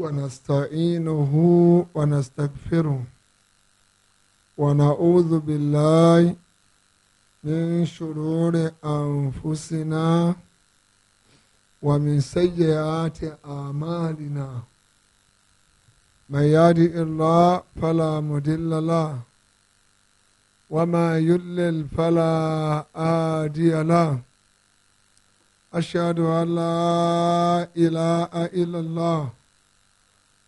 ونستعينه ونستغفره ونعوذ بالله من شرور أنفسنا ومن سيئات أعمالنا من يهدي الله فلا مضل له وما يضلل فلا هادي له أشهد أن لا إله إلا الله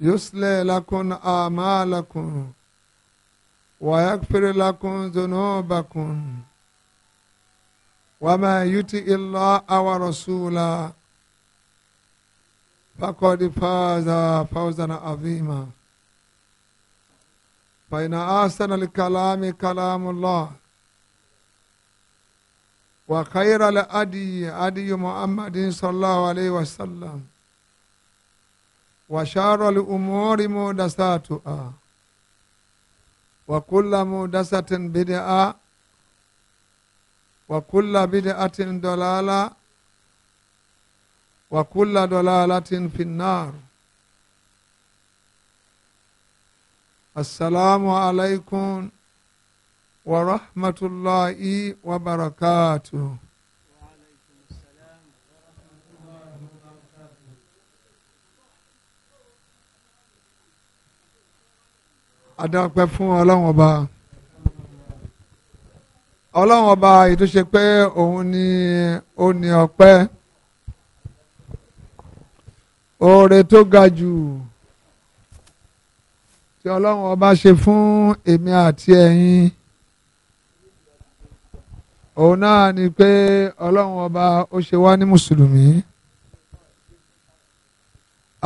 يصلي لكم آمالكم ويغفر لكم ذنوبكم وما يطع الله ورسوله فقد فاز فوزا عظيما فإن أحسن الكلام كلام الله وخير الأدي أدي محمد صلى الله عليه وسلم وشر الأمور مودساتها وكل مودسة بدعة وكل بدعة ضلالة وكل ضلالة في النار السلام عليكم ورحمة الله وبركاته adáwọ̀pẹ́ fún ọlọ́run ọba ọlọ́run ọba ètò ṣe pé òun ni ó ní ọpẹ́ oore tó ga jù tí ọlọ́run ọba ṣe fún èmi àti ẹ̀yin òun náà ni pé ọlọ́run ọba ó ṣe wá ní mùsùlùmí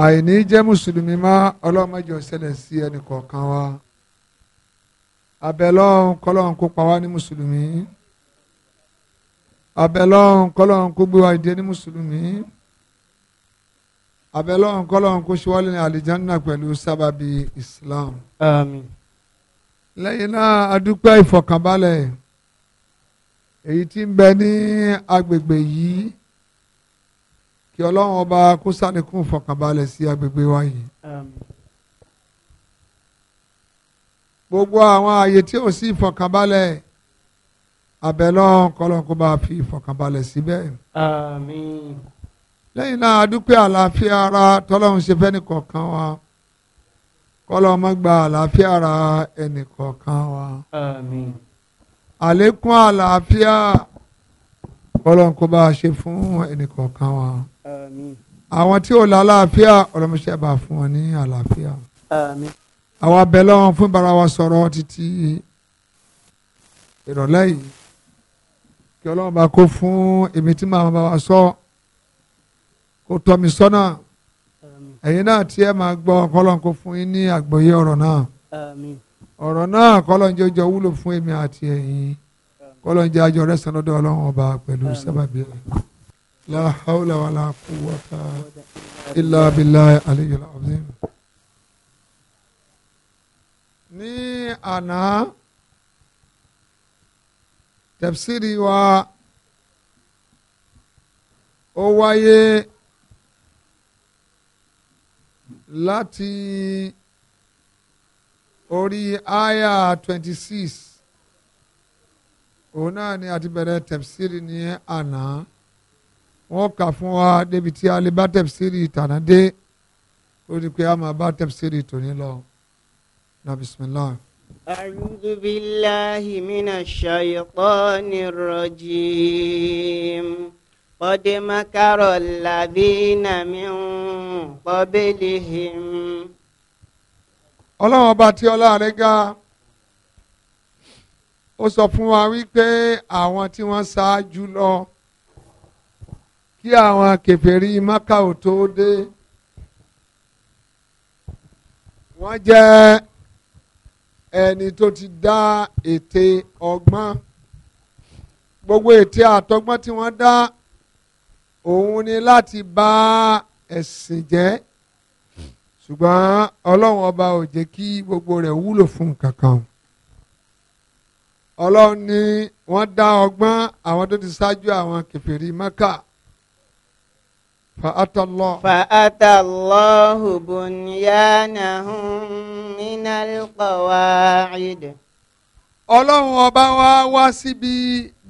àìní jẹ́ mùsùlùmí má ọlọ́mọdé ọ̀sẹ̀lẹ̀ sí ẹnì kọ̀ọ̀kan wa abẹ́lọ́hún kọ́lọ́hún kó pa wá ní mùsùlùmí abẹ́lọ́hún kọ́lọ́hún kó gbé wa ìdí ní mùsùlùmí abẹ́lọ́hún kọ́lọ́hún kó ṣe wálé ní àlìjánná pẹ̀lú sábàbí Islam. Àmín. lẹ́yìn náà adúpẹ́ ìfọ̀kànbalẹ̀ èyí tí ń bẹ ní agbègbè yìí kí ọlọ́run ọba kó sàníkún fọkànbalẹ̀ sí agbègbè wa yìí. gbogbo àwọn ààyè tí ò sí ìfọkànbalẹ̀ àbẹ̀lọ́ kọlọ́n kó bá fi ìfọkànbalẹ̀ síbẹ̀. àmín. lẹ́yìn náà adúpẹ́ àlàáfíà ara tọ́lọ́run ṣe fẹ́ nìkọ̀ọ̀kan wa kọlọ́run má gba àlàáfíà ara ẹnìkọ̀ọ̀kan wa. àmín. àlékún àlàáfíà kọlọ́n kó bá ṣe fún ẹnìkọ̀ọ̀kan wa. Àmín. àwọn tí ò lálàáfíà ọlọmọṣẹ bá fún wọn ní àlàáfíà. Àmín. àwa bẹ̀lẹ́ wọn fún bara wa sọ̀rọ̀ títí ìrọ̀lẹ́ yìí kí ọlọ́run bá kó fún èmi tí màá bá wa sọ kó tọ́ mi sọ́nà ẹ̀yin náà tí ẹ máa gbọ́ kọ́lọ́n kó fún yín ní àgbọ́yé ọ̀rọ̀ náà àmín náà kọ́lọ́n jẹ́ ọjọ́ wúlò fún èmi àti ẹ̀yin kọ́lọ́n jẹ́ àjọ rẹ̀ sànọ́dọ̀ ọlọ́run ọba pẹ̀lú sábàbí rẹ̀. لا حول ولا قوة إلا بالله العلي العظيم ní àná tẹ̀síìrì wa ó wáyé láti orí àyà twenty six òun náà ni àti bẹ̀rẹ̀ tẹ̀síìrì ní àná wọ́n kà fún wa débi tí a lè bá tẹ̀síìrì tànà dé ó di pé a máa bá tẹ̀síìrì tòní lọ na bisimilah. أعوذ بالله من الشيطان الرجيم قد مكر الذين من قبلهم ọlọ́run ọba tí ọlọ́run ga ó sọ fún wa kí àwọn kèfèrí maka ò tó dé wọ́n jẹ́ ẹni tó ti dá ète ọgbọ́n gbogbo ète àtọgbọ́n tí wọ́n dá òun ni láti bà ẹ̀sìn jẹ́ ṣùgbọ́n ọlọ́run ọba ò jẹ́ kí gbogbo rẹ̀ wúlò fún kankan ọlọ́run ni wọ́n dá ọgbọ́n àwọn tó ti ṣáájú àwọn kèfèrí maka فأتى الله فأتى الله بنيانهم من القواعد ọlọ́run ọba wa wá síbi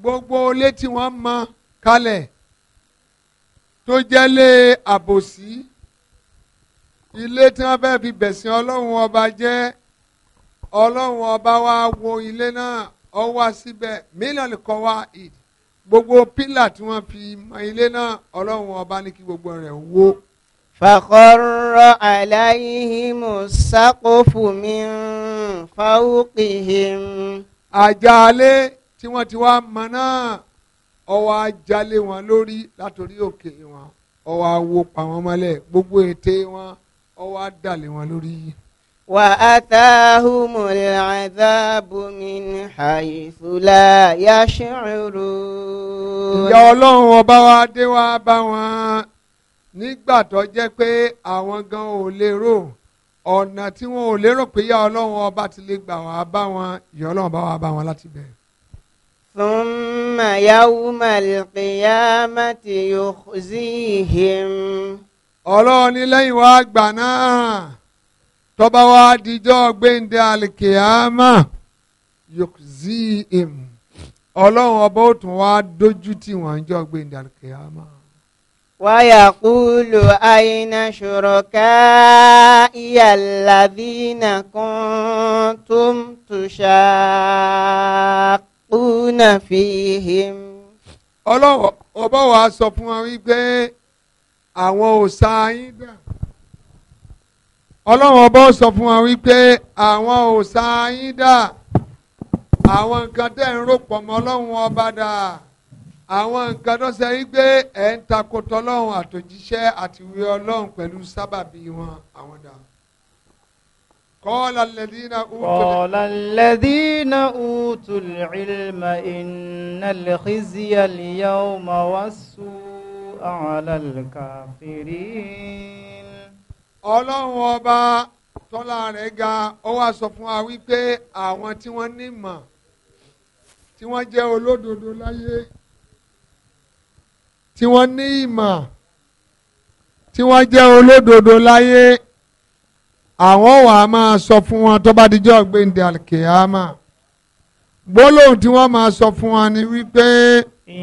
gbogbo ilé tí wọ́n mọ kalẹ̀ tó jẹ́ lé àbòsí ilé tí wọ́n fẹ́ fi bẹ̀sìn ọlọ́run ọba jẹ́ ọlọ́run ọba wa wo ilé náà ọ wá síbẹ̀ mílíọ̀nù kan wá ìd gbogbo pílà tí wọ́n fi mọ ilé náà ọlọ́run ọba ní kí gbogbo rẹ̀ wó. fàkọ́rọ̀ aláìhímù sákòfù mi ń fáwọ́kìhìm. tí wọ́n ti wá mọ náà ọwọ́ ajalé wọn lórí látòrí òkè wọn ọwọ́ awo pa wọn mọ́lẹ̀ gbogbo ète wọn ọwọ́ adàlẹ̀ wọn lórí yìí. وأتاهم العذاب من حيث لا يشعرون. ìyà ọlọ́run ọba wa dé wá bá wọn nígbà tó jẹ́ pé àwọn gan ò lérò ọ̀nà tí wọn ò lérò pé ìyà ọlọ́run ọba ti lè gbà wá bá wọn ìyà ọlọ́run ọba wa bá wọn láti bẹ̀rẹ̀. ثم يوم القيامة يخزيهم. ọlọ́run ní lẹ́yìn tọ́ba wa dijọ́ gbẹ̀ǹdẹ̀ alikiyama yòkùzí im ọlọ́run ọba ó tún wá dójú tì wọ́n jọ́ gbẹ̀ǹdẹ̀ alikiyama. wáyà kúlù àyínà ṣòrọ̀ká ìyá làbínà kan tó ń tuṣà kúnà fìhìm. ọlọ́run ọba wa sọ fún wa wípé àwọn ò sa yín dà ọlọ́run ọba sọ fún wa wípé àwọn òòṣà yín dà àwọn nǹkan tẹ́ ń rò pọ̀ mọ́ ọlọ́run ọba dà àwọn nǹkan tó ṣe wípé ẹ̀ ń takòtò ọlọ́run àtòjíṣẹ́ àti ìwé ọlọ́run pẹ̀lú sábàbí wọn àwọn dà. قال الذين أوتوا قال الذين أوتوا العلم إن الخزي اليوم والسوء على الكافرين ọlọ́run ọba tọ́lá rẹ̀ ga ó wá sọ fún wa wípé àwọn tí wọ́n nímọ̀ tí wọ́n jẹ́ olódodo láyé tí wọ́n ní ìmọ̀ tí wọ́n jẹ́ olódodo láyé àwọn wàá máa sọ fún wọn tó bá dijọ́ gbẹ̀ǹdẹ̀ àlùkìyàmá gbólóhùn tí wọ́n máa sọ fún wa ni wípé.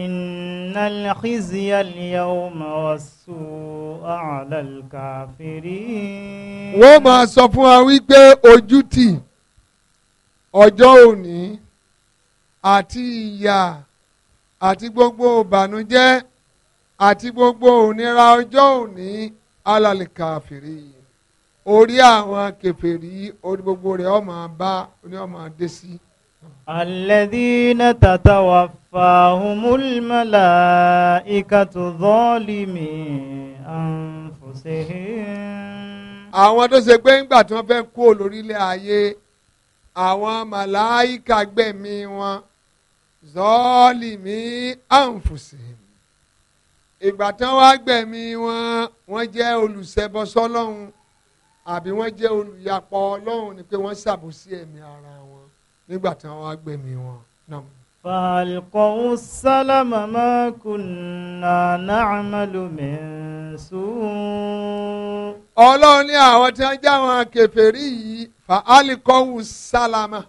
innal khizya al-yawma was-su'a 'ala al-kafirin. wọ́n máa sọ fún wa wípé ojú tì ọjọ́ òní àti ìyà àti gbogbo ìbànújẹ́ àti gbogbo ònira ọjọ́ òní alàlè kàfìrí orí àwọn kèfèrí orí gbogbo rẹ̀ ó máa bá ní ó máa dé sí. Si الذين تتوفاهم الملائكة ظالمي أنفسهم àwọn tó ṣe pé ńgbà tí wọ́n fẹ́ kú lórílẹ̀ ayé àwọn màláìka gbẹ̀mí wọn zọ́ọ̀lìmí àǹfùsìn ìgbà tí wọ́n wá gbẹ̀mí wọn wọ́n jẹ́ olùṣẹbọsọ́lọ́hún àbí wọ́n jẹ́ olùyapọ̀ ọlọ́hún ni pé wọ́n ṣàbòsí ẹ̀mí ara wọn nígbà tí wọ́n wá gbẹ̀mí wọn náà. فألقوا السلم ما كنا نعمل من سوء. ọlọ́run ní àwọn tí wọ́n já wọn kèfèrí yìí fa'alikọ́hùn sálámà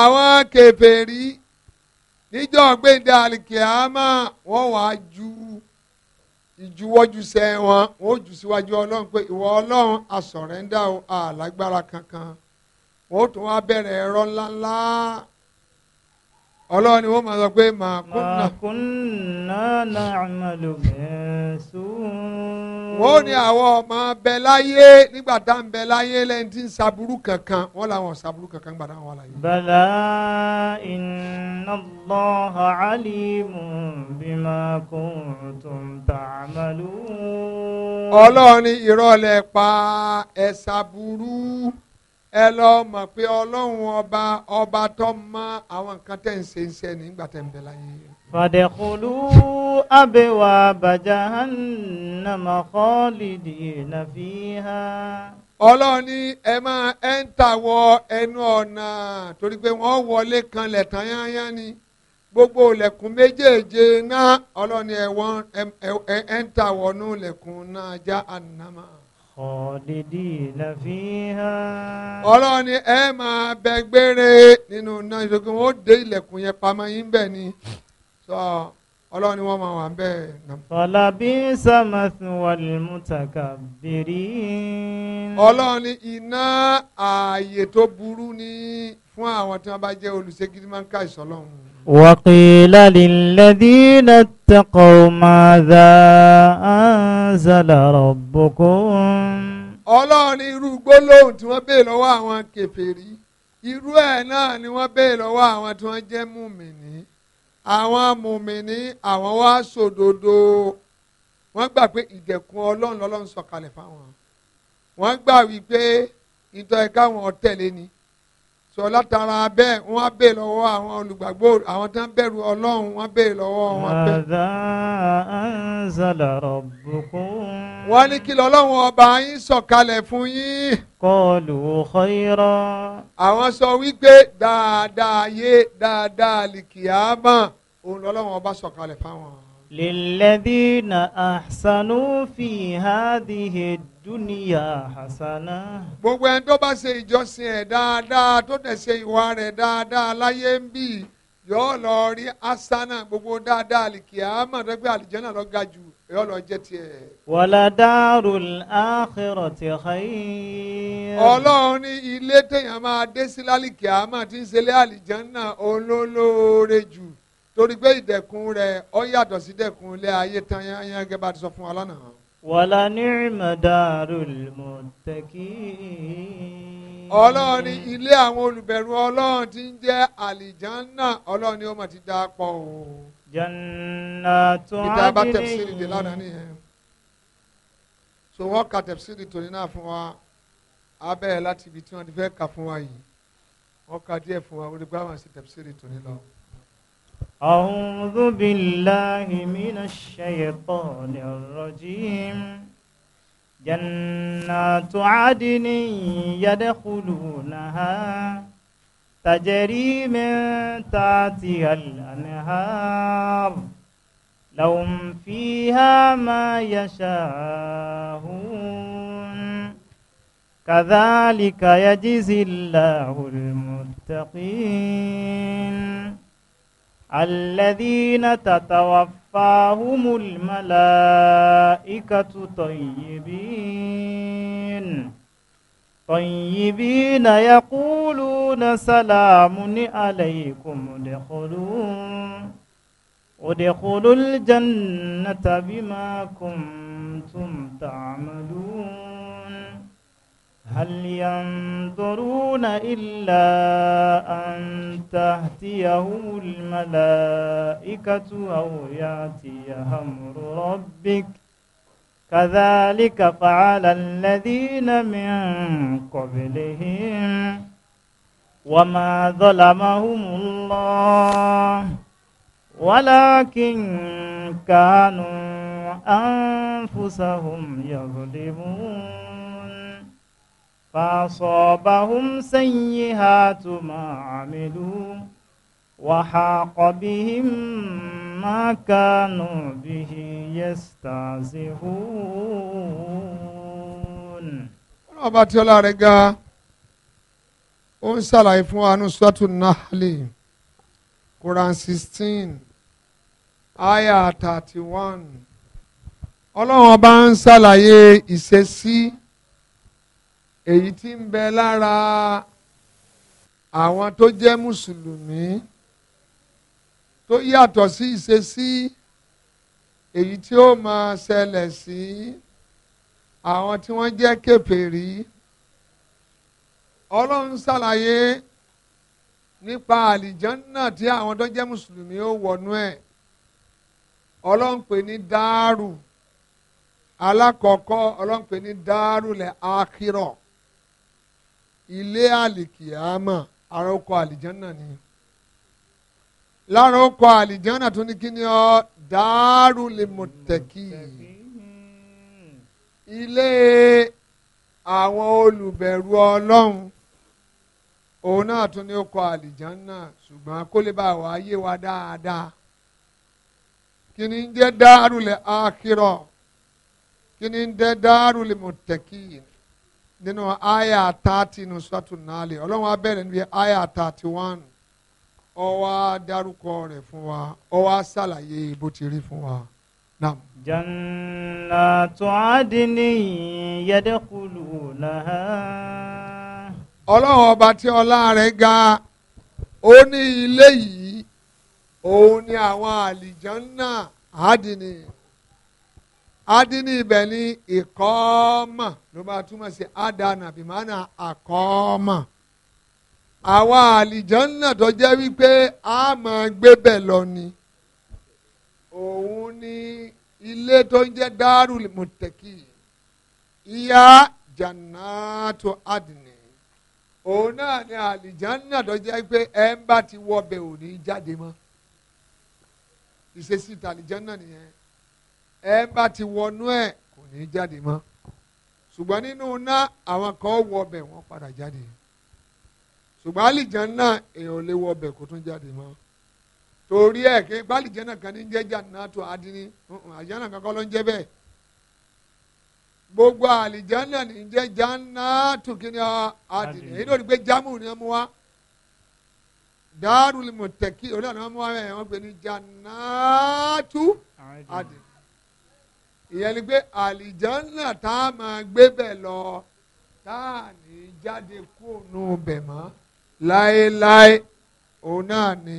àwọn kèfèrí níjọ́ gbẹ̀dẹ̀ àlìkìámà wọ́n wàá ju ìjuwọ́júṣe wọn wọ́n jù síwájú ọlọ́run pé ìwọ ọlọ́run àsọ̀rẹ́ńdà àlágbára kankan ó tún wá bẹ̀rẹ̀ ẹ̀rọ ńláńlá ọlọ́run ni wọ́n máa sọ pé màá màá wọ́n ní àwọn ọmọ bẹ láyé nígbà tá ń bẹ láyé lẹ́yìn tí ń kankan wọ́n làwọn kankan wọn láyé. bala inna ọlọ́run ni ìrọ̀lẹ́ pa ẹ̀ ẹ lọ mọ̀ pé ọlọ́run ọba ọba tó mọ àwọn nǹkan tẹ̀ ń ṣe ń ṣe nígbà tẹ̀ ń bẹ láyé. fàdẹ̀kùlù abẹ́wà bàjáhánàmà kọ́lìdì nàfíhà. ọlọ́run ní ẹ máa ẹ ń tàwọ ẹnu ọ̀nà torí pé wọ́n wọlé kanlẹ̀ tán yányán ni gbogbo ilẹ̀kùn méjèèje náà ọlọ́run ẹ wọ́n ẹ ń tàwọnú ilẹ̀kùn náà já ànàmà kọ́ọ̀dídìínà fi hàn. ọlọ́run ni ẹ máa bẹ gbére nínú iná ìṣòkè wọn ó dé ilẹ̀kùn yẹn pamọ́ yín bẹ́ẹ̀ ni sọ ọlọ́run ni wọ́n máa wà bẹ́ẹ̀. fọlábí sàmàsùn wàlímùtàkà bèrè. ọlọ́run ni iná ààyè tó burú ni fún àwọn tí wọ́n bá jẹ́ olùṣègídìmọ̀ káìsọ̀ وقيل للذين اتقوا ماذا أنزل ربكم ọlọ́run irú gbólóhùn tí wọ́n béè lọ́wọ́ àwọn kèfèrí irú ẹ̀ náà ni wọ́n àwọn tí àwọn wá sòdodo wọ́n gbà pé ìdẹ̀kùn ọlọ́run lọ́lọ́run sọ̀kalẹ̀ fáwọn wọ́n gbà wípé ìtọ́ ẹ̀ka wọn ọ̀tẹ̀lé ni sọ látara bẹ́ẹ̀ wọ́n á bèè lọ́wọ́ àwọn olùgbàgbọ́ àwọn tó ń bẹ̀rù ọlọ́run wọ́n bèè lọ́wọ́ wọn. àdá anzala rabbukum. wọ́n ní kí lọ́lọ́run ọba yín sọ̀kalẹ̀ fún yín. qalu khayra. àwọn sọ wípé dáadáa yé dáadáa lìkìyàmà òun lọ́lọ́run ọba sọ̀kalẹ̀ fáwọn. للذين أحسنوا في هذه الدنيا حسنة. gbogbo ẹni tó bá ṣe ìjọsìn ẹ̀ dáadáa tó tẹ̀ ṣe ìwà rẹ̀ dáadáa láyé ń bì yóò lọ rí asana gbogbo dáadáa alikiyama tó gbé àlìjẹ́nà lọ ga jù yóò lọ jẹ́ tiẹ̀. wàlá darul akhirati khayr. ọlọ́run ní ilé téèyàn máa dé sí lálìkíyàmá tí ń ṣe lé àlìjẹ́nà olólóore jù torí pé ìdẹ̀kùn rẹ̀ ọ yàtọ̀ sí dẹ̀kùn ilé ayé tán yányán gẹ́gẹ́ bá ti sọ fún wa lọ́nà. wàlá ni'ma darul muttaqin. ọlọ́run ni ilé àwọn olùbẹ̀rù ọlọ́run ti ń jẹ́ àlìjánná ọlọ́run ni ó mà ti dá pọ̀ o. jannatu adini. ìdá bá tẹ̀síìrì dé lánàá nìyẹn. so wọ́n ka tẹ̀síìrì tòní náà fún wa abẹ́rẹ́ láti ibi tí wọ́n ti fẹ́ kà fún wa yìí wọ́n ka díẹ̀ fún wa olùgbàwọ̀n sí tẹ̀síìrì tòní lọ. أعوذ بالله من الشيطان الرجيم جنات عدن يدخلونها تجري من تحتها الأنهار لهم فيها ما يشاءون كذلك يجزي الله المتقين الذين تتوفاهم الملائكة طيبين طيبين يقولون سلام عليكم ادخلوا ادخلوا الجنة بما كنتم تعملون هل ينظرون إلا أن تهتيهم الملائكة أو يأتي أمر ربك كذلك فعل الذين من قبلهم وما ظلمهم الله ولكن كانوا أنفسهم يظلمون فأصابهم سيئات ما عملوا وحاق بهم ما كانوا به يستهزئون ọba tí ọlá rẹ̀ ga ó ń ṣàlàyé fún wa ní sọ́tún nahali Quran sixteen ayah thirty one ọlọ́run ọba ń ṣàlàyé ìṣesí èyí tí ń bẹ lára àwọn tó jẹ́ mùsùlùmí tó yàtọ̀ sí ìṣesí èyí tí ó máa ṣẹlẹ̀ sí àwọn tí wọ́n jẹ́ kèfèrí ọlọ́run ṣàlàyé nípa àlìjánná tí àwọn tó jẹ́ mùsùlùmí ó wọnú ẹ̀ ọlọ́run pè ní dáàrù alákọ̀ọ́kọ́ ọlọ́run pè ní dáàrù lẹ̀ ákírọ̀ ilé àlìkìyàmọ̀ ara ó ni lára àlìjánà tó ní kí ọ dàárù lè mọ̀tẹ́kì ilé àwọn olùbẹ̀rù ọlọ́run òun náà tún ní ọkọ àlìjánà ṣùgbọ́n kó lè bá wa yé wa dáadáa ń jẹ́ lè nínú àyà tààtì nù sọ́tún nàálẹ̀ ọlọ́run á bẹ̀rẹ̀ níbi àyà tààtì wán ó wá dárúkọ rẹ̀ fún wa ó wá bó ti rí fún wa. نعم جنات عدن يدخلونها ọlọ́run ọba tí ọlá rẹ̀ ga ó ní ilé yìí òun ni àwọn àlìjánná àdìní adini ibẹ̀ ní ìkọ́ọ́mọ̀ ló bá túmọ̀ sí adana bimana àkọ́ọ́mọ̀ àwa àlìjánná tó jẹ́ wípé a máa gbé bẹ̀ lọ ni òun ni ilé tó ń jẹ́ dárul mùtẹ́kì ìyá jannatu adini òun náà ni àlìjánná tó jẹ́ pé ẹ̀ ń bá ti wọbẹ̀ òní jáde mọ́ ìṣesí ìtàlìjánná nìyẹn ẹ bá ti wọnú ẹ̀ kò ní í jáde mọ́ ṣùgbọ́n nínú iná àwọn kan wọ ọbẹ̀ wọ́n padà jáde ṣùgbọ́n àlìjàn náà èèyàn ò lè wọ ọbẹ̀ kó tún jáde mọ́ torí ẹ̀ kí bálìjàn náà kan ní jẹ́ jannatu adini àlìjàn náà kankan ló ń jẹ́ bẹ́ẹ̀ gbogbo àlìjàn náà ní jẹ́ jannatu kíni adini èyí ló rí pé jámù ni wọ́n mú wá Darul Muttaqin onídàáni wọ́n mú wá bẹ́ẹ̀ wọ́n pè ní jannatu adini ìyẹn ni pé àlìjánà tá a máa gbé bẹ̀ lọ tá a ní jáde kúrònú bẹ̀ mọ́ láéláé òun náà ni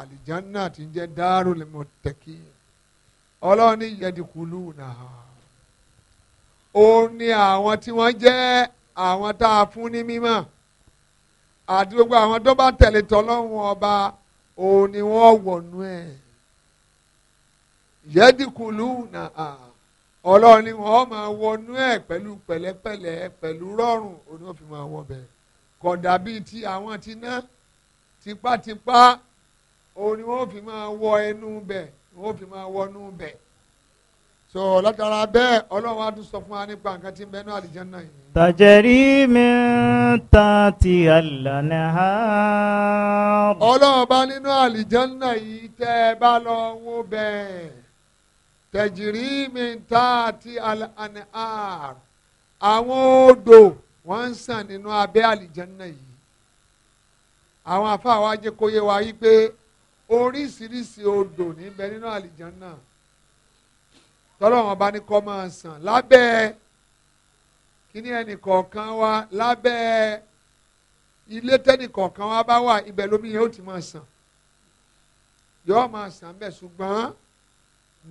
àlìjánà ti ń jẹ́ Darul Muttaqin ọlọ́run ní yẹ̀dìkúlù náà òun ni àwọn tí wọ́n jẹ́ àwọn tá a fún ní mímọ́ àti gbogbo àwọn tó bá tẹ̀lé tọ́lọ́run ọba òun ni wọ́n wọ̀nú ẹ̀ yẹ́dìkùlù náà ọlọ́run ni wọ́n máa wọnú ẹ̀ pẹ̀lú pẹ̀lẹ́pẹ̀lẹ́ pẹ̀lú rọrùn òní ò fi máa wọ bẹ̀ kódà bíi ti àwọn ti ná tipátipá òní wọ ẹnu bẹ̀ wọ́n wọnú bẹ̀ so látara bẹ́ẹ̀ ọlọ́run á tún sọ fún wa nípa nǹkan tí ń bẹ́ẹ̀ ní àlìjánná yìí. tàjẹ̀rí mi ta ti àlànà ha. ọlọ́run bá nínú àlìjánná yìí tẹ́ ẹ bá lọ wó bẹ́ẹ̀ tẹ̀jìrì mìta àti àníhàr àwọn odò wọ́n ń sàn nínú abẹ́ àlìjẹ́nà yìí àwọn àfáà wa jẹ́ kó yé wa yí pé oríṣiríṣi odò níbẹ̀ nínú àlìjẹ́nà tọ́lọ́wọ́n bá ní kọ́ máa sàn lábẹ́ kíní ẹnì kọ̀ọ̀kan wa lábẹ́ ilé tẹ́nì wa bá wà ibẹ̀ lómi yẹn ó ti máa sàn yọ́ọ́ máa sàn bẹ́ẹ̀ ṣùgbọ́n.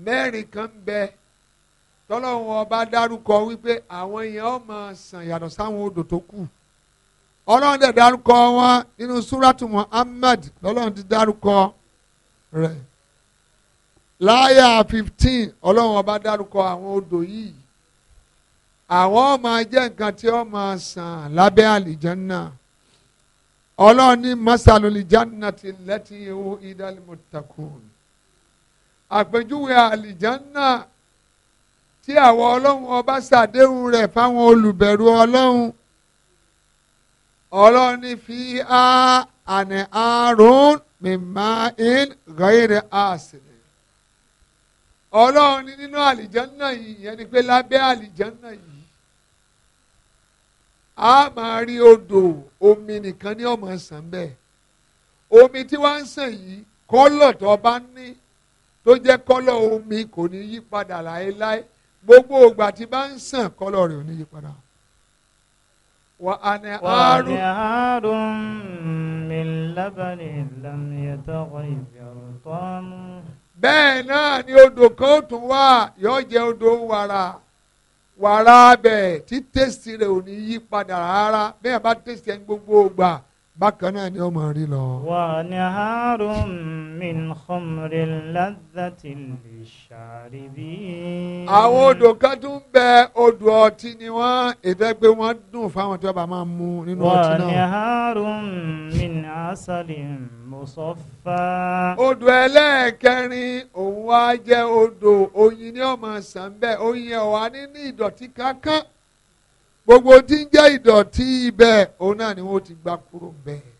mẹ́rin kan ń bẹ tọ́lọ́run ọba dárúkọ wípé àwọn èèyàn ó máa sàn yàtọ̀ sáwọn odò tó kù ọlọ́run dẹ̀ dárúkọ wọn nínú súrátù Muhammad lọ́lọ́run ti dárúkọ rẹ̀ láyà fifteen ọlọ́run ọba dárúkọ àwọn odò yìí àwọn ó máa jẹ́ nǹkan tí ó máa sàn lábẹ́ àlìjánná ọlọ́run ní masalolijanna ti lẹ́tí ihu idalimotakun àpèjúwe àlìjánná tí àwọn ọlọ́run ọba ṣàdéhùn rẹ̀ fáwọn olùbẹ̀rù ọlọ́run ọlọ́run ní fi á àní àrùn mímá in gọ́yìnrẹ́ àṣìlẹ̀ ọlọ́run ní nínú àlìjánná yìí ìyẹn ni pé lábẹ́ àlìjánná yìí a máa rí odò omi nìkan ní ọmọ sàn bẹ́ẹ̀ omi tí wọ́n ń sàn yìí kọ́lọ̀ tó bá ní tó jẹ́ kọ́lọ̀ omi kò ní yí padà láéláé gbogbo ìgbà tí bá ń sàn kọ́lọ̀ rẹ̀ ò ní yí padà. wà á ní àárùn. wà á ní àárùn mi lábàlì ìlànà ìyàtọ̀ ìbẹ̀rù tọ́nu. bẹ́ẹ̀ náà ni odò kan ó tún wà yóò jẹ́ odò wàrà wàrà abẹ tí tẹ́sítì rẹ̀ ò ní yí padà rárá bẹ́ẹ̀ bá tẹ́sítì ẹni gbogbo ìgbà bákan náà ni ó máa rí lọ. wà ní harun min khomri ladati lisharibin. àwọn odò kan tún bẹ odò ọtí ni wọ́n ìfẹ́ pé wọ́n dùn fáwọn tí wọ́n bá máa mu nínú ọtí náà. wà ní harun min asalin musaffa. odò ẹlẹ́ẹ̀kẹrin òun wá jẹ́ odò oyin ni ó máa bẹ́ẹ̀ oyin ẹ̀ wà nínú ìdọ̀tí kankan gbogbo tí ń jẹ́ ìdọ̀tí ibẹ̀ òun náà ni wọ́n ti gbà kúrò bẹ́ẹ̀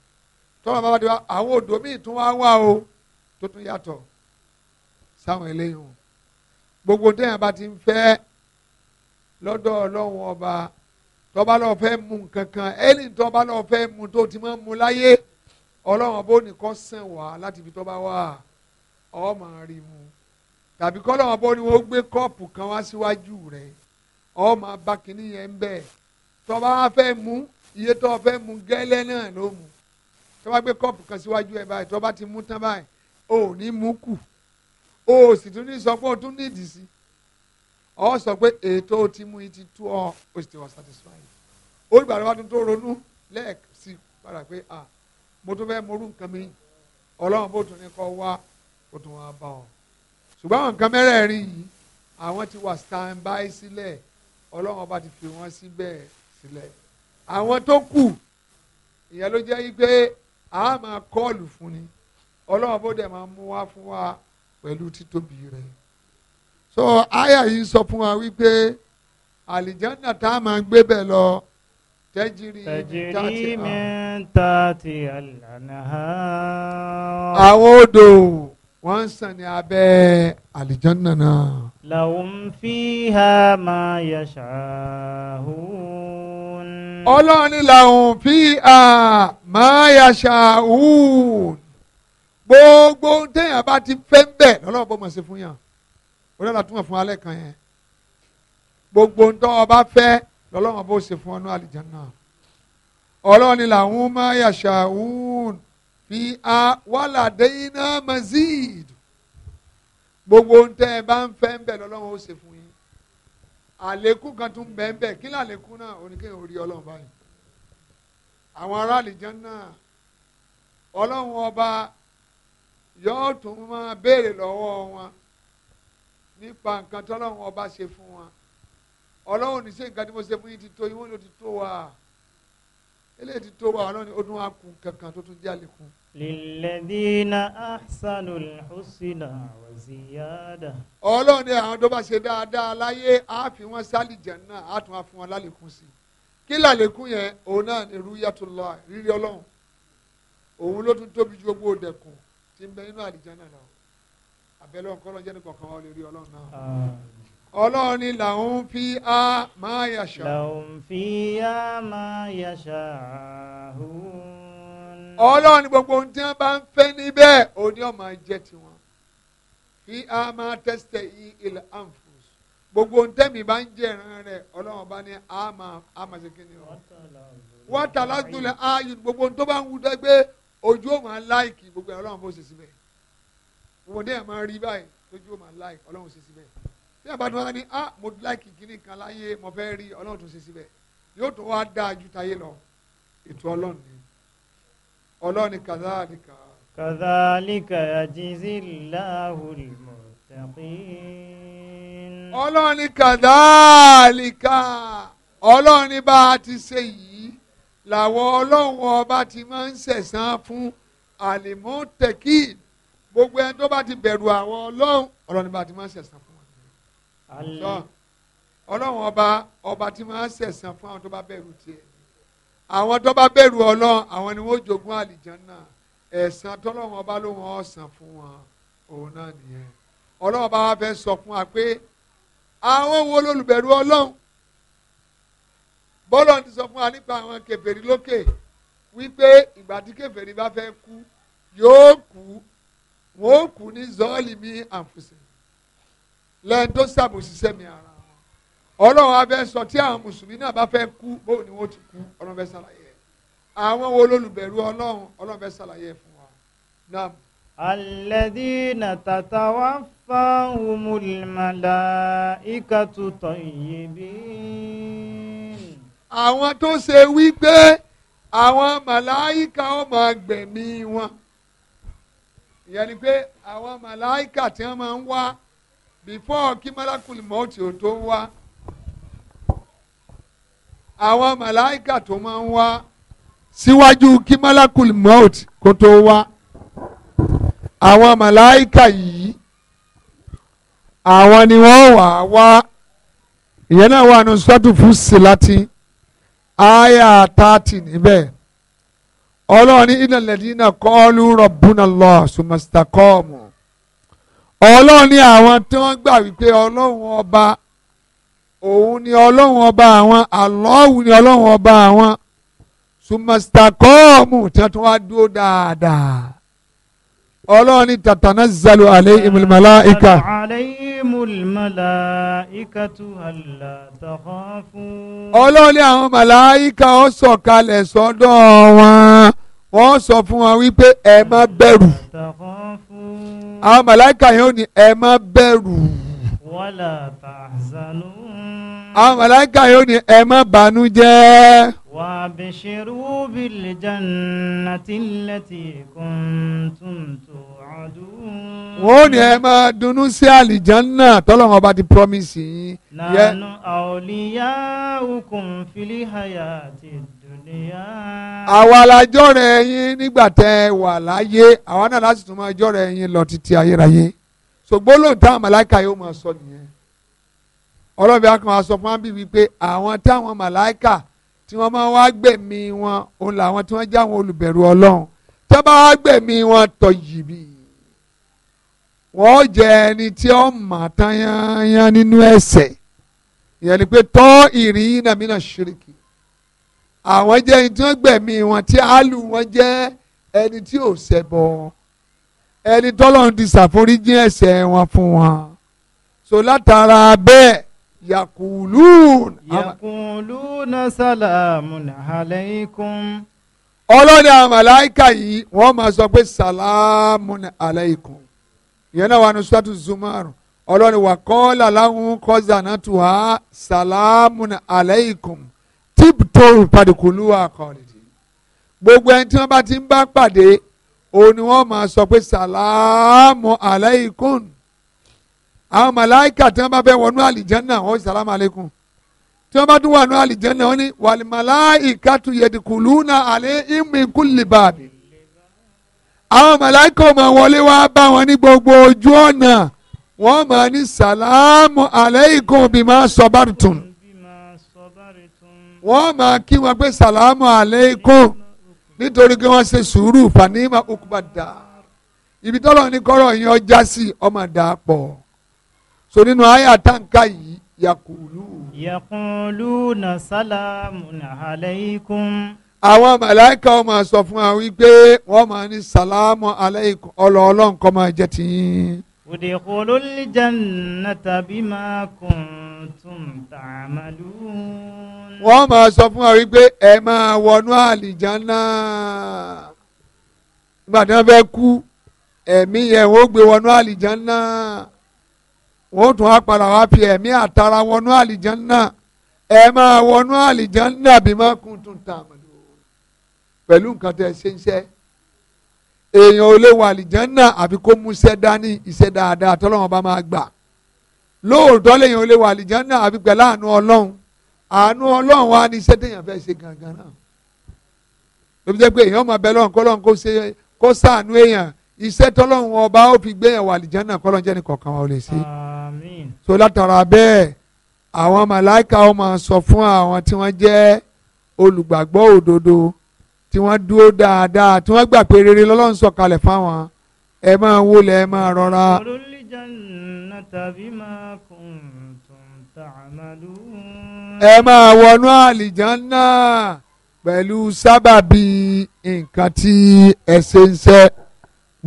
tọ́lá bàbá ti wá àwọn odò míì tún wá wá o tó tún yàtọ̀ sáwọn eléyìí o gbogbo téèyàn bá ti ń fẹ́ lọ́dọ̀ ọlọ́run ọba tọ́ba lọ́ọ́ fẹ́ mu nǹkan kan ẹni tọ́ba lọ́ọ́ fẹ́ mu tó ti máa mu láyé ọlọ́run ọba ò ní kọ́ sàn wá láti ibi tọ́ba wà ọ́ rí mu tàbí kọ́ ọlọ́run ọba ò ní wọ́n gbé kọ́ọ̀pù kan wá síwájú rẹ̀ ọ máa bá kinní yẹn bẹ́ẹ̀ tó bá fẹ́ mú iye tó fẹ́ mú gẹ́lẹ́ náà ló mú tó bá gbé kọ́ọ̀pù kan síwájú ẹ báyìí tó bá ti mú tán báyìí ò ní mú kù ò sì tún ní sọ pé o tún ní ìdìsí ọ sọ pé ètò tí mú yìí ti tú ọ o sì ti wà satisfied ó gbà lọ́wọ́ tuntun ronú lẹ́ẹ̀sì padà pé à mo tún fẹ́ morú nǹkan mi ọlọ́run bó tún ní kọ́ wá o tún wá bá ọ ṣùgbọ́n àwọn nǹkan mẹ́rẹ̀ẹ̀rin yìí àwọn ti wà stand by sílẹ̀. Si ọlọ́run ọba ti fi wọ́n síbẹ̀ sílẹ̀ àwọn tó kù ìyẹn ló jẹ́ pé a máa kọ́ọ̀lù fún ni ọlọ́run bó dẹ̀ máa mú wá fún wa pẹ̀lú títóbi rẹ̀ so aya yìí sọ fún wa wípé àlìjánà tá a máa gbé bẹ̀ lọ tẹ́jìrì mi àwọn odò wọ́n ń sàn ní abẹ́ àlìjánná náà. lahum fiha ma yasha'un. ọlọ́run ní lahum fiha ma yasha'un. gbogbo téèyàn bá ti fẹ́ ń bẹ̀ lọ́lọ́run bó mọ̀ sí fún yàn. orí ọ̀la túmọ̀ fún alẹ́ kan yẹn. gbogbo ntọ́ ọba fẹ́ lọ́lọ́run bó ṣe fún ọ ní àlìjánná. ọlọ́run ní lahum ma yasha'un fi a wàhálà dẹ́yìn mazid gbogbo ń tẹ́ ẹ bá ń fẹ́ ń bẹ̀ lọ́lọ́run ó ṣe fún yín àlékún kan tún bẹ̀ ń bẹ̀ kí ni àlékún náà oníkéyìn orí ọlọ́run báyìí àwọn ará àlìján náà ọlọ́run ọba yóò tún máa béèrè lọ́wọ́ wọn nípa nǹkan tọ́lọ́run ọba ṣe fún wọn ọlọ́run ní ṣe tí mo ṣe fún yín ti tó yín wọ́n ló ti tó wa eléyìí tó wa ọlọ́ni ó dún wa kun kankan tó tún jáde kun. lilladina ahsanul husna wa ziyada. ọlọ́ni àwọn tó bá ṣe dáadáa láyé á fi wọ́n sálì jannah á tún á fún wọn lálẹ́kùn sí i kí lálẹ́kùn yẹn òun náà ni rúyàtúlọ́ rírí ọlọ́run òun ló tún tóbi ju gbogbo dẹ̀kùn tí ń bẹ nínú àlìjánà lọ àbẹ̀lẹ̀ ọ̀kọ́ lọ́jẹ́ nìkan kan wọ́n lè rí ọlọ́run náà ọlọ́run ni làwọn fi á máa yàṣà. làwọn fi á máa yàṣà òun. ọlọ́run ni gbogbo ohun tí wọ́n bá ń fẹ́ níbẹ̀ òní ó jẹ́ tiwọn. fi á máa tẹ́sítẹ̀ yí ilẹ̀ anfus. gbogbo ohun tẹ́mi bá ń jẹ́ ìran rẹ̀ ọlọ́run bá ní á máa á máa ṣe kíni o. wọ́n ta lásìkò gbogbo ohun tó bá ń wù dẹ́gbẹ́ ojú ò máa láìkì gbogbo ọlọ́run bó ṣe síbẹ̀. gbogbo ohun tẹ́yà tí a bá tó wá ní ah mo láìkì kíní kan láyé mo fẹ́ rí ọlọ́run tó ṣe síbẹ̀ yóò tó wá dáa ju táyé lọ ètò ọlọ́run ni ọlọ́run ni kàdáàlìkà. kàdáàlìkà àjẹsíláhùn mọ̀tàkìn. ọlọ́run ni kàdáàlìkà ọlọ́run ni bá a ti ṣe yìí làwọn ọlọ́run ọba ti máa ń ṣẹ̀san fún àlèmọ́ gbogbo ẹni tó bá ti bẹ̀rù àwọn ọlọ́run ọlọ́run ni bá a ti máa ń ṣẹ̀san fún. Allah ọlọ́run ọba ọba tí máa ń sẹ̀sán fún àwọn tó bá bẹ̀rù tiẹ̀ àwọn tó bá bẹ̀rù ọlọ́run àwọn ni wọ́n jogún àlìjánná ẹ̀san tọ́lọ́run ọba ló wọ́n sàn fún wọn òun náà nìyẹn ọlọ́run ọba wa fẹ́ sọ fún wa pé àwọn wo lólùbẹ̀rù ọlọ́run bọ́lọ̀ ti sọ fún wa nípa àwọn kèfèrí lókè wípé ìgbà tí kèfèrí bá fẹ́ kú yóò kú wọn ó kú ní zọ́ọ̀lì mi àfùsẹ̀ lẹ́yìn tó ṣàbòsí sẹ́mi ara wọn ọlọ́run abẹ́ sọ tí àwọn mùsùlùmí náà bá fẹ́ kú bóun ni wọ́n ti kú ọlọ́run fẹ́ ṣàlàyé àwọn wo lólùbẹ̀rù ọlọ́run ọlọ́run fẹ́ ṣàlàyé fún wa wa náà. alladhina tatawaffahumul malaikatu tayyibin. àwọn tó ṣe wípé àwọn màláìka ó máa gbẹ̀mí wọn ìyẹn ni pé àwọn màláìka tí wọ́n máa ń wá before kí malakul mọ́ọ̀tì ò tó wá àwọn màláìkà tó máa ń wá síwájú kí malakul mọ́ọ̀tì kó tó wá àwọn màláìkà yìí àwọn ni wọ́n wà wá ìyẹn náà wà ní sọ́tù fúsì láti àyà tààtì níbẹ̀ ọlọ́run ìnàlẹ́dínà kọ́ọ́lù rabbuna Allah sùmọ́sítà kọ́ọ̀mù ọlọ́run ni àwọn tí wọ́n gbà wípé ọlọ́run ọba òun ni ọlọ́run ọba àwọn àlọ́hùn ni ọlọ́run ọba àwọn sùmọ̀sítàkọ́ọ̀mù tí wọ́n tún wá dúró dáadáa ọlọ́run ní tàtàná zalo alẹ́ ìmùlùmọ́lá ìka. ọlọ́run ní àwọn màláìka ó sọ̀kalẹ̀ sọ́dọ̀ wọn wọ́n sọ fún wọn wípé ẹ má bẹ̀rù àwọn màláìka yẹn ò ní ẹ má bẹ̀rù. wala tahzanu. àwọn màláìka yẹn ò ní ẹ má bànú jẹ́. wa bishiru bil jannati allati kuntum tu'adun. wọ́n ní ẹ máa dunnú sí àlìjánná tọ́lọ́mọ bá ti promise yín. nanu awliyaukum fil hayati àwa la jọ́rẹ̀ ẹ̀yin nígbà tẹ́ ẹ wà láyé àwa náà láti tún máa jọ́rẹ̀ ẹ̀yin lọ títí ayérayé ṣògbọ́n lóun táwọn màláìka yóò máa sọ nìyẹn ọlọ́bẹ̀ akọ̀ máa sọ fún wa bíbí pé àwọn táwọn màláìka tí wọ́n máa wá gbẹ̀mí wọn òun làwọn tí wọ́n já wọn olùbẹ̀rù ọlọ́run tẹ́ bá wá gbẹ̀mí wọn tọ̀ yìí bí wọ́n jẹ́ ẹni tí ó mà tán yányán nínú ẹ̀ṣẹ̀ ìyẹn ni pé tọ́ ìrìn nàmínà ṣìrìkì àwọn jẹ́ ẹni tí wọ́n gbẹ̀mí wọn tí àálù wọn jẹ́ ẹni tí ò ṣẹbọ ẹni tọ́lọ́run ti ṣàforíjì ẹ̀ṣẹ̀ wọn fún wọn. so látara bẹ́ẹ̀ yakulun. yakulun salamu alaykum. ọlọ́dẹ àmàláìkà yìí wọ́n máa sọ pé salamun alaykum ìyẹn náà wà ní sọ́tù zumaru ọlọ́ni wà kọ́ làláhùn kọ́ zanatuwa salamun alaykum tó padìkùlù àkọọ̀lìdì gbogbo ẹni tí wọ́n bá ti ń bá pàdé òun ni wọ́n máa sọ pé sàlámù aláìkún àwọn màláìkà tí wọ́n bá fẹ́ wọnú àlìjánná wọ́n sàlámù aláìkún tí wọ́n bá tún wọnú àlìjánná wọ́n ní wàlìmàláìkà tún yẹ̀dìkùlù náà àlẹ́ ìmìkúlì bàbí àwọn màláìkà máa wọlé wá bá wọn ní gbogbo ojú ọ̀nà wọ́n máa ní sàlámù aláìkún bí máa sọ bá tún wọ́n máa kí wọn pé sàlámù aleikum nítorí pé wọ́n ṣe sùúrù fanima okubada ibi tọ́lọ̀ ní kọ́rọ̀ yẹn ọjà sí ọmọ dà pọ̀ so nínú àyà táǹkà yìí yakulu. yakulu na salamu na aleikum. àwọn màláìka ó máa sọ fún wa wípé wọ́n máa ní salamu aleikum ọlọ́ọ̀lọ́ nǹkan máa jẹ́ tiyín. òdìkúlù lìjẹ́ nàtàbí máa kùn kuntum ta'malun. wọ́n máa sọ fún wa wípé ẹ máa wọnú àlìjánná nígbà tí wọ́n fẹ́ kú ẹ̀mí yẹn wọ́n gbé wọnú àlìjánná wọ́n tún á padà wá fi ẹ̀mí àtara wọnú àlìjánná ẹ máa wọnú àlìjánná bima kuntum ta'malun pẹ̀lú nǹkan tẹ́ ẹ ṣe ń ṣe èèyàn ò lè wọ àlìjánná àbí kó mú iṣẹ́ dání iṣẹ́ dáadáa tọ́lọ́wọ́n bá máa gbà lóòótọ́ lèyàn ò lè wà àlìjánná àfi pẹ̀lú àánú ọlọ́run àánú ọlọ́run wa ni iṣẹ́ téèyàn fẹ́ ṣe gangan náà lóbi jẹ́ pé èèyàn máa bẹ lọ́run kọ́lọ́run kó ṣe kó ṣàánú èèyàn iṣẹ́ tọ́lọ́run ọba ó fi gbé yẹn wà àlìjánná kọ́lọ́run jẹ́ nìkan kan wa ò lè ṣe. àmín. so látara bẹ́ẹ̀ àwọn màláìka ó máa sọ fún àwọn tí wọ́n jẹ́ olùgbàgbọ́ òdodo tí wọ́n dúró dáadáa tí wọ́n gbà pé rere lọ́lọ́run sọ̀kalẹ̀ fáwọn ẹ máa wólẹ̀ ẹ máa rọra. ẹ máa wọnú àlìjánná pẹ̀lú sábàbí nǹkan tí ẹ ṣe ń ṣe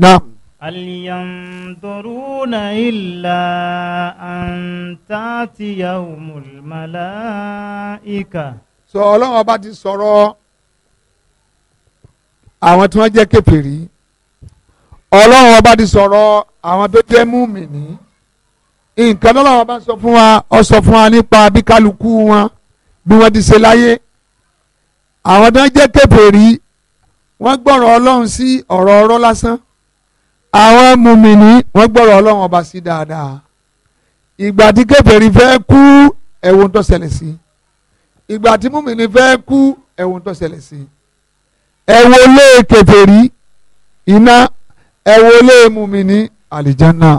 náà. الينظرون إلا أن تأتيهم الملائكة. sọ ọlọ́run ọba ti sọ̀rọ̀ àwọn tí wọ́n jẹ́ kèfèrí ọlọ́run ọba ti sọ̀rọ̀ àwọn tó jẹ́ múmìnì nǹkan lọ́lọ́run ọba sọ fún wa ọ sọ fún wa nípa bí kálukú wọn bí wọ́n ti ṣe láyé àwọn tó ń jẹ́ kèfèrí wọ́n gbọ́rọ̀ ọlọ́run sí ọ̀rọ̀ ọ̀rọ̀ lásán àwọn múmìnì wọ́n gbọ́rọ̀ ọlọ́run ọba sí dáadáa ìgbà tí kèfèrí fẹ́ kú ẹ̀wọ̀n tó ṣẹlẹ̀ sí ìgbà tí múmìnì fẹ́ kú ẹ̀wọ̀n tó ṣẹlẹ̀ sí ẹ̀wọ̀n lé kèfèrí iná ẹ wo lé mùmíní àlìjánná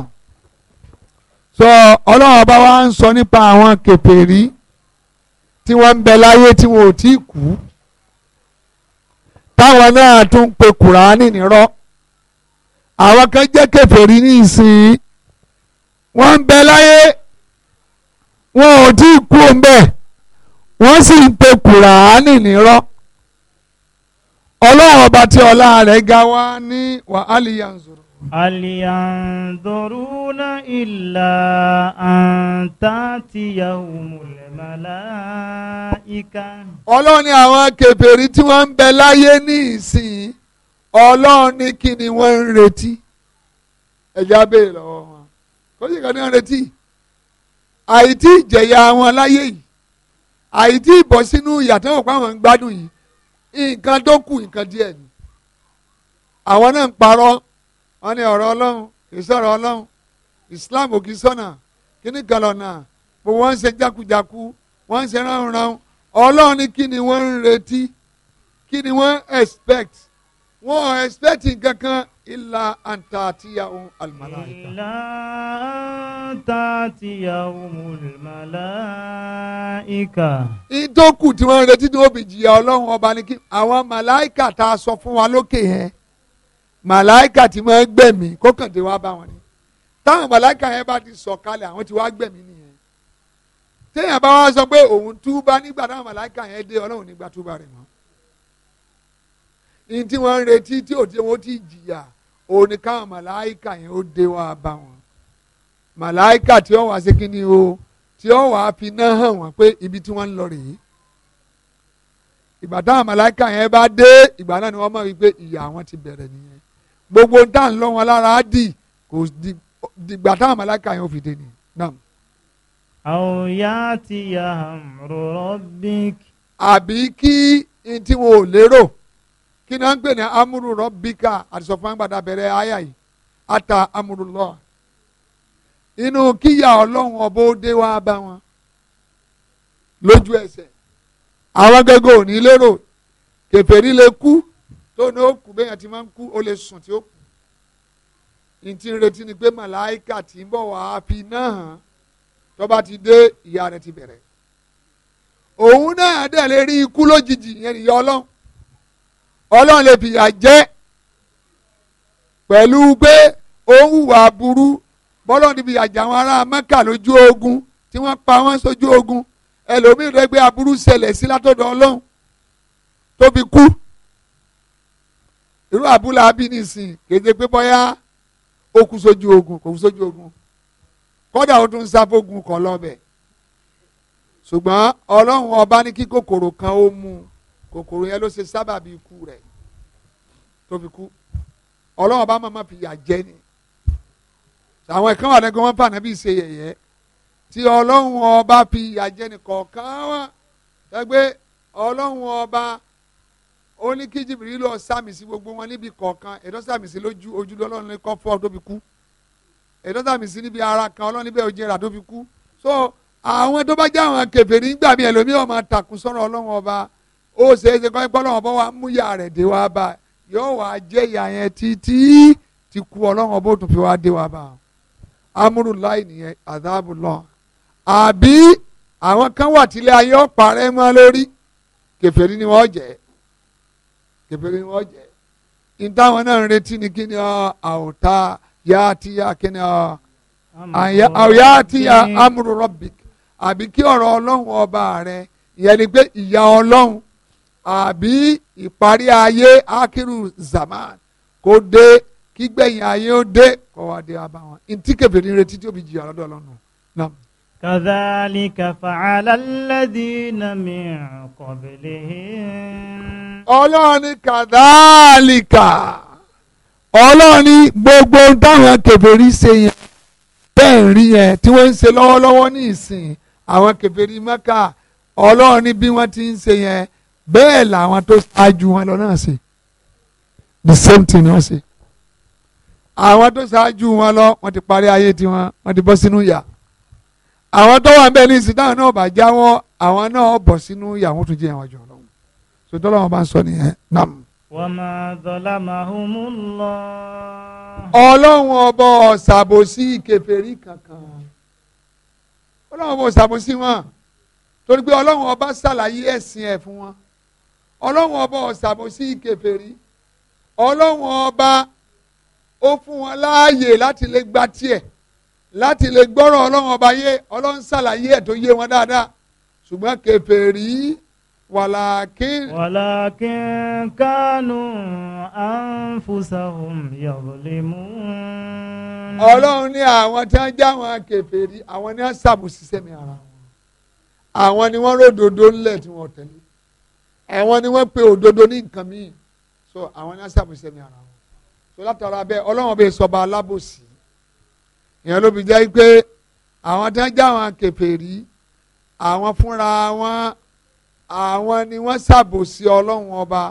sọ ọlọ́run ọba wa ń sọ nípa àwọn kèfèrí tí wọ́n ń bẹ láyé tí wọn ò tí ì kú táwọn náà tún ń pe kùránì nírọ́ àwọn kan jẹ́ kèfèrí ní ìsìn wọ́n ń bẹ láyé wọn ò tí kú ń bẹ̀ wọ́n sì ń pe kùránì nírọ́ ọlọ́run ọba tí ọlá rẹ̀ ga wá ní wà á lè yanzuru. Aliyanzuruna illa an tatiyahumul malaika. Ọlọ́run ni àwọn kèfèrí tí wọ́n ń bẹ láyé ní ìsìn ọlọ́run ní kí ni wọ́n ń retí. Ẹja béèrè lọ́wọ́ wọn. Kó sì kàn ní wọ́n retí. Àìtí ìjẹ̀yà wọn láyé yìí. Àìtí ìbọ̀ ìyàtọ̀ òpá wọn ń gbádùn yìí nǹkan tó kù nǹkan díẹ̀ ni àwọn náà ń parọ́ wọn ni ọ̀rọ̀ ọlọ́run kìí sọ̀rọ̀ ọlọ́run islam ò kìí sọ̀nà kíní kan lọ́nà gbogbo wọn ń ṣe jákujàku wọn ń ṣe ránranran ọlọ́run ní kí ni wọ́n ń retí kí ni wọ́n expect wọ́n expect nǹkan kan illa an taatiyahum almalaika. illa an taatiyahumul malaika. ìdókù tí wọ́n retí tí wọ́n fi jìyà ọlọ́run ọba ni kí àwọn màláìkà tá a sọ fún wa lókè yẹn màláìkà tí wọ́n gbẹ̀mí kókàndé wa bá wọn ni táwọn màláìkà yẹn bá ti sọ kalẹ̀ àwọn tí wọ́n gbẹ̀mí nìyẹn téèyàn bá wá sọ pé òun túbá nígbà táwọn màláìkà yẹn òun ni káwọn màláìkà yẹn ó dé wá bá wọn màláìkà tí ó wá ṣe kí ni o tí ó wá fi náà hàn wọ́n pé ibi tí wọ́n ń lọ rèé ìgbà táwọn màláìkà yẹn bá dé ìgbà náà ni wọ́n mọ̀ wípé ìyà àwọn ti bẹ̀rẹ̀ nìyẹn gbogbo tá ń lọ wọn lára á dì kò dìgbà táwọn màláìkà yẹn ò fi dé ni náà. àwọn ìyá ti yà á rọ̀ bí. àbí kí n tí wọn ò lérò kí ni wọ́n ń pè ní amúrú rọ́bíkà àtisọ̀fúnmágbàdà bẹ̀rẹ̀ àyà yìí ata amuru lọ. inú kíyà ọlọ́run ọba ó dé wá bá wọn lójú ẹsẹ̀ àwọn gẹ́gẹ́ ò ní lérò kèfèrí lè kú tó ní ó kú bẹ́yàn ti máa ń kú ó lè sùn tí ó kú ní retí ni pé màláìkà tí ń bọ̀ wá fi náà hàn tó ti dé ìyà rẹ̀ ti bẹ̀rẹ̀ òun náà dẹ̀ lè rí ikú lójijì yẹn ìyà ọlọ́run ọlọ́run lè fìyà jẹ́ pẹ̀lú pé òun hùwà burú bọ́lọ́run ti fìyà jẹ àwọn ará mẹ́kà lójú ogun tí wọ́n pa wọ́n sójú ogun ẹlòmíràn rẹ gbé aburú ṣẹlẹ̀ sí látọ̀dọ̀ ọlọ́run tó fi kú irú àbúlà abínísìn kéde pé bọ́yá ó kú sójú ogun kò kú sójú ogun kódà ó tún ń sáfógun kan lọ́bẹ̀ ṣùgbọ́n ọlọ́run ọba ní kí kòkòrò kan ó mú un kòkòrò yẹn ló ṣe sábàbí ikú rẹ̀ tó fi kú ọlọ́wọ́n bá máa fi yà jẹ ni àwọn ẹ̀kan wà lẹ́gbẹ̀ẹ́ wọn fà náà bí ṣe yẹ̀yẹ́ tí ọlọ́run ọba fi yà jẹ ni kọ̀ọ̀kan wọn ẹgbẹ́ ọlọ́run ọba ó ní kí jìbìrì lọ sàmì sí gbogbo wọn níbi kọ̀ọ̀kan èdè sàmì sí lójú ojú lọ́lọ́run ní kọ́fọ́ tó fi kú èdè sàmì sí níbi ara kan ọlọ́run níbẹ̀ ojú ẹ̀rà tó fi kú so àwọn tó bá jẹ́ àwọn kèfèrí nígbà míì ẹlòmíràn máa takùn sọ́rọ̀ ọlọ́run ọba ó ṣe é ṣe kọ́ ọlọ́run bọ́ wa mú ìyá rẹ̀ dé wa bá yóò wá jẹ́ ìyá yẹn títí ti kú ọlọ́run bó tún fi wá dé wa bá amúrú láì nìyẹn àdáàbò lọ àbí àwọn kan wà tílé ayé ọ̀pá rẹ̀ mọ́ lórí kèfèrí ni wọ́n jẹ́ kèfèrí ni wọ́n jẹ́ ìtawọn náà ń retí ni kí ni àwòtá yá àti yá kí ni àwòyá àti yá amúrú rọ́bìk àbí kí ọ̀rọ̀ ọlọ́run ọba rẹ̀ ìyẹn ni pé ìyá ọlọ́run àbí ìparí ayé akiru zaman kó dé kígbẹ̀yìn ayé ó dé kó wá dé abá wọn ntí kẹfẹ́ ní retí tí ó fi jìyà lọ́dọ̀ ọlọ́run. kadhalika fa'ala alladhina min qablihim. ọlọ́run ní kadhalika ọlọ́run ní gbogbo táwọn kèfèrí ṣe yẹn bẹ́ẹ̀ rí yẹn tí wọ́n ń ṣe lọ́wọ́lọ́wọ́ ní ìsìn àwọn kèfèrí Mẹ́kà ọlọ́run bí wọ́n ti ń ṣe yẹn bẹ́ẹ̀ làwọn tó ṣáájú wọn lọ náà ṣe the same thing náà ṣe àwọn tó ṣáájú wọn lọ wọ́n ti parí ayé tiwọn wọ́n ti bọ́ sínú yà àwọn tó wà bẹ́ẹ̀ ní ìsìn táwọn náà bá jáwọ́ àwọn náà bọ̀ sínú yà wọ́n tún jẹ́ àwọn jọ̀ọ́ lọ́wọ́ sọtọ́ làwọn bá ń sọ nìyẹn nam. wọ́n máa dọ̀là máa hùn mú lọ. ọlọ́run ọba ọ̀sàbòsí kèfèrí kankan ọlọ́run ọba ọ̀sàbòsí wọn torí pé ọlọ́run ọba ṣàlàyé ẹ̀sìn ẹ̀ fún wọn ọlọ́run ọba ọ̀sàbòsí kèfèrí ọlọ́run ọba ó fún wọn láàyè láti lè gba tiẹ̀ láti lè gbọ́rọ̀ ọlọ́run ọba yé ọlọ́run ṣàlàyé ẹ̀ tó yé wọn dáadáa ṣùgbọ́n kèfèrí wàlàkín. wàlàkín kánú ànfùsàhùn yọ̀bùlímù. ọlọ́run ní àwọn tí wọ́n já wọn kèfèrí àwọn ni wọ́n ṣàbòsí sẹ́mi ara wọn àwọn ni wọ́n ròdòdó ńlẹ̀ tí wọ́n tẹ̀lé àwọn ni wọ́n pe òdodo ní nǹkan míì so àwọn ní asábò sẹ́mi ara wọn so látara bẹ́ẹ̀ ọlọ́wọ́n bẹ sọba alábòsí ìyẹn ló fi jẹ́ pé àwọn tí wọ́n já wọn kèfèrí àwọn fúnra wọn àwọn ni wọ́n ṣàbòsí ọlọ́run ọba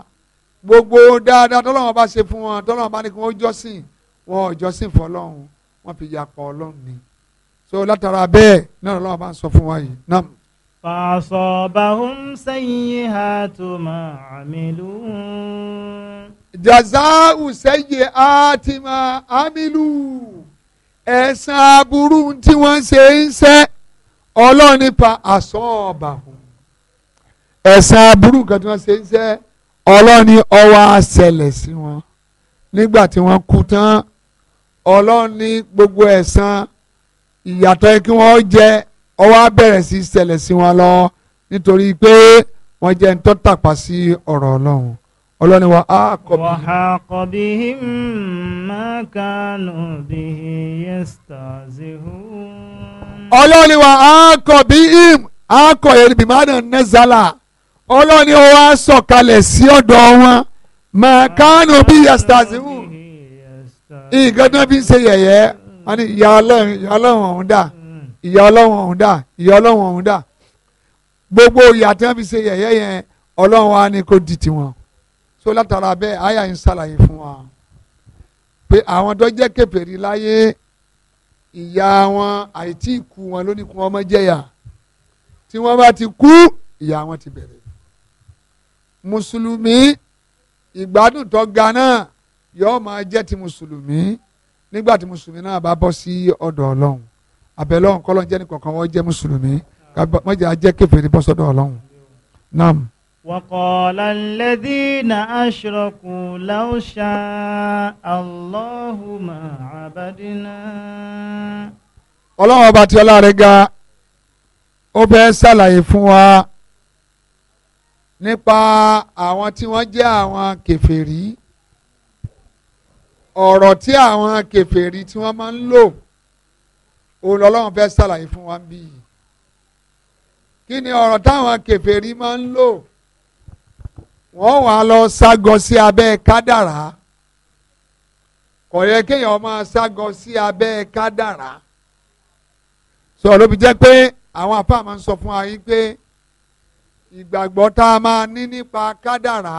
gbogbo dáadáa tọ́lọ́run ọba ṣe fún wọn tọ́lọ́run ọba ní kí wọ́n jọ́sìn wọn ò jọ́sìn fún ọlọ́run wọ́n fi yapa ọlọ́run ni so látara bẹ́ẹ̀ náà ọlọ́run ọba ń sọ fún wa yìí náà. فأصابهم سيئات ما عملوا جزاء سيئات ما عملوا ẹ̀san aburú tí wọ́n ṣe ń ṣẹ́ ọlọ́run nípa àsọ̀ọ̀bàhùn ẹ̀san aburú kan tí wọ́n ṣe ń ṣẹ́ ọlọ́run ní ọwọ́ ó wá bẹ̀rẹ̀ sí ṣẹlẹ̀ sí wọn lọ nítorí pé wọ́n jẹ́ ń tó tàpá sí ọ̀rọ̀ ọlọ́run ọlọ́ni wa á kọ́ bí. wàhá kọ́ bí má kánú bí yẹ́sítàzíhù. ọlọ́ni wa á kọ́ bí á kọ́ yẹn bí má nà nẹ́sàlà ọlọ́ni ó wá sọ̀kalẹ̀ sí ọ̀dọ̀ wọn má kánú bí yẹ́sítàzíhù. nǹkan tó fi ń ṣe yẹ̀yẹ́ wọ́n ní ìyá ọlọ́run ọ̀hún dà ìyá ọlọ́run ọ̀hún dà ìyá ọlọ́run ọ̀hún dà gbogbo ìyá tí wọ́n fi ṣe yẹ̀yẹ́ yẹn ọlọ́run wa ni kò di tiwọn so látara bẹ́ẹ̀ àyà ń ṣàlàyé fún wa pé àwọn tó jẹ́ kèfèrí láyé ìyá wọn àìtí ikú wọn ló ní kún ọmọ jẹ̀yà tí wọ́n bá ti kú ìyá wọn ti bẹ̀rẹ̀ mùsùlùmí ìgbádùn tó ga náà yóò máa jẹ́ ti mùsùlùmí nígbà tí mùsùlùmí náà bá bọ́ sí ọ̀dọ̀ ọlọ́run abẹ́lẹ́ ọ̀hún kọ́lọ́ jẹ́ nìkan kan wọ́n jẹ́ mùsùlùmí mọ̀jẹ̀ ajẹ́ kẹfẹ́rẹ́ bọ́sọ̀dọ̀ ọlọ́run náà. وقال الذين أشركوا لو شاء الله ما عبدنا ọlọ́run ọba tí ọlá rẹ̀ ga ó fẹ́ ṣàlàyé fún wa nípa àwọn tí wọ́n jẹ́ àwọn kèfèrí ọ̀rọ̀ tí àwọn kèfèrí tí wọ́n máa ń lò òun lọ́lọ́run fẹ́ ṣàlàyé fún wa bí yìí kí ni ọ̀rọ̀ táwọn kèfèrí máa ń lò wọ́n wà á lọ ságọ sí abẹ́ kádàrá kò yẹ kéèyàn máa ságọ sí abẹ́ kádàrá sọ ló fi jẹ́ pé àwọn àfáà máa ń sọ fún wa yín pé ìgbàgbọ́ tá a máa ní nípa kádàrá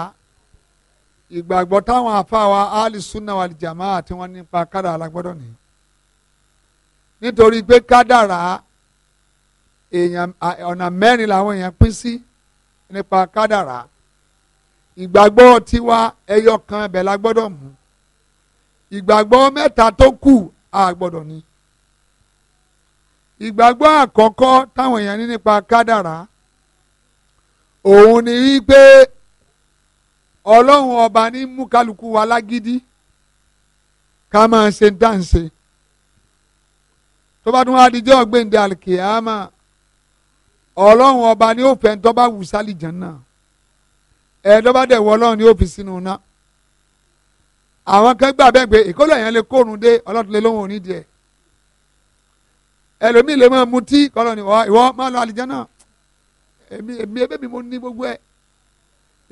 ìgbàgbọ́ táwọn àfáà wa alisunna wal jamaa àti wọn nípa kádàrá la gbọ́dọ̀ nìyí nítorí pé kádàrá èèyàn ọ̀nà mẹ́rin làwọn èèyàn pín sí nípa kádàrá ìgbàgbọ́ tiwa ẹyọ kan ẹbẹ̀ la gbọ́dọ̀ mú ìgbàgbọ́ mẹ́ta tó kù a gbọ́dọ̀ ní ìgbàgbọ́ àkọ́kọ́ táwọn èèyàn ní nípa kádàrá òun ni wípé ọlọ́run ọba ní mú kálukú wa lágídí ká máa ṣe dáǹṣe tó bá tún wá di jẹ́ ọ̀gbẹ́ǹde àlìkèyàmà ọlọ́run ọba ni ó fẹ́ tó bá wù sálì jẹ́nà ẹ̀ tó bá dẹ̀ wọ ọlọ́run ni ó fi sínú náà àwọn kan gbà bẹ́ẹ̀ pé ìkólọ̀ yẹn lè kórun dé ọlọ́run lè lóhùn onídìí ẹ̀ ẹlòmíì lè máa mutí kọ́lọ́ ni ìwọ máa lọ àlìjẹ́nà èmi èmi ebí mo ní gbogbo ẹ̀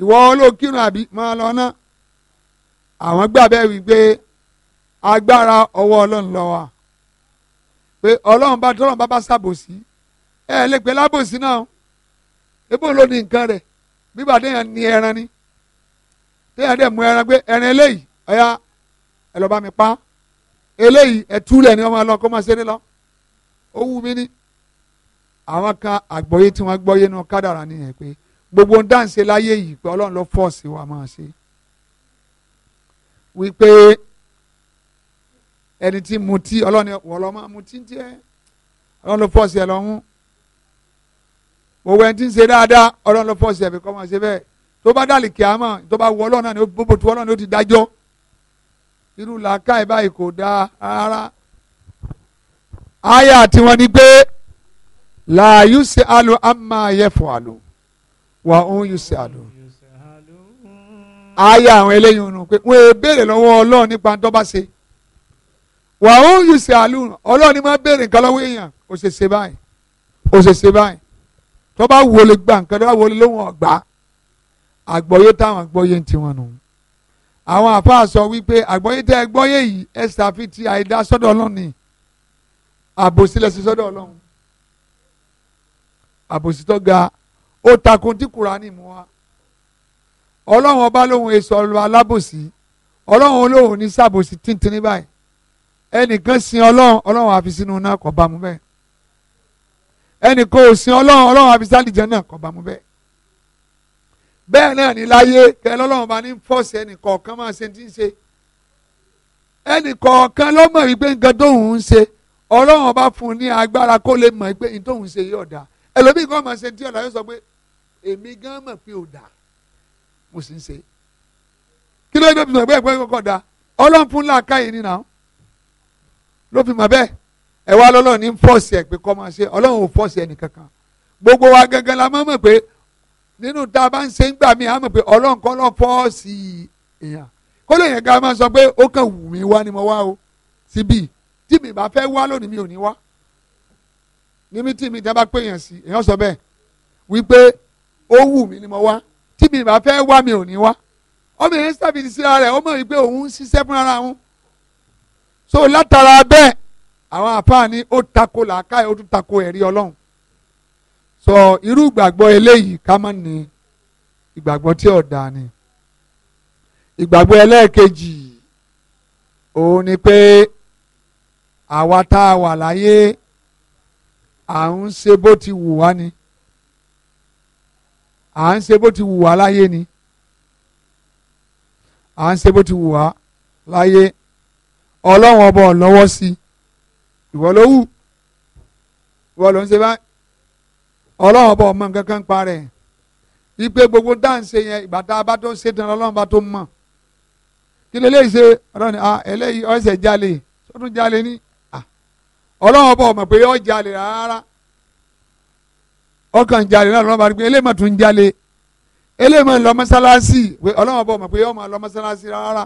ìwọ olókìrun àbí máa lọ náà àwọn gbà bẹ́ẹ̀ wí pé agbára ọwọ́ ọlọ́run ló wà pé ọlọ́run bá tọ́lọ́run bá bá ṣàbòsí ẹ lè pè lábòsí náà ebó ló ní nǹkan rẹ̀ bíbà téèyàn ní ẹran ni téèyàn dẹ̀ mú ẹran pé ẹran eléyìí ọ̀ya ẹ lọ́ọ́ bá mi pa eléyìí ẹ túlẹ̀ ni ọmọ ọlọ́run kó máa ṣe ní lọ ó wù mí ní. àwọn kan àgbọ́yé tí wọ́n gbọ́yé nu kádàrà nìyẹn pé gbogbo ń dáǹṣe láyé yìí pé ọlọ́run ló fọ́ọ̀sì wa máa ṣe wípé ẹni tí mutí ọlọ́ni wọ̀lọ́ máa mutí tiẹ̀ ọlọ́ni ló pọ̀sì ẹ̀ lọ́hún òwò ẹni tí ń ṣe dáadáa ọlọ́ni ló pọ̀sì ẹ̀ bí kọ́ máa ṣe bẹ́ẹ̀ tó bá dàlì kíámà tó bá wọ ọlọ́run náà ni ó bóbó tu ọlọ́run ni ó ti dájọ́ irú làákà ẹ̀ báyìí kò dáa rárá àyà tiwọn ni pé làáyú ṣe àlò àmà yẹ̀fọ̀ àlò wà ó yù ṣe àlò àyà àwọn eléyìí nù pé wọn èbèrè wà ó yù sí àlù ọlọ́run ni máa béèrè nǹkan lọ́wọ́ èèyàn ó ṣe ṣe báyìí ó ṣe ṣe báyìí tó bá wo lè gba nǹkan tó bá wo lè lóhùn ọ̀gbá àgbọ̀yé táwọn àgbọ̀yé ń tiwọn nù. àwọn àfáà sọ wípé àgbọ̀yé tẹ́ ẹ gbọ́yé yìí ẹ ṣàfitì àìdá sọ́dọ̀ ọlọ́run ni àbòsí lẹ́sìn sọ́dọ̀ ọlọ́run àbòsí tó ga ó takun tí Kùránì mú wá ọlọ́run ọba lóhùn èso alábòsí ọlọ́run olóhùn ní sàbòsí tíntìní báyìí ẹnìkan sin ọlọ́run ọlọ́run àfi sínú náà kò bá mu bẹ́ẹ̀ ẹnìkan ò sin ọlọ́run ọlọ́run àfi sálìjẹ́ náà kò bá mu bẹ́ẹ̀ bẹ́ẹ̀ náà ní láyé kẹ lọ́lọ́run bá ní fọ́ọ̀sì ẹnìkọ̀ọ̀kan máa ṣe ti ń ṣe ẹnìkọ̀ọ̀kan lọ́mọ wípé nǹkan tóun ń ṣe ọlọ́run bá fún un ní agbára kó lè mọ̀ pé nǹkan tóun ṣe yóò dáa ẹlòmíì kan máa ṣe tí ọ̀dà yóò sọ pé èmi gan mọ̀ pé ò dáa mo sì ń ṣe kí ló dé bí mo gbẹ́ ìpẹ́ kọ́kọ́ dáa ọlọ́run fún làákàyè nínú àwọn ló fi mọ̀ bẹ́ẹ̀ ẹ wá lọ́lọ́run ní fọ́ọ̀sì ẹ̀ pé kọ́ máa ṣe ọlọ́run ò fọ́ọ̀sì ẹnìkankan gbogbo wa gangan la máa mọ̀ pé nínú tá a bá ń ṣe ń gbà mí a mọ̀ pé ọlọ́run kọ́ lọ́ fọ́ọ̀sì èèyàn kó lè yẹn ká máa sọ pé ó kàn wù mí wá ni mo wá o síbi tí mi bá fẹ́ wá lónìí mi ò ní wá níbi tí mi dábàá pé èèyàn sí èèyàn sọ bẹ́ẹ̀ wípé ó wù mí ni mo wá tí mi bá fẹ́ wá mi ò ní wá ọmọ yẹn sábìdì síra rẹ̀ ọmọ yìí pé òun ń ṣiṣẹ́ fúnra ra òun so látara bẹ́ẹ̀ àwọn àfààní ó tako làákàyè ó tún tako ẹ̀rí ọlọ́run sọ irú ìgbàgbọ́ eléyìí ká má ní ìgbàgbọ́ tí ọ̀dà ni ìgbàgbọ́ ẹlẹ́ẹ̀kejì òun ni pé àwa tá a wà láyé à ń ṣe bó ti wù wá ni à ń ṣe bó ti wù wá láyé ni à ń ṣe bó ti wù wá láyé ọlọ́run ọba ọ̀lọ́wọ́ sí ìwọ ló wù ìwọ ló ń ṣe báyìí ọlọ́run ọba ọmọ nǹkan kan pa rẹ̀ ipe gbogbo dáǹsẹ̀ yẹn ìgbà tá a bá tó ṣe tán ọlọ́run bá tó mọ̀ kí lè léyìí ṣe ọlọ́run ni eléyìí ọ̀sẹ̀ jalè sọ́tún jalè ní ọlọ́run ọba ọmọ pé ó jalè rárá ọkàn jalè náà lọ́nà bá rí pé eléyìí mà tún jalè eléyìí mà ń lọ mọ́sálásì ọlọ́run ọba ọmọ pé ó mà lọ rárá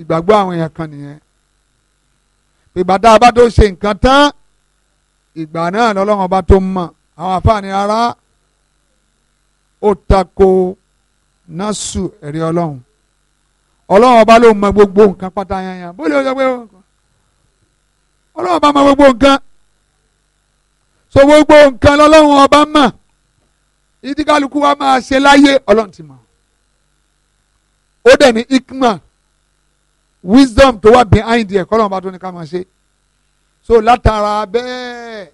ìgbàgbọ́ àwọn èèyàn kan nìyẹn ìgbà tá a bá tó ṣe nǹkan tán ìgbà náà lọ́lọ́run ọba tó mọ̀ àwọn àfààní ara ó tako násù ẹ̀rí ọlọ́run ọlọ́run ọba ló mọ̀ gbogbo nǹkan pátá yanyan bó lè o sọ pé ọlọ́run ọba mọ̀ gbogbo nǹkan so gbogbo nǹkan lọ́lọ́run ọba mọ̀ ìdí kálukú wa máa ṣe láyé ọlọ́run ti mọ̀ ó dẹ̀ ní ikman wisdom tó wà behind there. kọ́lọ́mù bá tó ní ká máa ṣe so látara bẹ́ẹ̀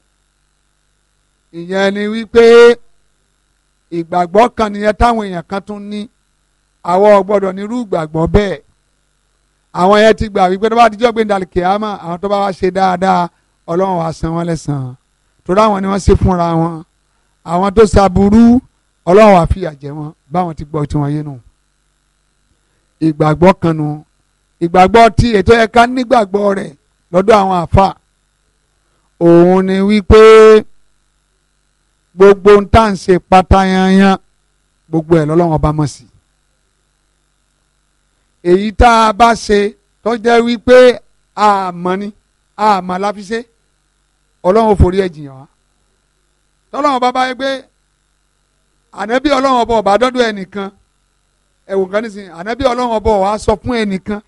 ìyẹn ni wípé ìgbàgbọ́ kan nìyẹn táwọn èèyàn kan tún ní àwọn gbọ́dọ̀ nírú ìgbàgbọ́ bẹ́ẹ̀ àwọn yẹn ti gbà wípé tó bá dijọ́ gbẹ̀ndàlì kìámà àwọn tó bá wá ṣe dáadáa ọlọ́run wàá san wọ́n lẹ́sàn-án torí àwọn ni wọ́n ṣe fúnra wọn àwọn tó ṣàbùrú ọlọ́run wàá fìyà jẹ wọn báwọn ti gbọ́ tiwọn yé nu ìgbàgbọ́ kan nu ìgbàgbọ́ ti ètò ẹ̀ka nígbàgbọ́ rẹ̀ lọ́dọ̀ àwọn àfa òun ni wípé gbogbo ń tà ń ṣe pata yanyan gbogbo ẹ̀ lọ́lọ́wọ́n bá mọ̀ sí. èyí tá a bá ṣe tó jẹ́ wípé àmọ́ ni àmọ́ la fi ṣe ọlọ́run forí ẹ̀ jìyàn wá tọ́lọ́run bá bá yẹ pé ànábì ọlọ́run ọba ọba dọ́dọ̀ ẹnìkan ẹ̀wọ̀n kan nísìnyí ànábì ọlọ́run ọba ọba sọ fún ẹnìkan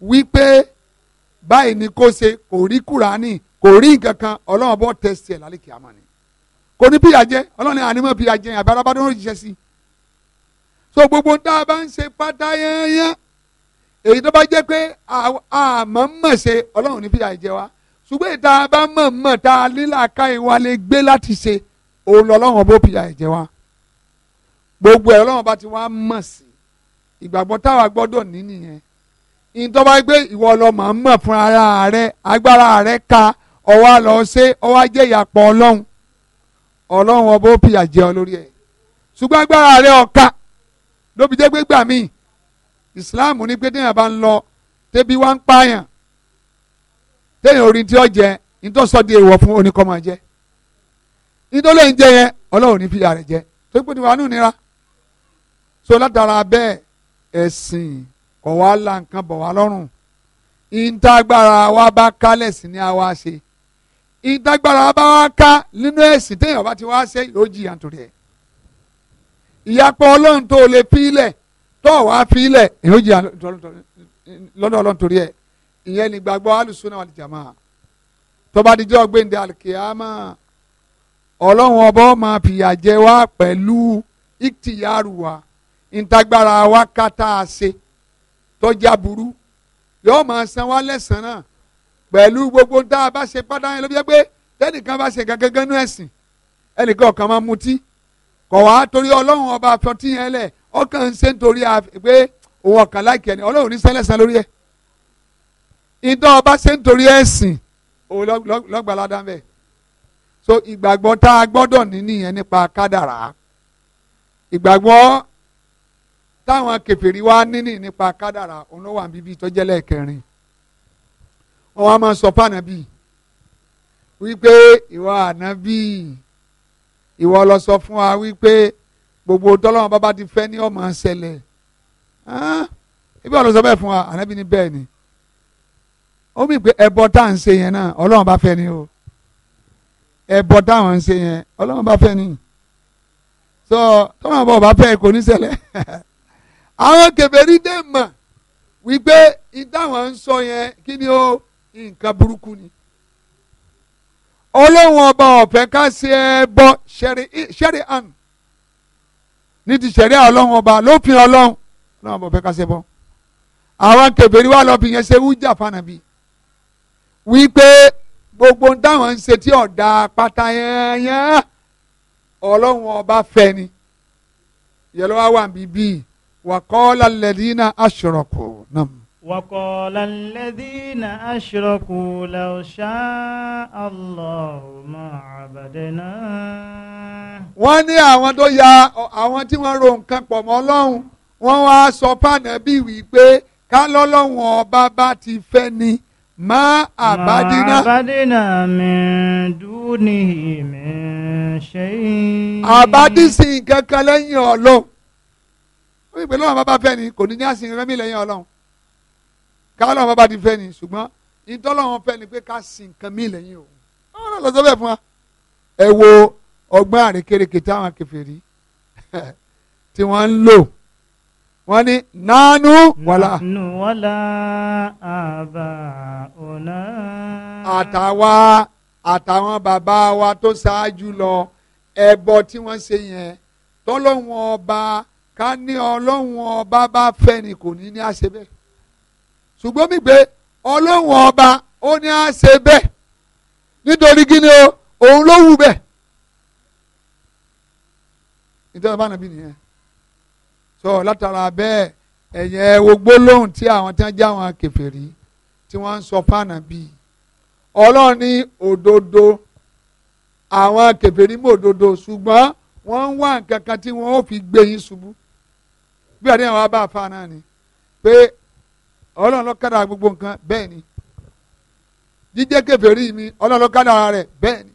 wípé báyìí ni kó ṣe kò rí kúránì kò rí nǹkan kan ọlọ́run bọ́ tẹ̀sí ẹ̀ lálẹ́ kìámà ni kò ní pìyà jẹ ọlọ́run ní ànímọ́ pìyà jẹ àbí arábá dánwó jíṣẹ́ sí i so gbogbo tá a bá ń ṣe pátá yányán èyí tó bá jẹ́ pé àmọ́ mọ̀ ṣe ọlọ́run ní fìyà jẹ wa ṣùgbọ́n èyí tá a bá mọ̀ mọ̀ tá a lílà ká ìwà lè gbé láti ṣe òun lọ́lọ́run bó fìyà jẹ wa gbogbo ẹ̀ ọlọ́run bá ti wá mọ̀ sí ìgbàgbọ́ táwa gbọ́dọ̀ ní nìyẹn ìtọ́ba gbé ìwọ lọ màá mọ̀ fún ara rẹ agbára rẹ ka ọwọ́ lọ ṣe ọwọ́ jẹ́ ìyàpọ̀ ọlọ́run ọlọ́run ọba ó fìyà jẹ ọ lórí ẹ̀ ṣùgbọ́n agbára rẹ ọ̀ka lóbi jẹ́ gbégbà míì Islam ní pé téèyàn bá ń lọ tẹ́bí wá ń pààyàn téèyàn orin tí ó jẹ nítòsọ́ di èèwọ̀ fún oníkọ́ máa jẹ nítorí ń jẹ yẹn ọlọ́run ní fìyà rẹ jẹ tó pé ní wàá nù nira so látara bẹ́ẹ̀ ẹ̀sìn kò wá la nǹkan bọ̀ wá lọ́rùn ìtagbára wa bá kálẹ̀ sí ni a wá ṣe ìtagbára wa bá wá ká nínú ẹ̀sìn téèyàn bá ti wá ṣe yóò jìyà nítorí ẹ̀ ìyapọ̀ ọlọ́run tó lè fi ilẹ̀ tó wàá fi ilẹ̀ yóò jìyà lọ́dọ̀ ọlọ́run torí ẹ̀ ìyẹn ní gbàgbọ́ alùsùnà wal jamaa tó bá di jọ́ àlùkìyàmà ọlọ́run ọbọ̀ máa fìyà jẹ wá pẹ̀lú ìtìyàrú wa ìtagbára wa ká tá a ṣe tọ́jà burú yóò máa san wá lẹ́sàn-án náà pẹ̀lú gbogbo tá a bá ṣe padà yẹn ló bí yẹ pé tẹ́nìkan bá ṣe gangan nú ẹ̀sìn ẹnìkan ọ̀kan máa mutí kọ̀ wá torí ọlọ́run ọba àfọ̀tí yẹn lẹ̀ ọkàn ń ṣe nítorí pé òun ọ̀kan láìkẹ́ ẹni ọlọ́run ní sẹ́lẹ̀sán lórí ẹ̀ ìtọ́ ọba ṣe nítorí ẹ̀sìn òun lọ́gbàládá bẹ́ẹ̀ so ìgbàgbọ́ tá a gbọ́dọ̀ ní nìyẹn nípa kádàrá ìgbàgbọ́ táwọn kèfèrí wa níní nípa kádàrà òun ló wà níbi tó jẹ́ lẹ́ẹ̀kẹrin wọn wá máa ń sọ fànàbí wípé ìwọ ànábì ìwọ lọ sọ fún wa wípé gbogbo tọ́lọ́wọ́n bá bá ti fẹ́ ní ọmọ ṣẹlẹ̀ ibi ọ̀lọ́sọ bẹ́ẹ̀ fún wa ànábì ní bẹ́ẹ̀ ni ó mì pé ẹbọ tá à ń ṣe yẹn náà ọlọ́run bá fẹ́ ni o ẹbọ táwọn ń ṣe yẹn ọlọ́run bá fẹ́ ni so tọ́lọ́wọ́n bá ọba fẹ́ kò ní ṣẹlẹ̀ àwọn kèfèrí dé mọ̀ wípé ìdáwọn ń sọ yẹn kí ni ó nǹkan burúkú ni ọlọ́wọ́n ọba ọ̀fẹ́ ká ṣe ẹ bọ́ ṣẹ́rí àn ní ti ṣẹ̀rí ọlọ́wọ́n ọba lópin ọlọ́run ọlọ́wọ́n ọba ọ̀fẹ́ ká ṣe bọ́ àwọn kèfèrí wà lọ́ọ́ fi yẹn ṣe wújà fanabi wípé gbogbo táwọn ń tí ọ̀dà pátá yẹn yẹn ọba fẹ́ ni yẹlọ́wọ́ wà bíbí وقال الذين أشركوا نعم وقال الذين أشركوا لو شاء الله ما عبدناه wọ́n ní àwọn tó ya àwọn tí wọ́n ro nǹkan pọ̀ mọ́ ọlọ́run wọ́n wá sọ fànàbí wípé ká lọ́lọ́run ọba bá ti fẹ́ ni má àbádínà. má àbádínà mi dúni mi ṣe é. àbádísìn kankan lẹ́yìn ọlọ́run ó sì lọ́wọ́ bàbá fẹ́ ni kò ní ní àsìn rẹ́mí lẹ́yìn ọlọ́run káwọn lọ́wọ́ bàbá ti fẹ́ ni ṣùgbọ́n ìtọ́lọ́wọ́n fẹ́ ni pé ká sin nǹkan mí lẹ́yìn o àwọn náà lọ sọ bẹ́ẹ̀ fún wa ẹ wo ọgbọ́n àrékérekè táwọn kèfèrí tí wọ́n ń lò wọ́n ní nánú wàlà. nánú wàlà àbà ọ̀nà. àtàwa àtàwọn bàbá wa tó ṣáájú lọ ẹbọ tí wọ́n ṣe yẹn tọ́lọ́wọ́n ọba ká ní ọlọ́run ọba bá fẹ́ ni kò ní ní àṣẹ bẹ́ẹ̀ ṣùgbọ́n mi gbé ọlọ́run ọba ó ní àṣẹ bẹ́ẹ̀ nítorí kí ni o òun ló wù bẹ́ẹ̀ ìjọba bá nàbí nìyẹn sọ látara bẹ́ẹ̀ ẹ̀yẹ wo gbólóhùn tí àwọn tí wọ́n já wọn kèfèrí tí wọ́n ń sọ fáànà bíi ọlọ́run ní òdodo àwọn kèfèrí mọ́ òdodo ṣùgbọ́n wọ́n ń wá nǹkan kan tí wọ́n ó fi gbé yín ṣubú bí adé yẹn wà bá afa náà ni pé ọlọ́run ló kádàrá gbogbo nǹkan bẹ́ẹ̀ ni jíjẹ́ kèfèrí mi ọlọ́run ló rẹ̀ bẹ́ẹ̀ ni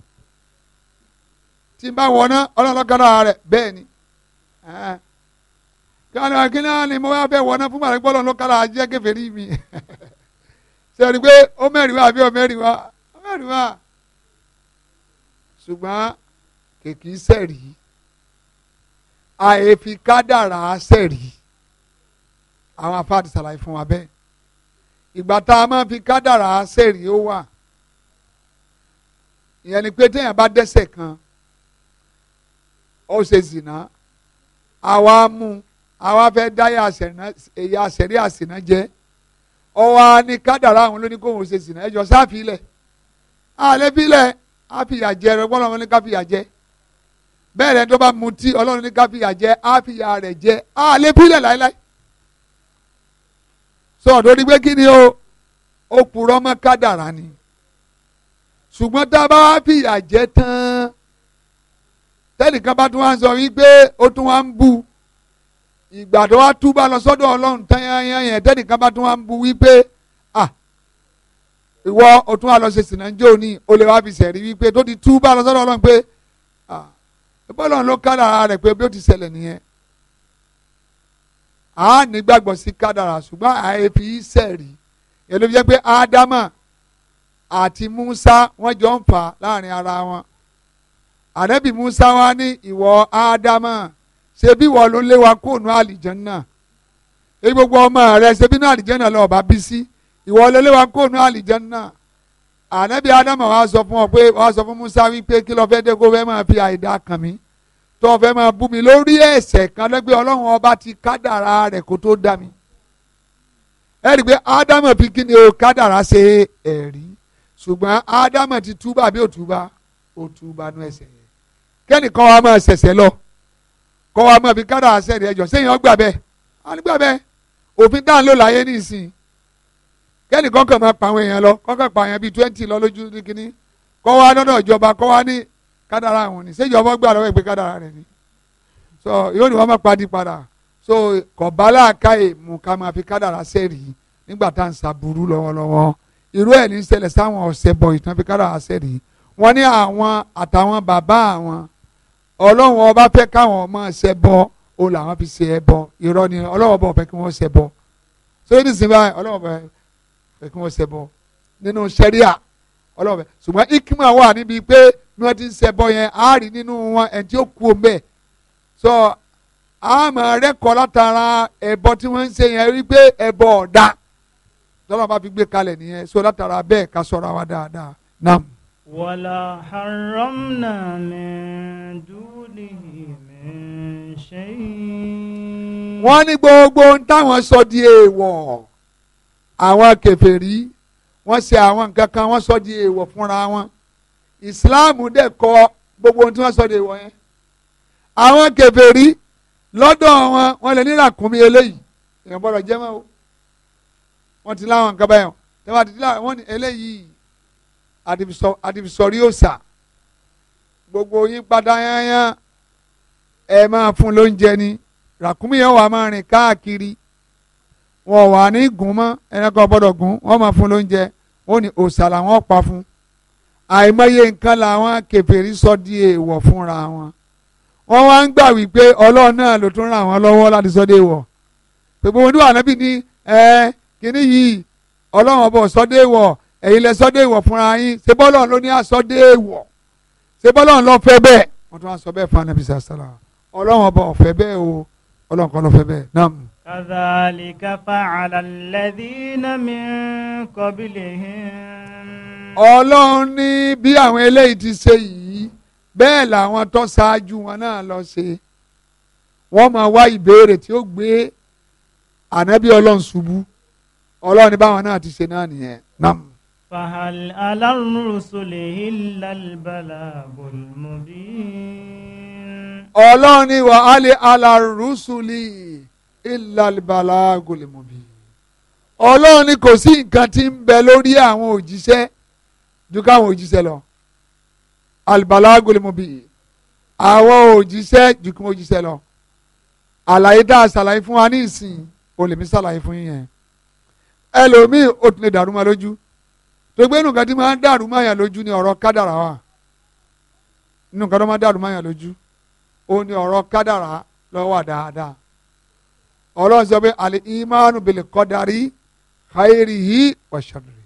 tí n bá wọná ọlọ́run ló kádàrá rẹ̀ bẹ́ẹ̀ ni kánú akínná ni mo wá bẹ́ẹ̀ wọná fún màrí gbọ́dọ̀ ló kádàrá jíjẹ́ kèfèrí mi sẹ́ni pé ó mẹ́rin wá àbí ó wá ó wá ṣùgbọ́n kèkì sẹ́rí àyèfi kádàrá sẹ́rí àwọn apáàtì ṣàlàyé fún wa bẹ́ẹ̀ ìgbà tá a máa fi kádàrá sẹ́ẹ̀rì ó wà ìyẹn ni pé téèyàn bá dẹ́ṣẹ̀ kan ó ṣe zìnà àwa mú àwa fẹ́ dá ẹ̀yà àṣẹ̀rí àṣìná jẹ́ ọwọ́ ni kádàrá àwọn lóní kóhùn ṣe zìnà ẹjọ́ sáfìlẹ̀ àlẹ́fìlẹ̀ àfìyà jẹ rẹ wọ́n lọ́wọ́ ní káfìyà jẹ bẹ́ẹ̀ rẹ tó bá mutí ọlọ́run ní káfíà jẹ́ àfìyà rẹ̀ jẹ́ àlébílẹ̀ láéláé sọ lórí pé kí ni o ó purọ́ mọ́ kádàrá ni ṣùgbọ́n tá a bá wá fìyà jẹ tán tẹ́nìkan bá tún wá ń sọ wípé ó tún wá ń bu ìgbà tó wá túbà lọ sọ́dọ̀ ọlọ́run tán yẹn yẹn tẹ́nìkan bá tún wá ń bu wípé ah ìwọ o tún wá lọ ṣe sìnàjò ní o lè wá fi sẹ̀rí wípé tó ti túbà lọ sọ́dọ̀ ọlọ́run pé ah bọ́lọ̀ ló kára rẹ̀ pé bí ó ti ṣẹlẹ̀ nìyẹn a nígbàgbọ́ sí kádàrà ṣùgbọ́n àìfi e sẹ̀rí èló fi jẹ́ pé ádámà àti musa wọ́n jọ ń fà láàrin ara wọn ànábì musa wá ní ìwọ ádámà ṣebí ìwọ ló lé wa kó nu àlìjánná èyí gbogbo ọmọ rẹ ṣebí nu àlìjánná lọ bá bí sí ìwọ ló lé wa kó nu àlìjánná ànábì ádámà wá sọ fún ọ pé wá sọ fún musa wípé kí ló fẹ́ dé kó fẹ́ máa fi àìdá kàn mí tó fẹ́ máa bú mi lórí ẹ̀ṣẹ̀ kan lẹ́gbẹ́ ọlọ́run ọba ti kádàrá rẹ̀ kó tó dá mi ẹ rí i pé ádámọ̀ fi kí ni o kádàrá ṣe ẹ̀rí ṣùgbọ́n ádámọ̀ ti túbà bí òtúbà òtúbà nu ẹ̀ṣẹ̀ yẹn kẹ́nìkan wa máa ṣẹ̀ṣẹ̀ lọ kọ́ wa máa fi kádàrá ṣẹ̀rí ẹjọ́ sẹ́yìn ọgbà bẹ́ẹ̀ á ní gbà bẹ́ẹ̀ òfin dáhùn ló láyé nísìnyí kẹ́nìkan kàn máa pa àwọn èèyàn lọ kọ́kàn pa àwọn èèyàn bíi twenty lọ lójú ní kínní kọ́ wa lọ́dọ̀ ìjọba kọ́ wa ní kádàrà àwọn ni ṣéjọba gbà lọ́wọ́ ìgbé kádàrà rẹ̀ ni so yóò ní wọ́n máa padì padà so kọ̀bálà káyè mú ká máa fi kádàrà sẹ́rì nígbà tá à ń sàbúrú lọ́wọ́lọ́wọ́ irú ẹ̀ ní ṣẹlẹ̀ sáwọn ọ̀sẹ̀ bọ̀ ìtàn fi kádàrà sẹ́rì wọ́n ní àwọn àtàwọn bàbá àwọn ọlọ́run ọba fẹ́ káwọn ọmọ ṣẹ bọ o làwọn fi ṣe ẹbọ irọ́ ni ọlọ́run ọba fẹ́ kí wọ́n ṣẹ bọ so yìí nìsín báyìí ọlọ́run ọba fẹ́ kí wọ́n ṣẹ bọ nínú ṣẹ́ríà ọlọ́run ọba ṣùgbọ́n ikima wà níbi pé bí wọ́n ti ń ṣẹbọ yẹn á rí nínú wọn ẹ̀ tí ó kú o mbẹ́ sọ àmọ́ rẹ́kọ̀ọ́ látara ẹbọ tí wọ́n ń ṣe yẹn rí pé ẹbọ ọ̀dà tọ́lá bá fi gbé kalẹ̀ nìyẹn so látara bẹ́ẹ̀ ká sọ̀rọ̀ wa dáadáa nam. wàlà haramna min dúnihi min shay'in. wọ́n ní gbogbo ohun táwọn sọ di èèwọ̀ àwọn kèfèrí wọ́n ṣe àwọn nǹkan kan wọ́n sọ di èèwọ̀ fúnra wọn ìsìláàmù dẹ̀ kọ gbogbo ohun tí wọ́n sọ de wọ̀ yẹn àwọn kèfèrí lọ́dọ̀ wọn wọ́n lè ní ràkúnmí eléyìí èèyàn gbọ́dọ̀ jẹ́ mọ́ o wọ́n ti láwọn nǹkan báyọ̀ tẹ́wọ́n ti láwọn wọ́n ní eléyìí àdìbìsọ̀rí òòsà gbogbo yín padà yányán ẹ máa fún lóúnjẹ ni ràkúnmí yẹn wà máa rìn káàkiri wọn wà ní gùn mọ́ ẹnìkan gbọ́dọ̀ gùn wọ́n máa fún lóúnjẹ wọ́n ní òòsà làwọn pa fún àìmọye nǹkan làwọn kèfèrí sọ di èèwọ̀ fúnra wọn wọ́n wá ń gbà wípé ọlọ́run náà ló tún ràn wọ́n lọ́wọ́ láti sọ di èèwọ̀ pẹ̀lú wọn ní ànábì ní ẹ kíní yìí ọlọ́run ọbọ̀ sọ di ẹ̀yin lẹ sọ di fúnra yín ṣé bọ́lọ́run ló ní àsọ di ṣé bọ́lọ́run ló fẹ́ bẹ́ẹ̀ wọ́n tún wá sọ bẹ́ẹ̀ fún ànábì sàṣàlà ọlọ́run ọbọ̀ ọ̀fẹ́ bẹ́ẹ̀ o ọlọ́run kan ló fẹ́ bẹ́ẹ̀ náà. kàdàlíkà fa'ala alladhina min qablihim ọlọ́run ní bí àwọn eléyìí ti ṣe yìí bẹ́ẹ̀ làwọn tó ṣáájú wọn náà lọ ṣe wọ́n máa wá ìbéèrè tí ó gbé ànábì ọlọ́run ṣubú ọlọ́run ní báwọn náà ti ṣe náà nìyẹn nam. fahal alárùnrùsọlẹ̀ ìlàlbàlàbùn mọ̀bí. ọlọ́run ní wàhálì alárùsùlì ìlàlbàlàbùn mọ̀bí. ọlọ́run ní kò sí nǹkan tí ń bẹ lórí àwọn òjíṣẹ́ ju káwọn òjíṣẹ́ lọ albalagul mubin àwọn òjíṣẹ́ ju kí wọ́n òjíṣẹ́ lọ àlàyé dáa ṣàlàyé fún wa ní ìsìn olèmí ṣàlàyé fún yín yẹn ẹlòmíì ó tún lè dàrú ma lójú tó gbé nǹkan tí máa ń dàrú ma yàn lójú ni ọ̀rọ̀ kádàrà wà nǹkan tó máa ń dàrú ma yàn lójú ó ní ọ̀rọ̀ kádàrà lọ́wọ́ wà ọlọ́run sọ pé àlè ìmánu bèlè kọ́darí káyéèrè yìí wàṣọ̀rẹ̀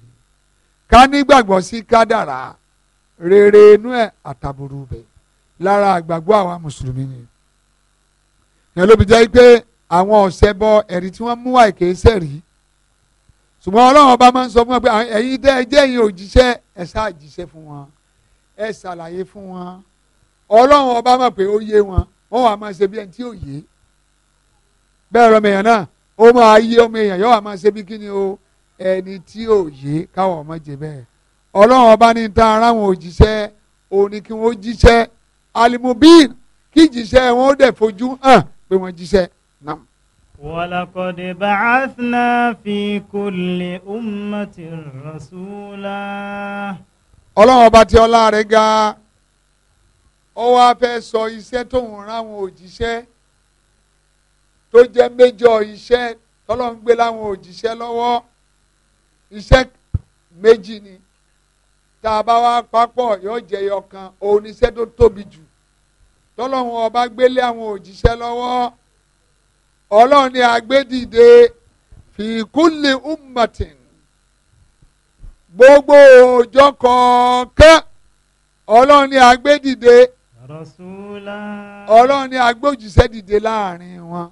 ká nígbàgbọ́ sí kádàrá rere inú ẹ̀ àtàbùrù bẹ̀ lára àgbàgbọ́ àwa mùsùlùmí ni yẹn ló fi jẹ́ pé àwọn ọ̀sẹ̀ bọ ẹ̀rí tí wọ́n mú wá ìkéésẹ̀ rí ṣùgbọ́n ọlọ́run ọba máa ń sọ fún wọn pé ẹ̀yin dẹ́ ẹ jẹ́ ẹ̀yin òjíṣẹ́ ẹ ṣáà jíṣẹ́ fún wọn ẹ ṣàlàyé fún wọn ọlọ́run ọba mọ̀ pé ó yé wọn wọn wà máa ṣe bí ẹni tí ò yé bẹ́ẹ̀ rọmọ èèyàn náà ó máa yé ọmọ èèyàn yóò wà máa ṣe bí kíni o ẹni tí ò yé káwọn ọmọ jẹ bẹ́ẹ̀ ọlọ́run ọba ní ta ara wọn ò jíṣẹ́ òun ni kí wọ́n jíṣẹ́ alimubin kí jíṣẹ́ wọn ó dẹ̀ fojú hàn pé wọ́n jíṣẹ́ náà. fi بعثنا في كل أمة رسولا ọlọ́run ọba tí ọlá rẹ̀ ga ó wá fẹ́ sọ iṣẹ́ tóun ráwọn òjíṣẹ́ tó jẹ́ méjọ iṣẹ́ tọ́lọ́run gbé láwọn òjíṣẹ́ lọ́wọ́ iṣẹ́ méjì ni tá a bá wá papọ̀ yóò jẹ ẹyọ kan òun ni iṣẹ́ tó tóbi jù tọ́lọ́run ọba gbélé àwọn òjíṣẹ́ lọ́wọ́ ọlọ́run ni agbédìde fi kulli ummatin gbogbo òòjọ́ kọ̀ọ̀kan ọlọ́run ni agbédìde ọlọ́run ni agbójúṣẹ́ dìde láàrin wọn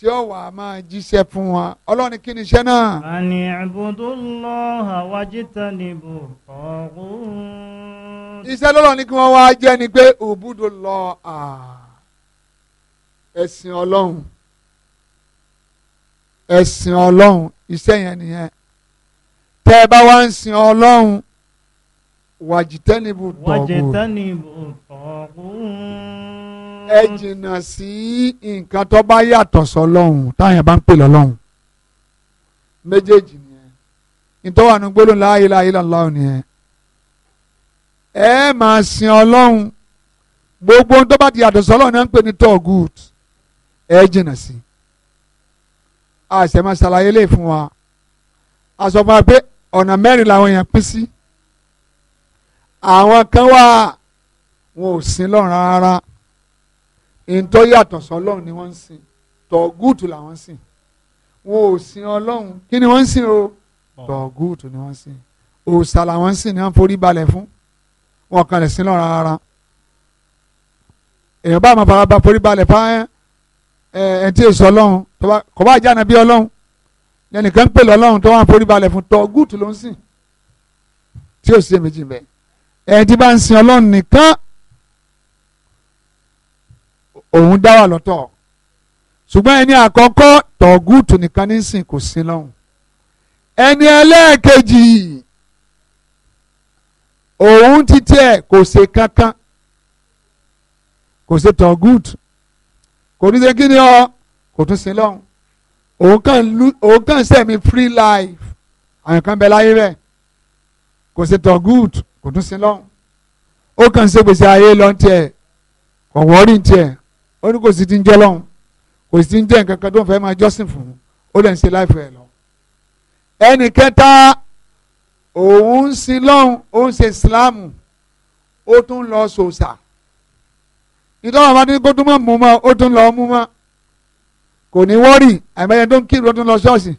tí ó wà máa jíṣẹ́ fún wa ọlọ́run kí ni iṣẹ́ náà. àní ibudullah wajtanibu taghut. iṣẹ́ lọ́lọ́ ni kí wọ́n wá jẹ́ ni pé ibudullah ẹ̀sìn ọlọ́run ẹ̀sìn ọlọ́run iṣẹ́ yẹn nìyẹn tẹ́ ẹ bá wá ń sin ọlọ́run wajtanibu taghut. wajtanibu taghut ẹ jìnnà sí nǹkan tó bá yàtọ̀ sọlọ́hún táyà bá ń pè lọ́lọ́hún méjèèjì nìyẹn ìtọ́wànú gbólóhùn la ilaha illallah nìyẹn ẹ máa sin ọlọ́hún gbogbo ohun tó bá ti yàtọ̀ sọlọ́hún náà ń pè ní tọ́gùt ẹ jìnnà sí àṣẹ máa ṣàlàyé lè fún wa àṣọ̀fún wa pé ọ̀nà mẹ́rin làwọn èèyàn pín sí àwọn kan wà wọn ò sin lọ́run rárá ntọ́ yàtọ̀ sọlọ́run ni wọ́n ń sìn tọ̀gúùtù làwọn ń sìn wọn ò sin ọlọ́run kí ni wọ́n ń sìn o tọ̀gúùtù ni wọ́n ń sìn òòṣà làwọn ń sìn ni wọ́n forí balẹ̀ fún wọn kàn lè sin lọ́ra rárá èèyàn bá máa fara ba forí balẹ̀ fáyẹn ẹ ẹ tí èso ọlọ́run kò bá jáde bí ọlọ́run lẹ́nìkan ń pè lọ́lọ́run tó wà forí balẹ̀ fún tọ̀gúùtù ló ń sìn tí ò sí èméjì bẹ́ẹ̀ ẹ ti bá ń sin ọlọ́run nìkan òun dá wà lọ́tọ̀ ṣùgbọ́n ẹni àkọ́kọ́ tọ̀gùtù nìkan ní sìn kò sí lọ́hùn ẹni ẹlẹ́ẹ̀kejì òun títí ẹ̀ kò ṣe kankan kò ṣe tọ̀gùtù kò ní ṣe kí ọ kò tún sí lọ́hùn òun kàn sẹ́mi free life àwọn kan bẹ láyé bẹ́ẹ̀ kò ṣe tọ̀gùtù kò tún sí lọ́hùn ó kàn ṣe gbèsè ayé lọ́ntì ẹ̀ kò wọ́ọ́rì ntì ẹ̀ ó ní kò sì ti ń jẹ́ lọ́hùn kò sì ti ń jẹ́ nǹkan kan tó ń fẹ́ máa jọ́sìn fún ó lè ń ṣe láìfẹ́ lọ. ẹnì kẹta òun ń sin lọ́hùn ó ń ṣe ìsìláàmù ó tún lọ sòsà nítorí àwọn adé kó tún mọ̀ mú mọ́ ó tún lọ mú mọ́ kò ní wọ́rì àìmọye tó ń kírun ó tún lọ ṣọ́ọ̀ṣì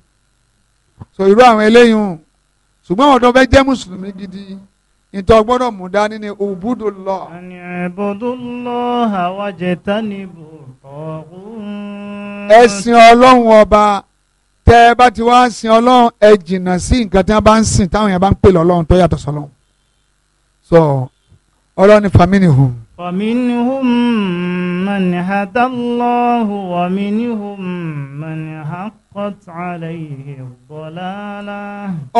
so irú àwọn eléyìí hùn ṣùgbọ́n àwọn tó fẹ́ jẹ́ mùsùlùmí gidi ìtọ́ gbọ́dọ̀ mú dání ni òbúdò lọ. àní ẹ̀bùdó lọ àwa jẹ̀tá ni bò ọ̀hún. ẹ̀sìn ọlọ́run ọba tẹ́ ẹ bá ti wá sin ọlọ́run ẹ jìnnà sí nǹkan tí wọ́n bá ń sìn táwọn yẹn bá ń pè lọ́lọ́run tó yàtọ̀ sọ́lọ́run. sọ ọlọ́run ni famini hùn. ومنهم من هدى الله ومنهم من حقت عليه الضلالة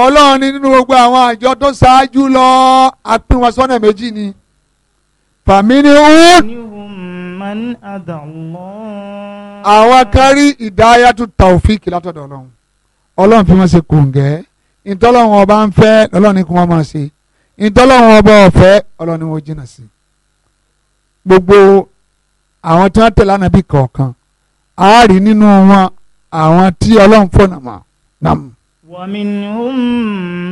ọlọ́run ní nínú gbogbo àwọn àjọ tó ṣáájú lọ apín méjì ni fàmínú. من هدى الله. àwọn kan rí ìdáyàtú taofik látọ̀dọ̀ ọlọ́run ọlọ́run fi wọ́n ṣe kòǹgẹ́ ìtọ́lọ́run ọba ń fẹ́ ọlọ́run ní kí wọ́n máa ṣe ìtọ́lọ́run ọba ọ̀fẹ́ ọlọ́run ni wọ́n jìnnà sí i gbogbo àwọn tí wọ́n tẹ̀lé ànábì kọ̀ọ̀kan a rí nínú wọn àwọn tí ọlọ́run fọ̀nà mọ̀ nàm. wa minhum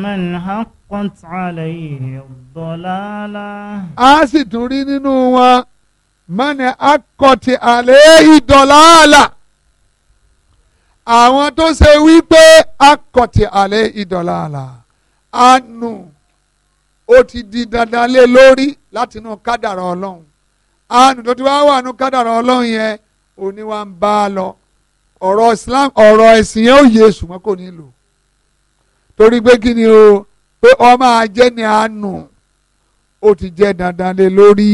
man haqqat alayhi ad-dalala. a sì tún rí nínú wọn man haqqat alayhi ad-dalala àwọn tó ṣe wípé akọ̀tì àlẹ́ ìdọ̀là àlà àánú ó ti di dandan lé lórí látinú kádàrá ọlọ́run àánú tó ti wá wà nù kádàrà ọlọ́run yẹn òní wa ń bá lọ ọ̀rọ̀ Islam ọ̀rọ̀ ẹ̀sìn yẹn ó yẹ ṣùgbọ́n kò ní lò torí pé kí ni o pé ọmọ ni àánú ó ti jẹ́ dandan lórí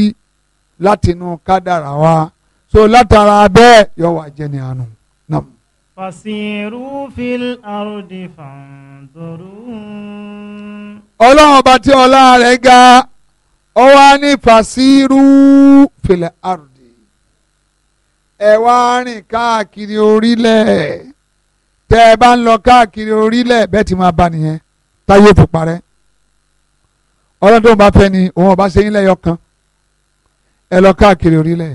látinú kádàrà wa so látara bẹ́ẹ̀ yọ wà jẹ́ ni àánú náà. ọba tí ọlá rẹ̀ ga ọ fasiru. fẹlẹ̀ àrùdì ẹ wá rìn káàkiri orílẹ̀ tẹ́ ẹ bá ń lọ káàkiri orílẹ̀ bẹ́ẹ̀ ti máa bá nìyẹn táyé fi parẹ́ ọlọ́run tó ń bá fẹ́ ni òun ọba ṣe yín lẹ́yọ kan ẹ lọ káàkiri orílẹ̀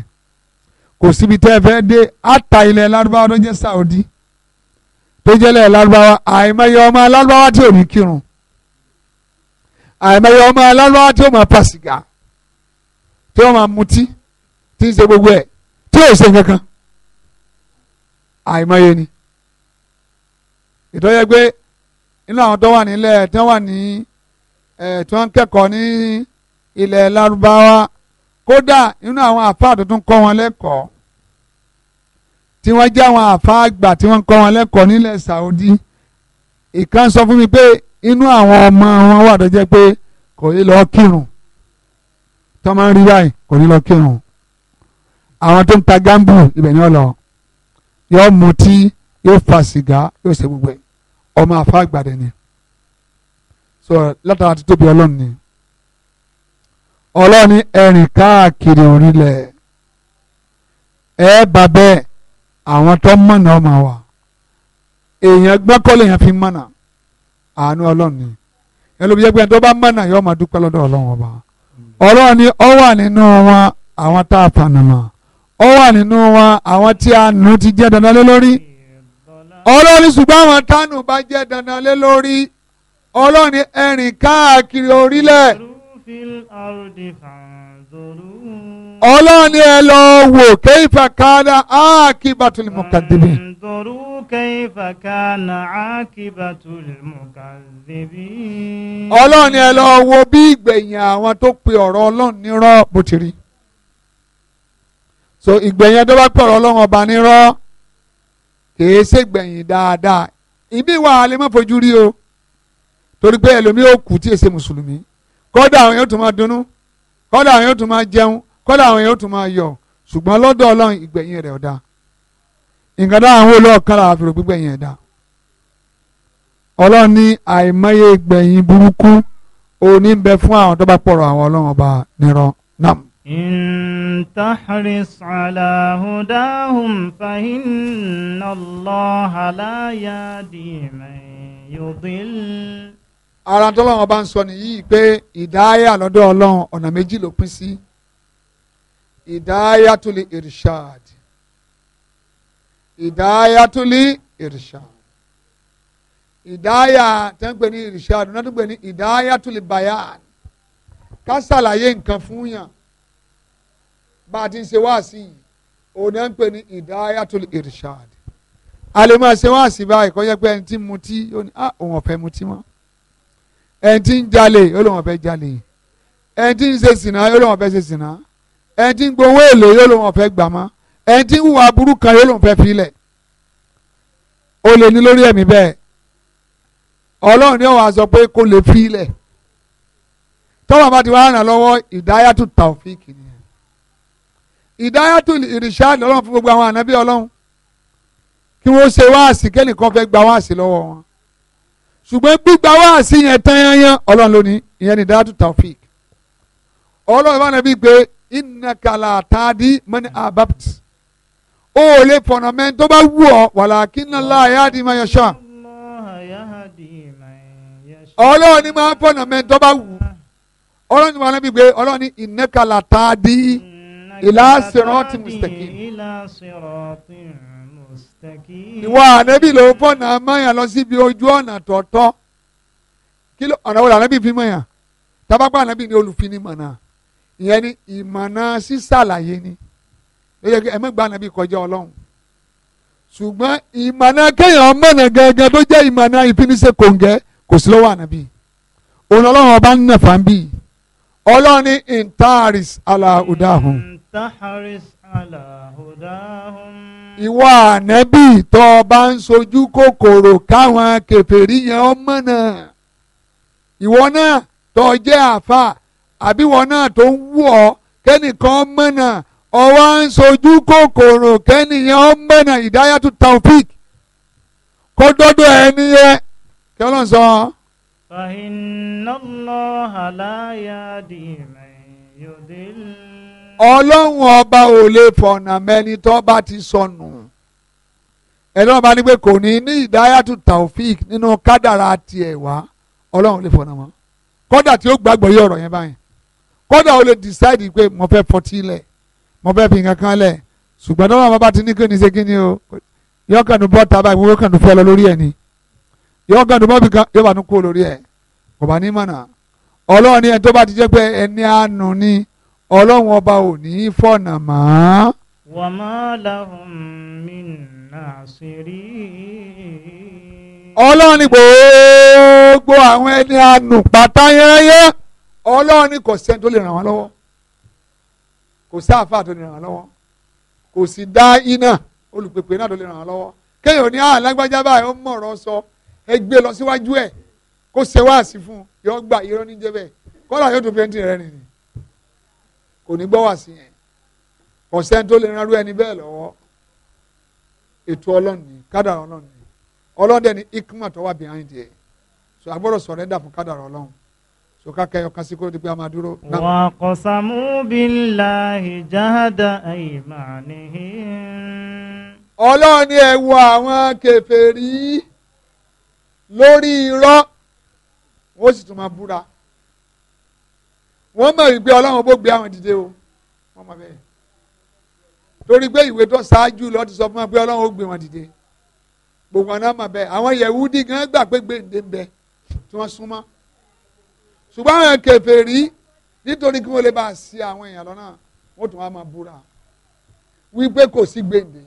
kò síbi tẹ́ ẹ fẹ́ dé àtà ilẹ̀ lárúbáwá tó jẹ́ Saudi tó jẹ́lẹ̀ lárúbáwá àìmọye ọmọ lárúbáwá tí ò ní kírun àìmọye ọmọ lárúbáwá tí ò máa pa sìgá tí ò máa mutí tí ń ṣe gbogbo ẹ̀ tí ò ṣe nǹkan kan àìmọye ni ìtọ́jẹ́ pé inú àwọn tó wà nílẹ̀ tí wọ́n wà ní ẹ̀ tí wọ́n ń kẹ́kọ̀ọ́ ní ilẹ̀ Lárúbáwá kódà inú àwọn àfáà tó kọ́ wọn lẹ́kọ̀ọ́ tí wọ́n jẹ́ àwọn àfáà àgbà tí wọ́n kọ́ wọn lẹ́kọ̀ọ́ nílẹ̀ Saudi ìkan sọ fún mi pé inú àwọn ọmọ wọn wà tó jẹ́ pé kò ní lọ kírun tọ́ máa ń rí báyìí kò ní lọ kírun àwọn tó ń ta gambu ibẹ̀ ni ó lọ yóò mutí yóò fa sìgá yóò ṣe gbogbo ẹ̀ ọmọ àfa àgbàdẹ ni so látara ti tóbi ọlọ́run ni ọlọ́run ni ẹ̀rìn káàkiri orílẹ̀ ẹ bá bẹ́ẹ̀ àwọn tó mọ̀nà ọmọ wa èèyàn gbọ́kọ́lé yẹn fi mọ̀nà àánú ọlọ́run ni ẹlòmíyẹ pé tó bá mọ̀nà yóò máa dúpẹ́ lọ́dọ̀ ọlọ́run ọba ọlọ́run ni ọ wà nínú wọn àwọn tá a fànà ó wà nínú wọn àwọn tí a nù ti jẹ́ dandan lé lórí ọlọ́run ní ṣùgbọ́n àwọn tánù bá jẹ́ dandan lé lórí ọlọ́run ní káàkiri orílẹ̀ ọlọ́run ẹ lọ wò kayfa kana akibatul mukaddibin. Anzuru kayfa kana akibatul mukaddibin. ọlọ́run ní ẹ lọ wo bí ìgbẹ̀yìn àwọn tó pe ọ̀rọ̀ ọlọ́run nírọ́ bó ti rí so ìgbẹ̀yìn tó bá pọ̀rọ̀ ọlọ́run ọba nírọ́ kìí ṣègbẹ̀yìn dáadáa ibi wà lè má fojú rí o torí pé ẹlòmíì ò kú tí èsè mùsùlùmí kọ́dà àwọn yóò tún máa dunnú kọ́dà àwọn yóò tún máa jẹun kọ́dà àwọn yóò tún máa yọ̀ ṣùgbọ́n lọ́dọ̀ ọlọ́run ìgbẹ̀yìn rẹ̀ ọ̀dà nǹkan dáhà ń wò lọ́ọ̀kan lára fèrè gbígbẹ̀yìn ẹ̀dá ọlọ́run ní àìmọye ìgbẹ̀yìn burúkú òní ń bẹ fún àwọn tó bá pọ̀rọ̀ àwọn ọlọ́run ọba nírọ̀ náà. إن تحرص على هداهم فإن الله لا يهدي من يضل ara tọ́lọ́wọ́n bá ń sọ nìyí pé ìdáyà lọ́dọ̀ ọlọ́run ọ̀nà méjì ló pín sí ìdáyà tó lè irishad ìdáyà tó lè irishad ìdáyà tẹ́ ń pè ní irishad ọ̀nà tó pè ní ìdáyà tó lè bayan ká ṣàlàyé nǹkan fún yàn bá a ti ń ṣe wáàsí yìí òun náà ń pè ní ìdáyàtòlù irshad a lè máa ṣe wáàsí báyìí kọjá pé ẹni tí ń mutí ó ní ah òun ọ̀fẹ́ mutí mọ́ ẹni tí ń jalè ó lóun ọ̀fẹ́ jalè ẹni tí ń ṣe sìnà ó lóun ọ̀fẹ́ ṣe sìnà ẹni tí ń gbowó èlé ó lóun ọ̀fẹ́ gbà mọ́ ẹni tí ń hùwà burú kan ó lóun fẹ́ filẹ̀ o lè ní lórí ẹ̀mí bẹ́ẹ̀ ọlọ́run ní ọ̀wá sọ pé kó lè filẹ̀ tọ́wọ́ bá ti wá ràn lọ́wọ́ ìdáyàtò tàwọ́fíìkì ni ìdáyàtò ìrìṣà lọ́lọ́run fún gbogbo àwọn ànábì ọlọ́run kí wọ́n ṣe wáàsí kẹ́nìkan fẹ́ gba wáàsí lọ́wọ́ wọn ṣùgbọ́n gbígba wáàsí yẹn tán yányán ọlọ́run lónìí ìyẹn ni ìdáyàtò taofik ọlọ́run bá nàbí pé ìnàkàlà àtàdí mọ́ni abapt ó lè fọ̀nà mẹ́rin tó bá wù ọ́ wàlàkínàlá àyàdì máa yọ ṣáà ọlọ́run ni máa fọ̀nà mẹ́rin tó bá wù ọlọ́run ni máa pé ọlọ́run ni ìnàkàlà àtàdí ìlà sirati mustaqim. ìlà sirati mustaqim. ìwọ ànábì ló fọ̀nà mayàn lọ síbi ojú ọ̀nà tọ̀tọ̀ kí ló ọ̀nà wo la ànábì fi mayàn tabagba ànábì ni olùfinimọ̀nà ìyẹn ni ìmọ̀nà sísàlàyé ni ó yẹ kí ẹ mẹ́gbàá ànábì kọjá ọlọ́run ṣùgbọ́n ìmọ̀nà kéèyàn mọ̀nà gangan tó jẹ́ ìmọ̀nà ìfinisẹ́ kòǹgẹ́ kò sí lọ́wọ́ ànábì òun ọlọ́run ọba ń nàfà ń bíi ọlọ́run ní intaharis alahudahun. intaharis alahudahun. ìwọ ànẹ́bí tó o bá ń sojú kòkòrò káwọn kèfèrí yẹn ọ mọ̀nà ìwọ náà tó o jẹ́ àfa àbí ìwọ náà tó ń wù ọ́ kẹ́nìkan mọ̀nà ọwọ́ ń sojú kòkòrò kẹ́nìyàn ọ mọ̀nà ìdáyàtú taofik kó dọ́dọ̀ ẹni yẹ kí sọ. So, فإن الله لا يهدي من يضل ọlọ́run ọba ò lè fọ̀nà mẹ́ni tó bá ti sọnù ẹ̀rọ ọba ni pé kò ní ní ìdáyàtú taofik nínú kádàrá tiẹ̀ wá ọlọ́run lè fọ̀nà mọ́ kódà tí ó gbàgbọ́ yí ọ̀rọ̀ yẹn báyìí kódà ó lè decide pé mo fẹ́ fọtí lẹ̀ mo fẹ́ fi nǹkan kan lẹ̀ ṣùgbọ́n náà bàbá ti ní kí ni ṣe kí ni o yọkànnù bọ́ta báyìí mo yọkànnù fẹ́ lórí ẹ̀ ni yọ gàdùn bọ́ọ̀bì kan yóò bá nu kú olórí ẹ̀ kò bá ní mọ̀nà ọlọ́run ni ẹni tó bá ti jẹ́ pé ẹni àánú ni ọlọ́run ọba ò ní í fọ̀nà mọ́. wa ma lahum min nasirin. ọlọ́run ni gbogbo àwọn ẹni àánú pátá yẹ́yẹ́ ọlọ́run ni kò sẹ́ni tó lè ràn wọ́n lọ́wọ́ kò sí àáfàá tó lè ràn wọ́n lọ́wọ́ kò sí dá iná olùpèpè náà tó lè ràn wọ́n lọ́wọ́ kéèyàn ní àlágbájá báyìí ó mọ̀ọ́rọ̀ sọ ẹ gbé lọ síwájú ẹ kó ṣe wáàsí fún yọ gbà irọ́ ní jẹ́bẹ̀ kọ́lá yóò tó pẹ́ntì rẹ nìyí kò ní gbọ́ wá sí yẹn kọ̀sẹ́ni tó lè ránrú ẹni bẹ́ẹ̀ lọ́wọ́ ètò ọlọ́run ni kádàrá ọlọ́run ni ọlọ́run dẹ̀ ni ikma tó wà behind ẹ̀ so agbọ́dọ̀ sọ̀rẹ́ndà fún kádàrá ọlọ́run so ká kẹyọ kan sí kó o ti pé a máa dúró. wà á qasamu billahi jahada aymanihim. ọlọ́run ni ẹ wo àwọn kèfèrí lórí irọ́ wọ́n sì tún máa búra wọ́n mọ̀ wípé ọlọ́run bó gbé àwọn dìde o wọ́n mọ̀ bẹ́ẹ̀ torí pé ìwé tó ṣáájú lọ ti sọ fún wa pé ọlọ́run ó gbé wọn dìde gbogbo ọ̀nà mọ̀ bẹ́ẹ̀ àwọn yẹ̀wúdí gan gbà pé gbèǹde ń bẹ tí wọ́n súnmọ́ ṣùgbọ́n àwọn kèfèrí nítorí kí wọ́n lè bá a ṣe àwọn èèyàn lọ́nà wọ́n tún wá máa búra wípé kò sí gbèǹde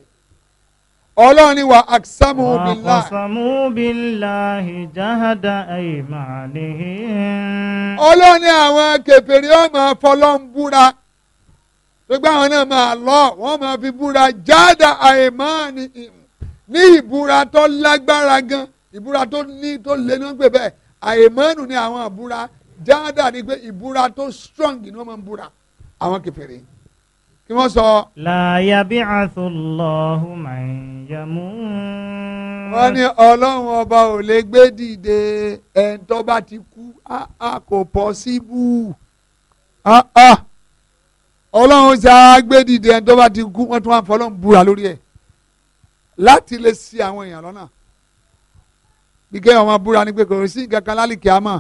ọlọ́run ni wà àkísàmù bìlá. àkọsàmù bìlá ìjáhàdà àìmàlè. ọlọ́run ni àwọn kèfèrí ó máa fọlọ́n búra gbogbo àwọn náà máa lọ wọ́n máa fi búra jáàdà àìmánì ní ìbúra tó lágbára gan ìbúra tó ní tó lé ní wọ́n pè bẹ́ẹ̀ àìmánù ni àwọn àbúra jáàdà ni pé ìbúra tó strong ni wọ́n máa ń búra àwọn kèfèrí kí wọ́n sọ. la yabi'athu Allahu man yamut. wọ́n ní ọlọ́run ọba ò lè gbé dìde ẹni tó bá ti kú kò pọ́síbù ọlọ́run ṣe àgbé dìde ẹni tó bá ti kú wọ́n tún wá fọlọ́run búra lórí ẹ̀ láti lè ṣì àwọn èèyàn lọ́nà bí kéèyàn búra ní pé kò sí nǹkan lálìkí àmọ́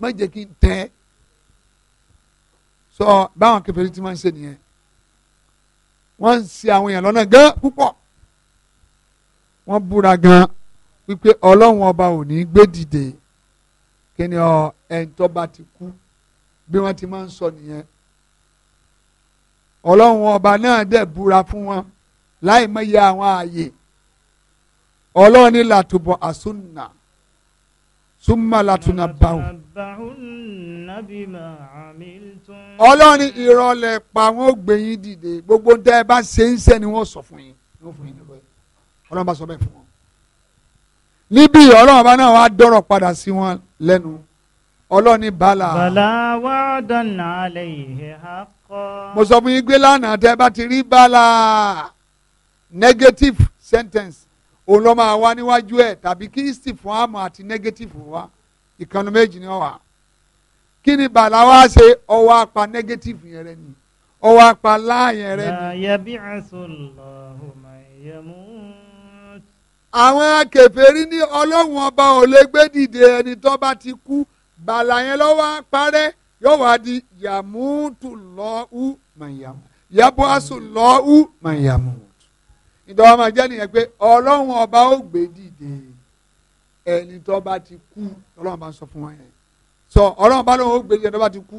má jẹ́ kí n tẹ́ sọ báwọn kèfèrí ti máa ń ṣe nìyẹn wọ́n ń ṣe àwọn èèyàn lọ́nà gan púpọ̀ wọ́n búra gan wípé ọlọ́run ọba ò ní gbé dìde kí ni ọ ẹni tó bá ti kú bí wọ́n ti máa ń sọ nìyẹn ọlọ́run ọba náà dẹ̀ búra fún wọn láì mọ̀ iye àwọn ààyè ọlọ́run ní làtúbọ̀ àsúnà súnmọ́ látúnà báwọn. ọlọ́ni ìrọ̀lẹ́ pa wọ́n ó gbé yín dìde gbogbo tẹ́ ẹ bá ṣe ń ṣe ni wọ́n sọ fún yín ọlọ́run bá sọ bẹ́ẹ̀ fún wọn. níbí ọlọ́run bá náà wàá dọ̀rọ̀ padà sí wọn lẹ́nu ọlọ́ni bala. bala wà dànù alẹ́ yìí ha kọ́. mo sọ fún yín gbé lánàá tẹ́ bá ti rí bala negative sentence òun ló máa wá níwájú ẹ̀ tàbí kí istifham àti negative wá ìkànnì méjì ni ó wà kí ni bàlá wá ṣe ó wá pa negative yẹn rẹ ni ó wá pa láàyẹn rẹ ni. àyàbí àṣọlọ́hù màyẹ̀mú. àwọn akèfèrí ní ọlọ́run ọba ò lè gbé dìde ẹni tó bá ti kú bàlá yẹn ló parẹ́ yóò wá di yàmútù lọ́hù màyàmú yàbọ̀ àṣọlọ́hù màyàmú ìdánwò máa jẹ́ nìyẹn pé ọlọ́run ọba ó gbé dìde ẹni tó bá ti kú ọlọ́run bá ń sọ fún wọn yẹn sọ ọlọ́run bá lóun ó gbé dìde tó bá ti kú.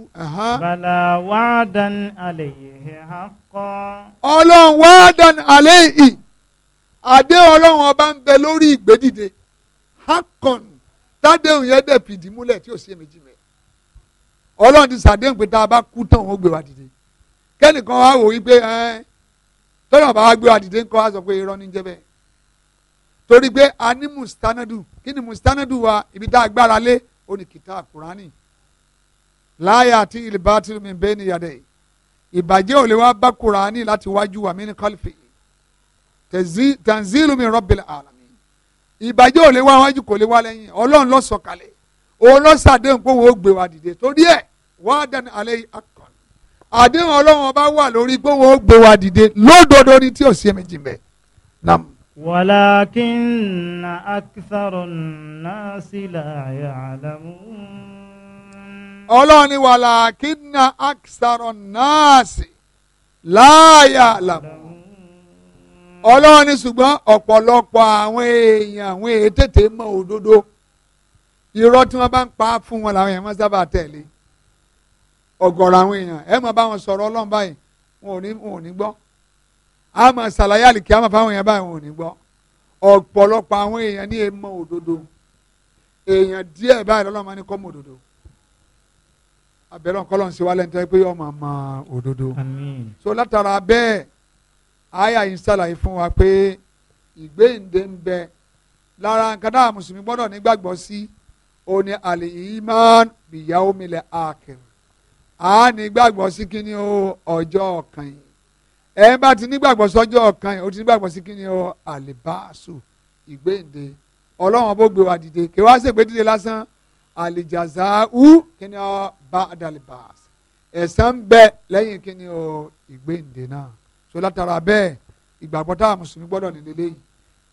bàlá wàdàn àlẹ́ yìí á kọ́. ọlọ́run wàdàn àlẹ́ yìí àdé ọlọ́run ọba ń bẹ lórí ìgbédìde hakon tádéhùn yẹn dẹ̀ fìdí múlẹ̀ tí ò sí èmi jìnnà ọlọ́run ti sàdéhùn pé tá a bá kú tán òun ó gbé wa dìde kẹ́nìkan wá wò wípé ẹ́ẹ́ tọ́lá bàbá gbé wa dìde ńkọ́ á sọ pé irọ́ ní jẹ́ bẹ́ẹ̀ torí pé a ní mustanadu kí ni mustanadu wa ibi tá a gbára lé ó ní kìtà kúránì láyà àti ìlbátìrì mi bẹ́ẹ̀ ni yàdẹ̀ ìbàjẹ́ ò lè wá bá kúránì láti wájú wa mí ní kọ́lífì tanzilu mi rabbil alamin ìbàjẹ́ ò lè wá wájú kò lè wá lẹ́yìn ọlọ́run ló òun ló ṣàdéhùn gbé wa dìde torí ẹ̀ wá dání alẹ́ yìí àdéhùn ọlọ́run ọba wà lórí pé wọ́n gbé wa dìde lódodo ni tí ò sí èméjì mẹ́. walakin aktharo nasi la ya'lamun. ọlọ́run ni walakin aktharo nasi la ya'lamun. ọlọ́run ni ṣùgbọ́n ọ̀pọ̀lọpọ̀ àwọn èèyàn àwọn èèyàn tètè mọ òdodo irọ́ tí wọ́n bá ń pa fún wọn làwọn èèyàn máa sábà tẹ̀lé ọ̀gọ̀rọ̀ àwọn èèyàn ẹ máa bá wọn sọ̀rọ̀ Ọlọ́run báyìí wọn ò ní wọn ò ní gbọ́ a máa ṣàlàyé àlìkí a máa fáwọn èèyàn báyìí wọn ò ní gbọ́ ọ̀pọ̀lọpọ̀ àwọn èèyàn ní èèmọ̀ òdodo èèyàn díẹ̀ báyìí lọ́lọ́run máa ní kọ́ mọ̀ òdodo abẹ́rẹ́ ọ̀kọ́lọ́n ṣe wálé nítorí pé yóò máa mọ òdodo so látara bẹ́ẹ̀ àyà yìí ṣàlàyé fún wa pé ìgbéǹde ń bẹ lára nǹkan náà mùsùlùmí gbọ́dọ̀ nígbàgbọ́ sí òní àlè ìmán bìyàwó mi lẹ̀ áàkiri a ní gbàgbọ́ sí kíni o ọjọ́ ọ̀kan yìí ẹ bá ti ní gbàgbọ́ sí ọjọ́ ọ̀kan yìí o ti ní gbàgbọ́ sí kíni o àlìbáṣù ìgbéǹde ọlọ́run bó gbé wa dìde kí wá ṣègbè dìde lásán àlìjàzá ú kíni ọ bá àdàlìbáṣ ẹ̀san ń bẹ lẹ́yìn kíni o ìgbéǹde náà so látara bẹ́ẹ̀ ìgbàgbọ́ táwọn mùsùlùmí gbọ́dọ̀ nílé lẹ́yìn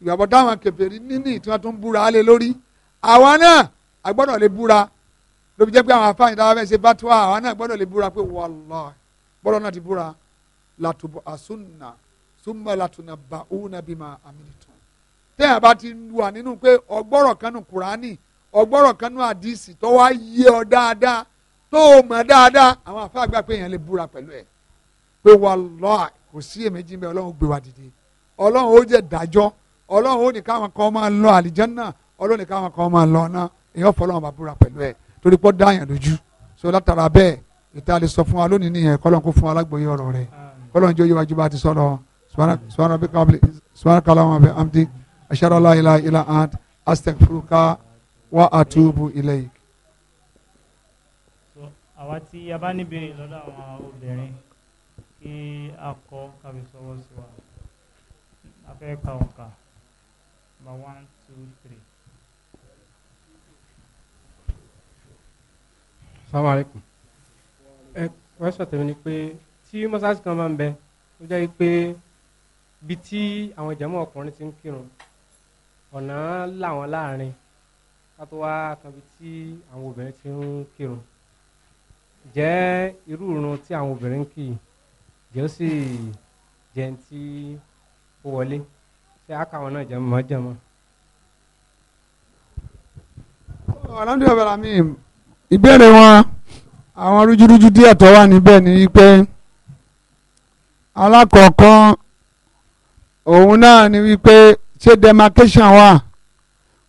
ìgbàgbọ́ táwọn kèfèrí níní tí wọ́n tún búra lé lórí àwa náà a lè búra ló fi jẹ́ pé àwọn afáàyàn dára fẹ́ ṣe bá tó àwọn náà gbọ́dọ̀ lè búra pé wàlá bọ́lọ̀ náà ti búra làtúbọ̀ àsúnà súnmọ́ làtúnà bá òun náà bí máa àmì tán. téèyàn bá ti wà nínú pé ọgbọ́rọ̀ kanú kùránì ọgbọ́rọ̀ kanú àdìsí tó wá yé ọ dáadáa tó o mọ̀ dáadáa àwọn afáà gbà pé èèyàn lè búra pẹ̀lú ẹ̀ pé wàlá kò sí èméjì bẹ́ẹ̀ ọlọ́run gbé wa dìde ọlọ́run ó jẹ́ dájọ́ ọlọ́run ó ní káwọn kan máa lọ àlìjànnà ọlọ́run ní káwọn kan máa lọ náà èèyàn fọlọ́run bá búra pẹ̀lú ẹ̀ torí pọ́ dáyàn lójú so látara bẹ́ẹ̀ ìta lè sọ fún wa lónìí nìyẹn kọ́lọ́n kó fún wa lágbóyè ọ̀rọ̀ rẹ̀ kọ́lọ́n jẹ́ oyèwájú bá ti sọ lọ subhana kala wọn bẹ amdi ashhadu an la ilaha illa ant astaghfiruka wa atubu ilayk. àwa tí a bá níbi lọ́dọ̀ àwọn obìnrin kí a kọ́ kàbí sọ́wọ́ sí wa a fẹ́ ka òǹkà number one. Assalamu alaikum ẹ wẹ́sọ̀ tèmi ni pé tí mọ́sáàsì kan máa ń bẹ ó jẹ́ pé ibi tí àwọn ìjàmọ́ ọkùnrin ti ń kírun ọ̀nà làwọn láàrin ká tó wá kan ibi tí àwọn obìnrin ti ń kírun jẹ́ irú irun tí àwọn obìnrin ń kì í jẹ́ ó sì jẹ́ ti ó wọlé ṣé á káwọn náà jẹ́ mọ́ jẹ́ mọ́. alhamdulilayi ìbéèrè wọn àwọn rújúrújú díẹ̀ tó wà níbẹ̀ ni wípé alákọ̀ọ́kọ́ òun náà ni wípé ṣé demarcation wà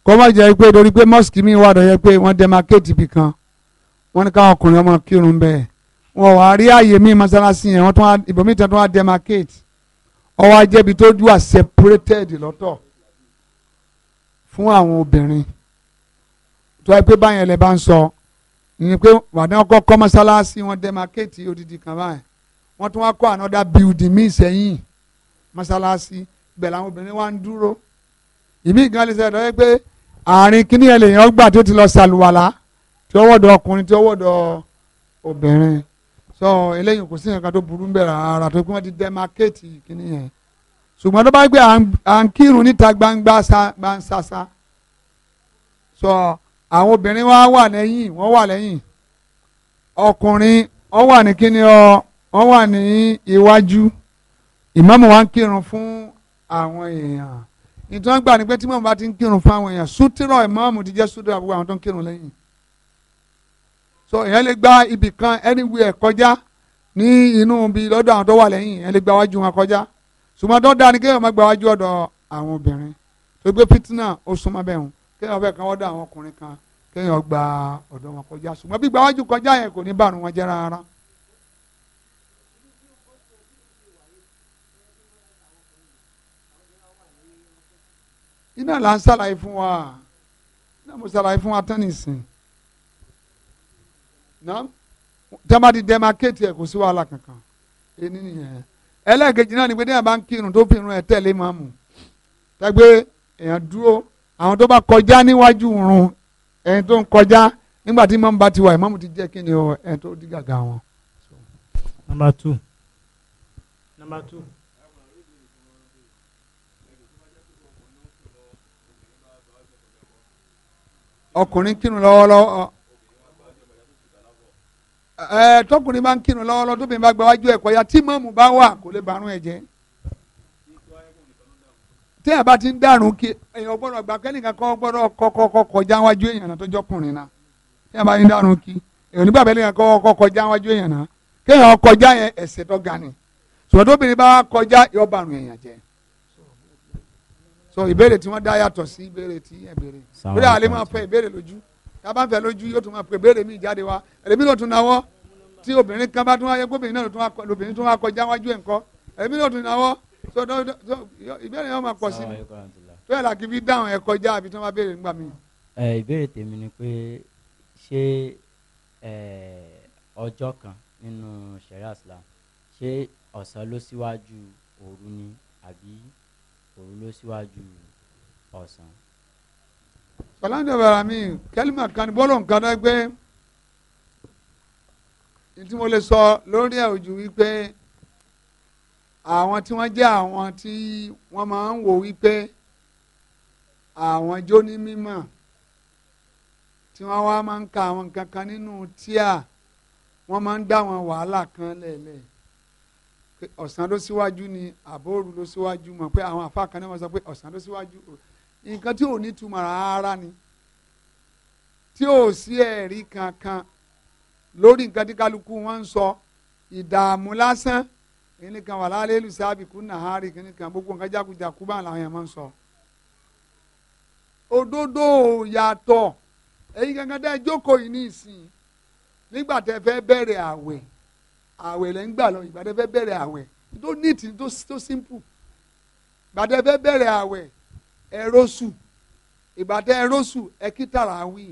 kó má jẹ́ pé torí pé mosque mi wà lọ́yẹ́ pé wọ́n demarcate ibì kan wọ́n ní káwọn ọkùnrin ọmọ kírun bẹ́ẹ̀ wọn wà á rí àyè míì mọ́sálásí yẹn wọ́n tún wá ibòmíì tún wá demarcate ọwọ́ ajẹ́bi tó wà separated lọ́tọ̀ fún àwọn obìnrin tó wáyé pé báyẹn lè bá ń sọ. So ìyẹn pé wàdà ọkọ kọ́ mọ́sálásí wọn dẹ́màkéètì odidi kan báyìí wọ́n tún wá kọ́ another building míì sẹ́yìn mọ́sálásí bẹ̀rẹ̀ àwọn obìnrin wa ń dúró ìbí gan lè sẹ́yìn lọ́wọ́ pé àárín kíní ẹ̀ lèèyàn gbà tó ti lọ sàlùwàlà tí ó wọ́dọ̀ ọkùnrin tí ó wọ́dọ̀ obìnrin sọ eléyìí kò sí nǹkan tó burú ń bẹ̀rẹ̀ ara tó kí wọ́n ti dẹ́màkéètì kíní yẹn ṣùgbọ́n tó bá gbé à So, àwọn obìnrin wa wà lẹ́yìn wọ́n wà lẹ́yìn ọkùnrin wọ́n wà ní kíni ọ wọ́n wà ní iwájú ìmáàmù wa ń kírun fún àwọn èèyàn ìtàn gbà ní pé tí mọ̀mù bá ti ń kírun fún àwọn èèyàn sútírọ̀ ìmáàmù ti jẹ́ sútírọ̀ àbúrò àwọn tó ń kírun lẹ́yìn so èèyàn lè gba ibì kan anywhere kọjá ní inú bíi lọ́dọ̀ àwọn tó wà lẹ́yìn èèyàn lè gba wájú wọn kọjá ṣùgbọ́n tó dáa ni kéèyàn má gba wájú ọ̀dọ̀ àwọn obìnrin tó gbé fìtínà ó súnmọ́ bẹ́ẹ̀ hùn kéèyàn fẹ́ kan ọ̀dọ̀ àwọn ọkùnrin kan kéèyàn gba ọ̀dọ̀ wọn kọjá ṣùgbọ́n bí gbàwájú kọjá yẹn kò ní bàrùn wọn jẹ́ rárá. iná là ń ṣàlàyé fún wa iná mo ṣàlàyé fún wa tán nìsín náà tẹ́mátì dẹ́mákéètì ẹ̀ kò sí wàhálà kankan ẹni nìyẹn ẹlẹ́ẹ̀kejì náà ni pé déyàn bá ń kírun tó fi irun ẹ̀ tẹ̀lé máa tẹ́gbẹ́ èèyàn dúró àwọn tó bá kọjá níwájú run ẹni tó ń kọjá nígbà tí mọ́mú bá ti wà ìmọ̀mù ti jẹ́ kí ni ẹni tó dí gàgà wọn. number two number two. ọkùnrin kírun lọ́wọ́lọ́wọ́ ẹ tọkùnrin bá ń kírun lọ́wọ́lọ́wọ́ tóbi bá gbáwájú ẹ̀kọ́ ya tí mọ́mù bá wà kò lè bàrún ẹ̀ jẹ́ téèyàn bá ti ń dàrún kí èèyàn gbọ́dọ̀ gbà kẹ́nìkan kọ́ gbọ́dọ̀ kọ́kọ́ kọjá wájú èèyàn náà tó jọkùnrin náà téèyàn bá ti ń dàrún kí èèyàn nígbà bẹ́ẹ̀ nìkan kọ́kọ́ kọjá wájú èèyàn náà kéèyàn kọjá yẹn ẹ̀ṣẹ̀ tó ga ni ṣùgbọ́n tóbìnrin bá kọjá yọ bàrùn èèyàn jẹ so ìbéèrè tí wọ́n dá yàtọ̀ sí ìbéèrè tí ẹ béèrè lórí àlè máa fẹ́ ìbéèrè lójú tábà ń fẹ́ lójú yóò tún máa pè béèrè mi ìjáde wa ẹ̀rẹ́bí ló tún náwó tí obìnrin kan bá tún wáyé gómìnà lóbìnrin tún wá kọjá wájú ẹ̀ ńkọ́ ẹ̀rẹ́bí ló tún náwó so no so ìbéèrè yẹn máa pọ̀ sí mi tó yẹ làkì fi dáhùn ẹ̀ kọjá àbí tí wọ́n bá béèrè nígbà mi. ìbéèrè tèmi ni pé ṣé ọjọ́ kan nínú sharia islam ṣé ọ̀sán ló síwájú òru ni àbí òru ló síwájú ọ̀sán. sọláńdà bàrà mi kẹlímà kan bọ́lọ̀ nǹkan náà gbé tí mo lè sọ lórí ẹ̀ ojú wípé àwọn tí wọ́n jẹ́ àwọn tí wọ́n máa ń wò wípé àwọn jóní mímọ̀ tí wọ́n wá máa ń ka àwọn kankan nínú tíà wọ́n máa ń dá àwọn wàhálà kan lẹ̀lẹ̀ ọ̀sán ló síwájú ni àbóòrù ló síwájú mọ̀ pé àwọn àfa kan náà wọ́n sọ pé ọ̀sán ló síwájú nǹkan tí ò ní túmọ̀ rárá ni tí ò sí ẹ̀rí kankan lórí nǹkan tí kálukú wọn ń sọ ìdààmú lásán kíní kan wala lálẹ́ sabi sábì kú nàárì kíní kan gbogbo nǹkan jákujàku báyìí làwọn yẹn máa ń sọ. òdodo yàtọ̀ èyí kankan tẹ́ ẹ jókòó yìí ní ìsìn nígbà tẹ́ fẹ́ bẹ̀rẹ̀ àwẹ̀ àwẹ̀ lẹ́ ń gbà lọ ìgbà tẹ́ fẹ́ bẹ̀rẹ̀ àwẹ̀ tó neat tó simple ìgbà tẹ́ fẹ́ bẹ̀rẹ̀ àwẹ̀ ẹ̀rọ́sù ìgbà tẹ́ ẹ̀rọ́sù ẹ kí tàràwì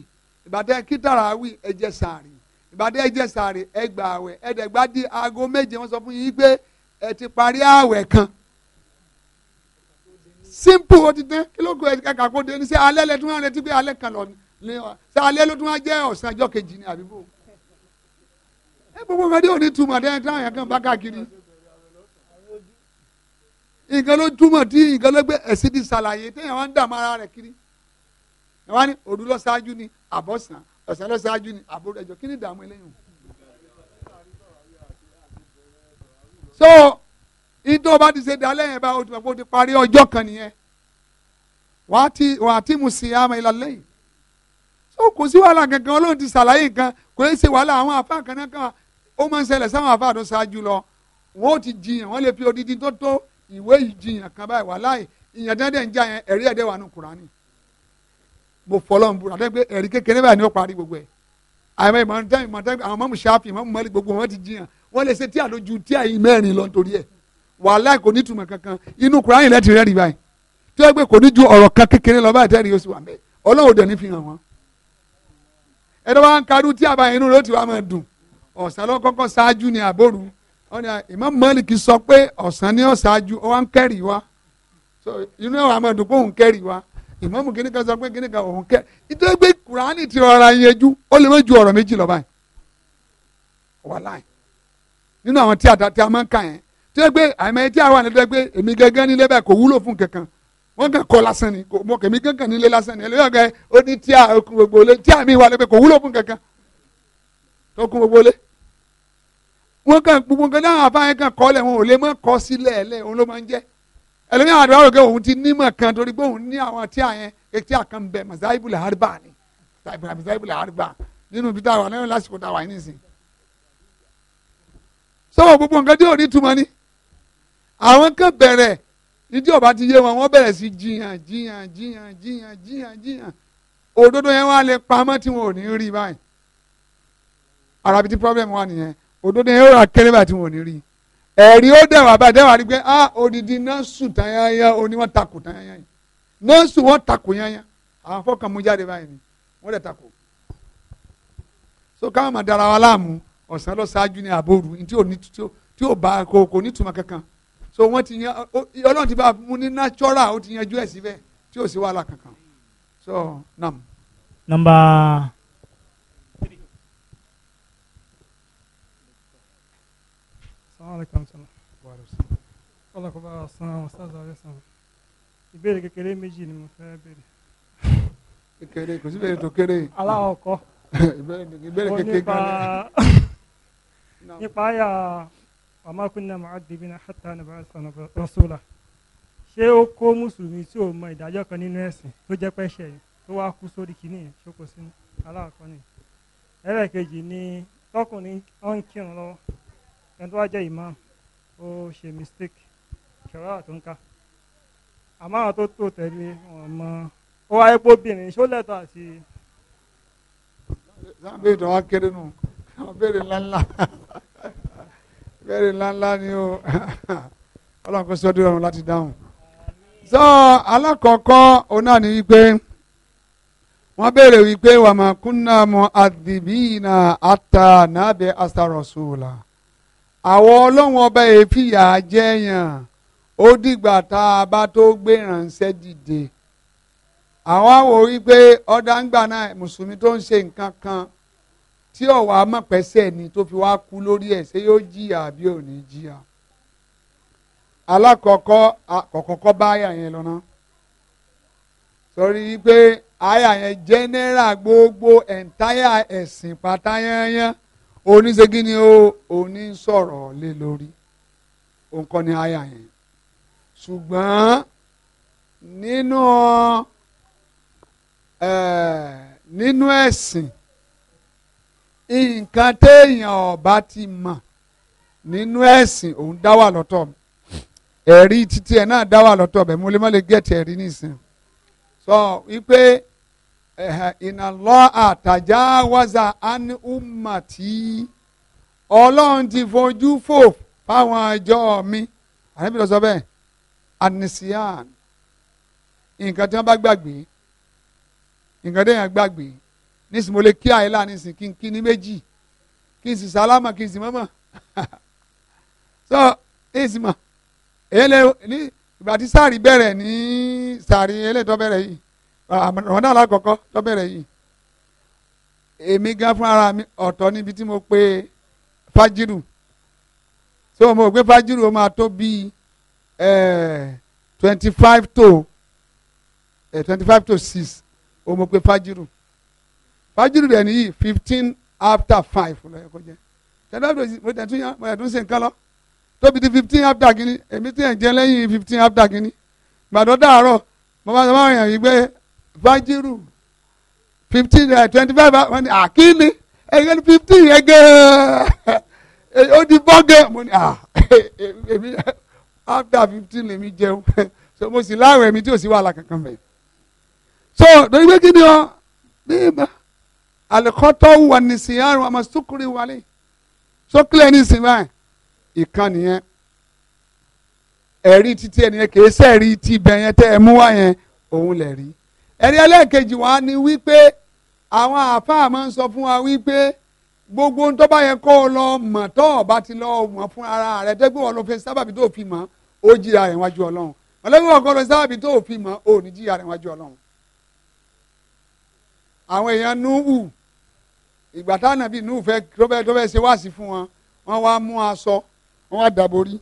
ìgbà tẹ́ kí tàràwì ẹ jẹ sàárì ìgbà tẹ́ ẹ jẹ sàárì ẹ gbà àwẹ̀ ẹ̀ẹ́dẹ̀gbá di aago méje wọ́n sọ fún yín pé ẹ ti parí ààwẹ̀ kan simple o ti dán kí ló kọ ẹ kàkà kó dé ní sẹ alẹ́ lẹ tún wá retí pé alẹ́ kan lọ ní ọ sẹ alẹ́ ló tún wá jẹ́ ọ̀sán ọjọ́ kejì ní àbíbò ẹ gbogbo nǹkan tí ò ní túmọ̀ dẹ́yìn táwọn yẹn kàn bá káàkiri nǹkan ló túmọ̀ tí nǹkan ló gbé ẹ̀sìn ti ṣàlàyé téèyàn wá ń dààmú ara rẹ̀ kiri ẹ wá ní òru lọ ṣáájú ni àbọ̀sán ọ̀sán lọ ṣáájú ni àbúrò ẹjọ́ kí ni ìdààmú eléyìí so ìtò bá ti ṣe dalẹ̀ yẹn bá o ti pàpọ̀ o ti parí ọjọ́ kan nìyẹn wàá ti wàá ti mú sí àmọ́ ìlà lẹ́yìn so kò sí wàhálà kankan Ọlọ́run ti ṣàlàyé nǹkan kò lè ṣe wàhálà àwọn àfa kan náà kan ó máa ń ṣẹlẹ̀ sáwọn àfa àdó ṣáájú lọ wọn ó ti jiyàn wọn lè fi odidi tó tó ìwé ìjiyàn kan báyìí wàhálà ìyàn dẹ́dẹ̀ ń já yẹn ẹ̀rí ẹ̀dẹ̀ wà nù Kùránì mo fọlọ́ ń búra dẹ́gbẹ́ ẹ̀rí kékeré báyìí ni ó parí gbogbo ẹ̀ àwọn ìmọ̀ àwọn mọ̀mú ṣáfì mọ̀mú mọ́lì gbogbo wọn wọ́n lè ṣe tí àlójú tí àyè mẹ́rin lọ nítorí ẹ̀ wàhálà kò ní túmọ̀ kankan inú kùránì lẹ́tì rẹ́rì báyìí tí wọ́n gbé kò ní ju ọ̀rọ̀ kan kékeré lọ báyìí tẹ́rì yóò sì wà mẹ́ ọlọ́run òdò ní fi hàn wọ́n. ẹ̀dọ́ wa ń karú tí àbá inú ló ti wá máa dùn ọ̀sán ló kọ́kọ́ ṣáájú ni àbóru Imam Malik sọ pé ọ̀sán ni ó ṣáájú ó wá ń kẹ́rì wá inú wàláì nínú àwọn tí a tí a máa ń kà yẹn tí wọ́n gbé àmọ́ tí a wà nílẹ̀ gbé èmi gángan nílé báyìí kò wúlò fún kankan wọ́n kàn kọ́ lásán ni mo kèmí gángan nílé lásán ni ẹlẹ́yìn ọ̀gá ó ní tí a gbogbo lé tí a mi wà lẹ́gbẹ́ kò wúlò fún kankan tó kún gbogbo lé wọ́n kàn gbogbo nǹkan náà àbáyé kàn kọ́ lẹ̀ wọn ò lè mọ́ kọ́ sílẹ̀ ẹ̀lẹ́ òun ló máa ń jẹ́ ẹlẹ́yìn àwọn àdúrà rògbé òun ti nímọ̀ kan torí pé òun ní àwọn tí a yẹn etí àkànbẹ masáyibula harba ni masáyibula harba nínú bí táwa lẹ́yìn sọ́wọ́ gbogbo nǹkan tí ò ní túmọ̀ ni àwọn kan bẹ̀rẹ̀ ní tí ọba ti yé wọn wọ́n bẹ̀rẹ̀ sí jiyàn jiyàn jiyàn jiyàn jiyàn jiyàn òdodo yẹn wà lè pamọ́ tí wọn ò ní rí báyìí arabi ti problem wà nìyẹn òdodo yẹn ó rà kéré báyìí tí wọn ò ní rí ẹ̀rí ó dẹ̀wà báyìí dẹ̀wà rí pé ah odidi nọ́ọ̀sù tayanya oní wọn takò tayanya yìí nọ́ọ̀sù wọn takò yanya àwọn afọkànmú jáde báyìí ni wọ́n dẹ̀ takò so káwọn máa dara wa láàmú ọ̀sán lọ ṣáájú ní àbóru tí ò ní tí ò bá kò kò ní túmọ̀ kankan so wọ́n ti yan ọlọ́run ti bá mu ní natural ó ti yanjú ẹ̀ síbẹ̀ tí ò sí wàhálà kankan so nam. number. aleykum salaam. kọ́lá kó bá a san àwọn sáà sáré san ìbéèrè kékeré méjì ni mo fẹ́ béèrè. kékeré kò sí ìbéèrè tó kéré. aláwọ̀ kọ́. ìbéèrè kékeré. ó nípa. nípa àyà ọmọ kúnnà mu'adibina hatta nab'atha rasula ṣé ó kó mùsùlùmí tí ò mọ ìdájọ́ kan nínú ẹ̀sìn tó jẹ́ pẹ́ṣẹ̀ tó wá kú sórí kìíní yẹn ṣókò sínú aláàkọ́ ni ẹlẹ́ẹ̀kejì ni tọkùnrin ó ń kírun lọ́wọ́ ẹni tó wá jẹ́ imam ó ṣe mistake kẹrọ àtúnká àmọ́ àwọn tó tó tẹ̀lé ọmọ ó wáyé pé obìnrin ṣó lẹ́tọ̀ àti. sábẹ́ ìtàn wá kéré nù. béèrè ńláńlá béèrè ńláńlá ni o ọlọ́run kò sọ́dọ̀ ọ̀run láti dáhùn. sọ alákọ̀ọ́kọ́ òun náà ni wípé wọ́n béèrè wípé wàmà kúnnà mọ́ àdìbìnà àtà nàbẹ̀ àsàrọ̀sùlà àwọn ọlọ́run ọba èéfìyà jẹ́yàn ó dìgbà tá a bá tó gbé ránṣẹ́ dìde àwọn wípé ọ̀dà ń gbà náà mùsùlùmí tó ń ṣe nǹkan kan tí ọ̀wà amọ̀pẹ́sẹ̀ ni tó fi wá kú lórí ẹ̀ ṣé yóò jìyà àbí ò ní jìyà alákọ̀ọ́kọ́ àkọ́kọ́ bá àyà yẹn lọ́nà sọrí pé àyà yẹn jẹ́nẹ́rà gbogbo ẹ̀ńtáyà ẹ̀sìn pátáyányán oníṣègì ni ó oní lé lórí òǹkọ́ ni àyà yẹn ṣùgbọ́n nínú nínú ẹ̀sìn nǹkan téèyàn ọba ti mọ̀ nínú ẹ̀sìn òun dá wà lọ́tọ̀ ẹ̀rí títí ẹ̀ náà dá wà lọ́tọ̀ bẹ́ẹ̀ mo lè má lè gẹ̀tì ẹ̀rí nìsín sọ wípé iná lọ àtàjà wáza ani umati ọlọ́run ti fojú fò fáwọn ẹjọ́ mi àníbi lọ sọ bẹ́ẹ̀ anisian nǹkan tí wọ́n bá gbàgbé nǹkan tí wọ́n gbàgbé nísìnyí mo lè kí àyílà nísìnyí kí n kí ní méjì kí n sì sálámà kí n sì mọ́mọ́ so nísìnyí mọ̀ èyí lè ní ìgbà tí sáàrì bẹ̀rẹ̀ ní sáàrì elétọ́ bẹ̀rẹ̀ yìí rọ̀mọ́dà alákọ̀ọ́kọ́ tọ́ bẹ̀rẹ̀ yìí èmi gan fún ara mi ọ̀tọ̀ níbi tí mo pe fájírù so mo gbé fájírù ó máa tó bíi twenty five to twenty five to six ó mo pe fájírù fájírì rẹ̀ nìyí fifteen after five lọ́yẹ kó jẹ́ ṣẹlẹ́bìrì mo tẹ̀ tún yá mo tẹ̀ tún ṣe nǹkan lọ tóbi di fifteen after kínní èmi tí ẹ̀ ń jẹ lẹ́yìn fifteen after kínní gbàdọ́ dàárọ̀ mo máa sọ fún àwọn èèyàn yìí pé fájírù fifteen eh, twenty five wọ́n ní àkínní ẹ̀yẹ́ ní fifteen yẹn gẹ́ẹ́ ó di bọ́gẹ́ mo ní à èmi after fifteen lèmi jẹun so mo sì láwọn ẹ̀mí tí ò sí wàhálà kankan bẹ̀ so lórí pé kí ni ọ bí ibà alikọtọ wà ní siyaaru àmọ́ sukuri wàlẹ sókèlè ní sinmi ìkan nìyẹn ẹ̀rí títí ẹnìyẹn kì í sẹ́ẹ̀rí ti bẹ̀yẹn tẹ́ ẹ mú wá yẹn òun lẹ̀ rí ẹ̀rí ẹlẹ́ẹ̀kejì wa ni wípé àwọn àáfàá máa ń sọ fún wa wípé gbogbo ń tọ́ba yẹn kọ́ ọ lọ mọ̀ tọ́ ọba ti lọ mọ̀ fún ara rẹ dẹ́gbẹ́ wọn ló fẹ́ sábàbí tó fi mọ̀ ó jìyà rẹ̀ wájú ọlọ́run ọlọ́run ọkọ lọ sábàbí tó fi mọ̀ ó ní jìyà rẹ̀ wájú ọlọ́run àwọn èèyàn nùhù ìgbà tá ànábì nù fẹ́ tó fẹ́ tó fẹ́ ṣe wáàsí fún wọn wọ́n wá mú aṣọ wọ́n wá dàborí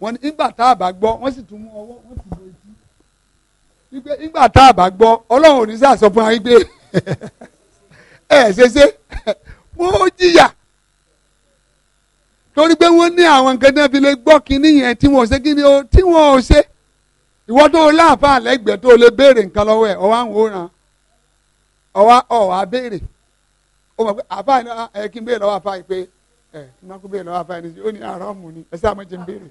wọ́n ní ìgbà tá a bá gbọ́ wọ́n sì tún mú ọwọ́ wọ́n sì bọ etí wípé ìgbà tá a bá gbọ́ ọlọ́run ò ní sàṣọ fún wa wípé ẹ ṣe ṣe wọ́n jìyà torí pé wọ́n ní àwọn nǹkan náà fi lè gbọ́ kínní yẹn tí wọ́n ò ṣe kínní o tí wọ́n ò ṣe ìwọ tó o láàfáà lẹ́gbẹ̀ẹ́ tó o lè béèrè nǹkan lọ́wọ́ ẹ̀ ọwọ́ àwọn òòràn ọwọ́ ọ̀ ó mọ̀ pé àfáà ní ah, ẹ kí n béèrè lọ́wọ́ àfáà yìí pé ẹ eh, kí n má kó béèrè lọ́wọ́ àfáà yìí ó ní àràmù ah, ni ẹ sáà mọ̀ jẹ́ n béèrè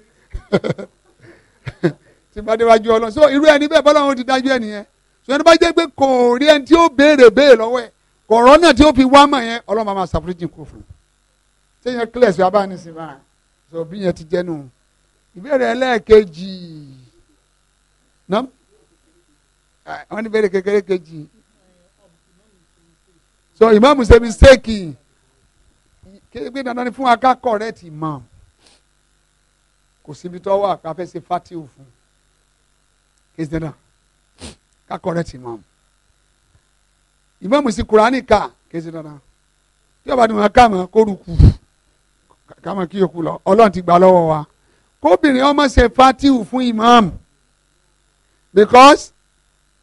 tí bá déwájú ọlọ́run so irú ẹni bẹ́ẹ̀ bọ́lá wọn ti dájú ẹni yẹn so ẹni bá jẹ́ pé kò rí ẹni tí ó béèrè béèrè lọ́wọ́ ẹ̀ kò rọ́nà tí ó fi wá mọ̀ yẹn ọlọ́run máa ṣàforíjì kó fún un ṣé yẹn clear sí abáyé ní sinmi àná so bí yẹn ti jẹ́ nù ìbéèrè ẹlẹ́ẹ̀kejì náà eh, wọ́n ní béèrè kékeré kejì so imam ṣe mistake kéèké dandan ni fún wa ká correct imam kò síbi tó wà ká fẹ́ ṣe fatiu fún kéèké dandan ká correct imam imam sì kurani ká kéèké dandan tí ọba ni wọn ká mọ kó rúkú ká mọ kí yòókù lọ ọlọ́run ti gbà lọ́wọ́ wa kóbìnrin ọmọ ṣe fatiu fún imam because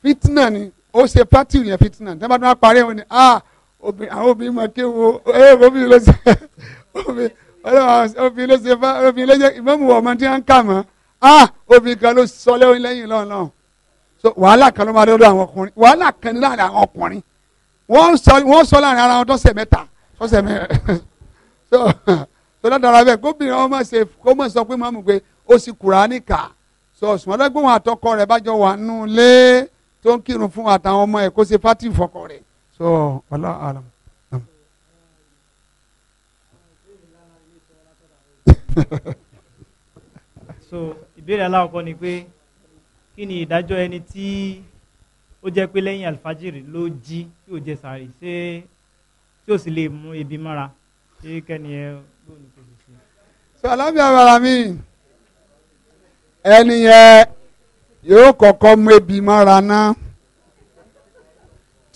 fitna ni ó ṣe fatiu yẹn fitna tí wọn bá tún wá parí wọn ni ah àwọn obìnrin máa kéwò ẹ obìnrin ló ṣe obìnrin ló ṣe fa obìnrin ló ṣe ìmọ̀mù ọmọ tí wọ́n ń kà mọ́ ah obìnrin kan ló sọ lẹ́yìn lẹ́yìn lọ́nà so wàhálà kan ló máa dọ́dọ̀ àwọn ọkùnrin wàhálà kan ní láàrin àwọn ọkùnrin wọ́n sọ wọ́n sọ láàrin ara wọn tọ́sẹ̀ mẹ́ta tọ́sẹ̀ mẹ́ta so so ládàra bẹ́ẹ̀ gómìnà ọmọ ṣe kó mọ̀ sọ pé mọ̀mù pé ó sì Kùránì kà so sùmọ́dọ́gbọ̀n àtọkọ rẹ̀ bá jọ wà nù lé tó ń kírun fún àtàwọn ọmọ ẹ̀ kó ṣe fátì fọkọ rẹ̀ so wala alam. so ìbéèrè aláwọ̀kọ́ ni pé kí ni ìdájọ́ ẹni tí ó jẹ́ pé lẹ́yìn alfajiri ló jí tí ò jẹ sàárì ṣé tí ò sì lè mú ebi mọ́ra ṣé kẹ́ni ẹ ló ní kòkòrò sí. so alábíà bàrà mi ẹni yẹn yóò kọ́kọ́ mú ebi mọ́ra náà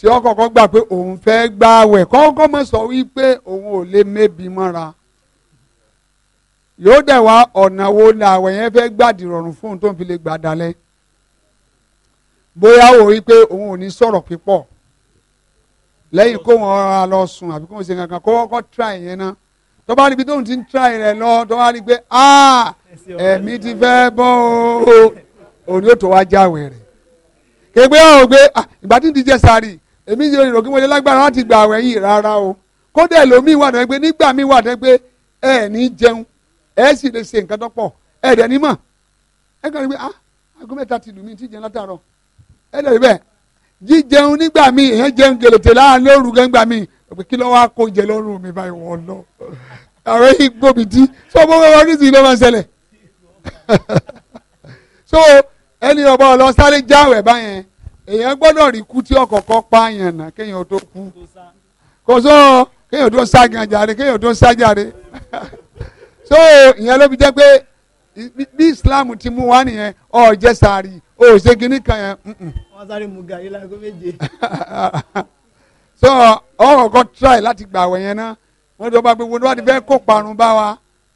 tí ó kọ́kọ́ gbà pé òun fẹ́ gbààwẹ̀ kọ́kọ́ mọ̀ sọ wípé òun ò lè mébi mọ́ra yóò dẹ̀ wá ọ̀nà wo làwẹ̀ yẹn fẹ́ gbàdì rọrùn fún un tó ń fi lè gbà dalẹ̀ bóyá ó rí òun ò ní sọ̀rọ̀ pípọ̀ lẹ́yìn kó wọn ra lọ sùn àbí kó wọn ṣe kankan kó kọ́kọ́ try yẹn ná tó bá rí ibi tóun ti ń try rẹ̀ lọ tó bá rí pé ah, ẹ̀mí ti fẹ́ bọ́ o òun yóò tó wá jáwèé rẹ̀ kégbé ah, ọ̀hún ah, ìgbà tí ń di jẹ́ sáré èmi yóò rò kí mo lè lágbára láti gbà àwẹ̀ yìí rárá o kódà ẹlòmíì wà tẹ́ pé nígbà míì wà tẹ́ pé ẹ ní jẹun ẹ sì lè ṣe nǹkan tó pọ̀ ẹ dẹ̀ ní mọ̀ ẹ kàn rí pé ah aago mẹ́ta ti lù mí ti jẹun látàárọ̀ ẹ dẹ̀ rí bẹ́ẹ̀ jíjẹun nígbà míì èèyàn jẹun gèlètè láàrin lóru gẹ́gbà míì òpè kí lọ́wọ́ kó jẹ lọ́rùn mi báyìí wọ́n lọ àwọn yìí gbòmí tí sọ fún wọn ní ìsìn ló máa so ẹni ọba ọlọ sáré jáwèé báyẹn èèyàn gbọ́dọ̀ rí kú tí ọ̀kọ̀ọ̀kọ̀ pààyàn náà kéèyàn tó kú kò sọ kéèyàn tó ságàn jàre kéèyàn tó ságàre so ìyẹn ló fi jẹ́ pé bí Islam ti mú wa nìyẹn ọ̀ jẹ́ sàárì ò ṣe kínní kan yẹn. wọ́n sáré mu gàrí láago méje. so ọ̀kọ̀ọ̀kọ̀ try láti gbàwẹ̀ yẹn náà wọ́n tó bá gbé wọn tó ti fẹ́ kó parun bá wa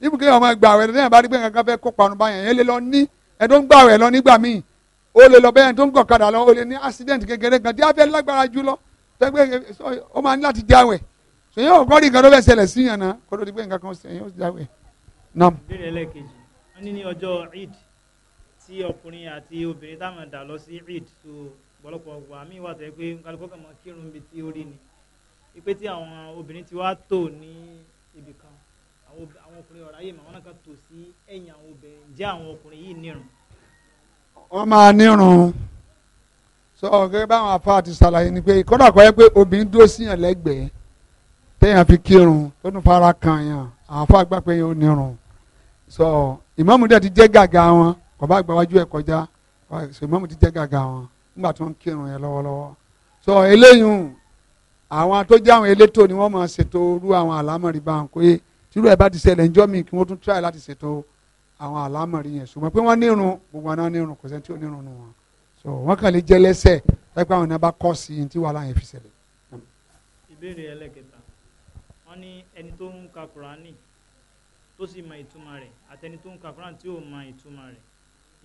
ibùkún yẹn ọmọ gbàwẹ̀ lẹ́yìn bá rí pé nǹkan fẹ́ kó parun bá yẹn yẹn lé lọ ní ẹ̀ tó ń gbàwẹ̀ lọ nígbà míì o lè lọ bẹ́ẹ̀ tó ń gọ̀kadà lọ o lè ní accident kékeré kan tí a fẹ́ lágbára jù lọ tẹ́gbẹ́ o máa ní láti jáwẹ̀ sèyí ò kọ́ di tó fẹ́ ṣẹlẹ̀ sí yàn náà kó tó di pé nǹkan kan sèyí ò jáwẹ̀ nam. ìbéèrè ẹlẹ́kejì wọ́n ní ní ọjọ́ eid tí ọkùnrin àti obìnrin táwọn dà lọ sí eid tó gbọ́lọ́pọ̀ wà mí wà tẹ́ pé kálukọ́ kàn máa kírun bíi tí ó ni ipe tí àwọn obìnrin ti wá tò ní ibì kan àwọn ọkùnrin ọ̀ráyè màwọn náà yìí wọ́n máa nírun sọ gẹ́gẹ́ báwọn afa ti ṣàlàyé ni pé kódà kọ́ yẹ pé obìnrin dúró síyàn lẹ́gbẹ̀ẹ́ téèyàn fi kírun tó tún fara kan yàn àwọn afa gbà pé yóò nírun sọ ìmáàmù dẹ̀ ti jẹ́ gàgà wọn kò bá gba wájú ẹ̀ kọjá sọ ìmáàmù ti jẹ́ gàgà wọn nígbà tó ń kírun yẹn lọ́wọ́lọ́wọ́ sọ eléyìí àwọn tó jẹ́ àwọn elétò ni wọ́n máa ṣètò irú àwọn àlámọ̀rí bá pé tírú ẹ̀ bá ti ṣẹlẹ̀ ńjọ́ mi kí wọ́n tún tíráì láti ṣètò àwọn àlámọ̀rí yẹn ṣùgbọ́n pé wọ́n nírun gbogbo àná nírun kò sẹ́ni tí ò nírun nù wọn so wọ́n kàn lè jẹ́ lẹ́sẹ̀ pẹ́pẹ́ àwọn náà bá kọ́ sí i tí wàhálà yẹn fi ṣẹlẹ̀. ìbéèrè ẹlẹ́kẹta wọ́n ní ẹni tó ń ka kúránì tó sì mọ ìtumọ̀ rẹ̀ àtẹni tó ń ka kúránì tí ò mọ ìtumọ̀ rẹ̀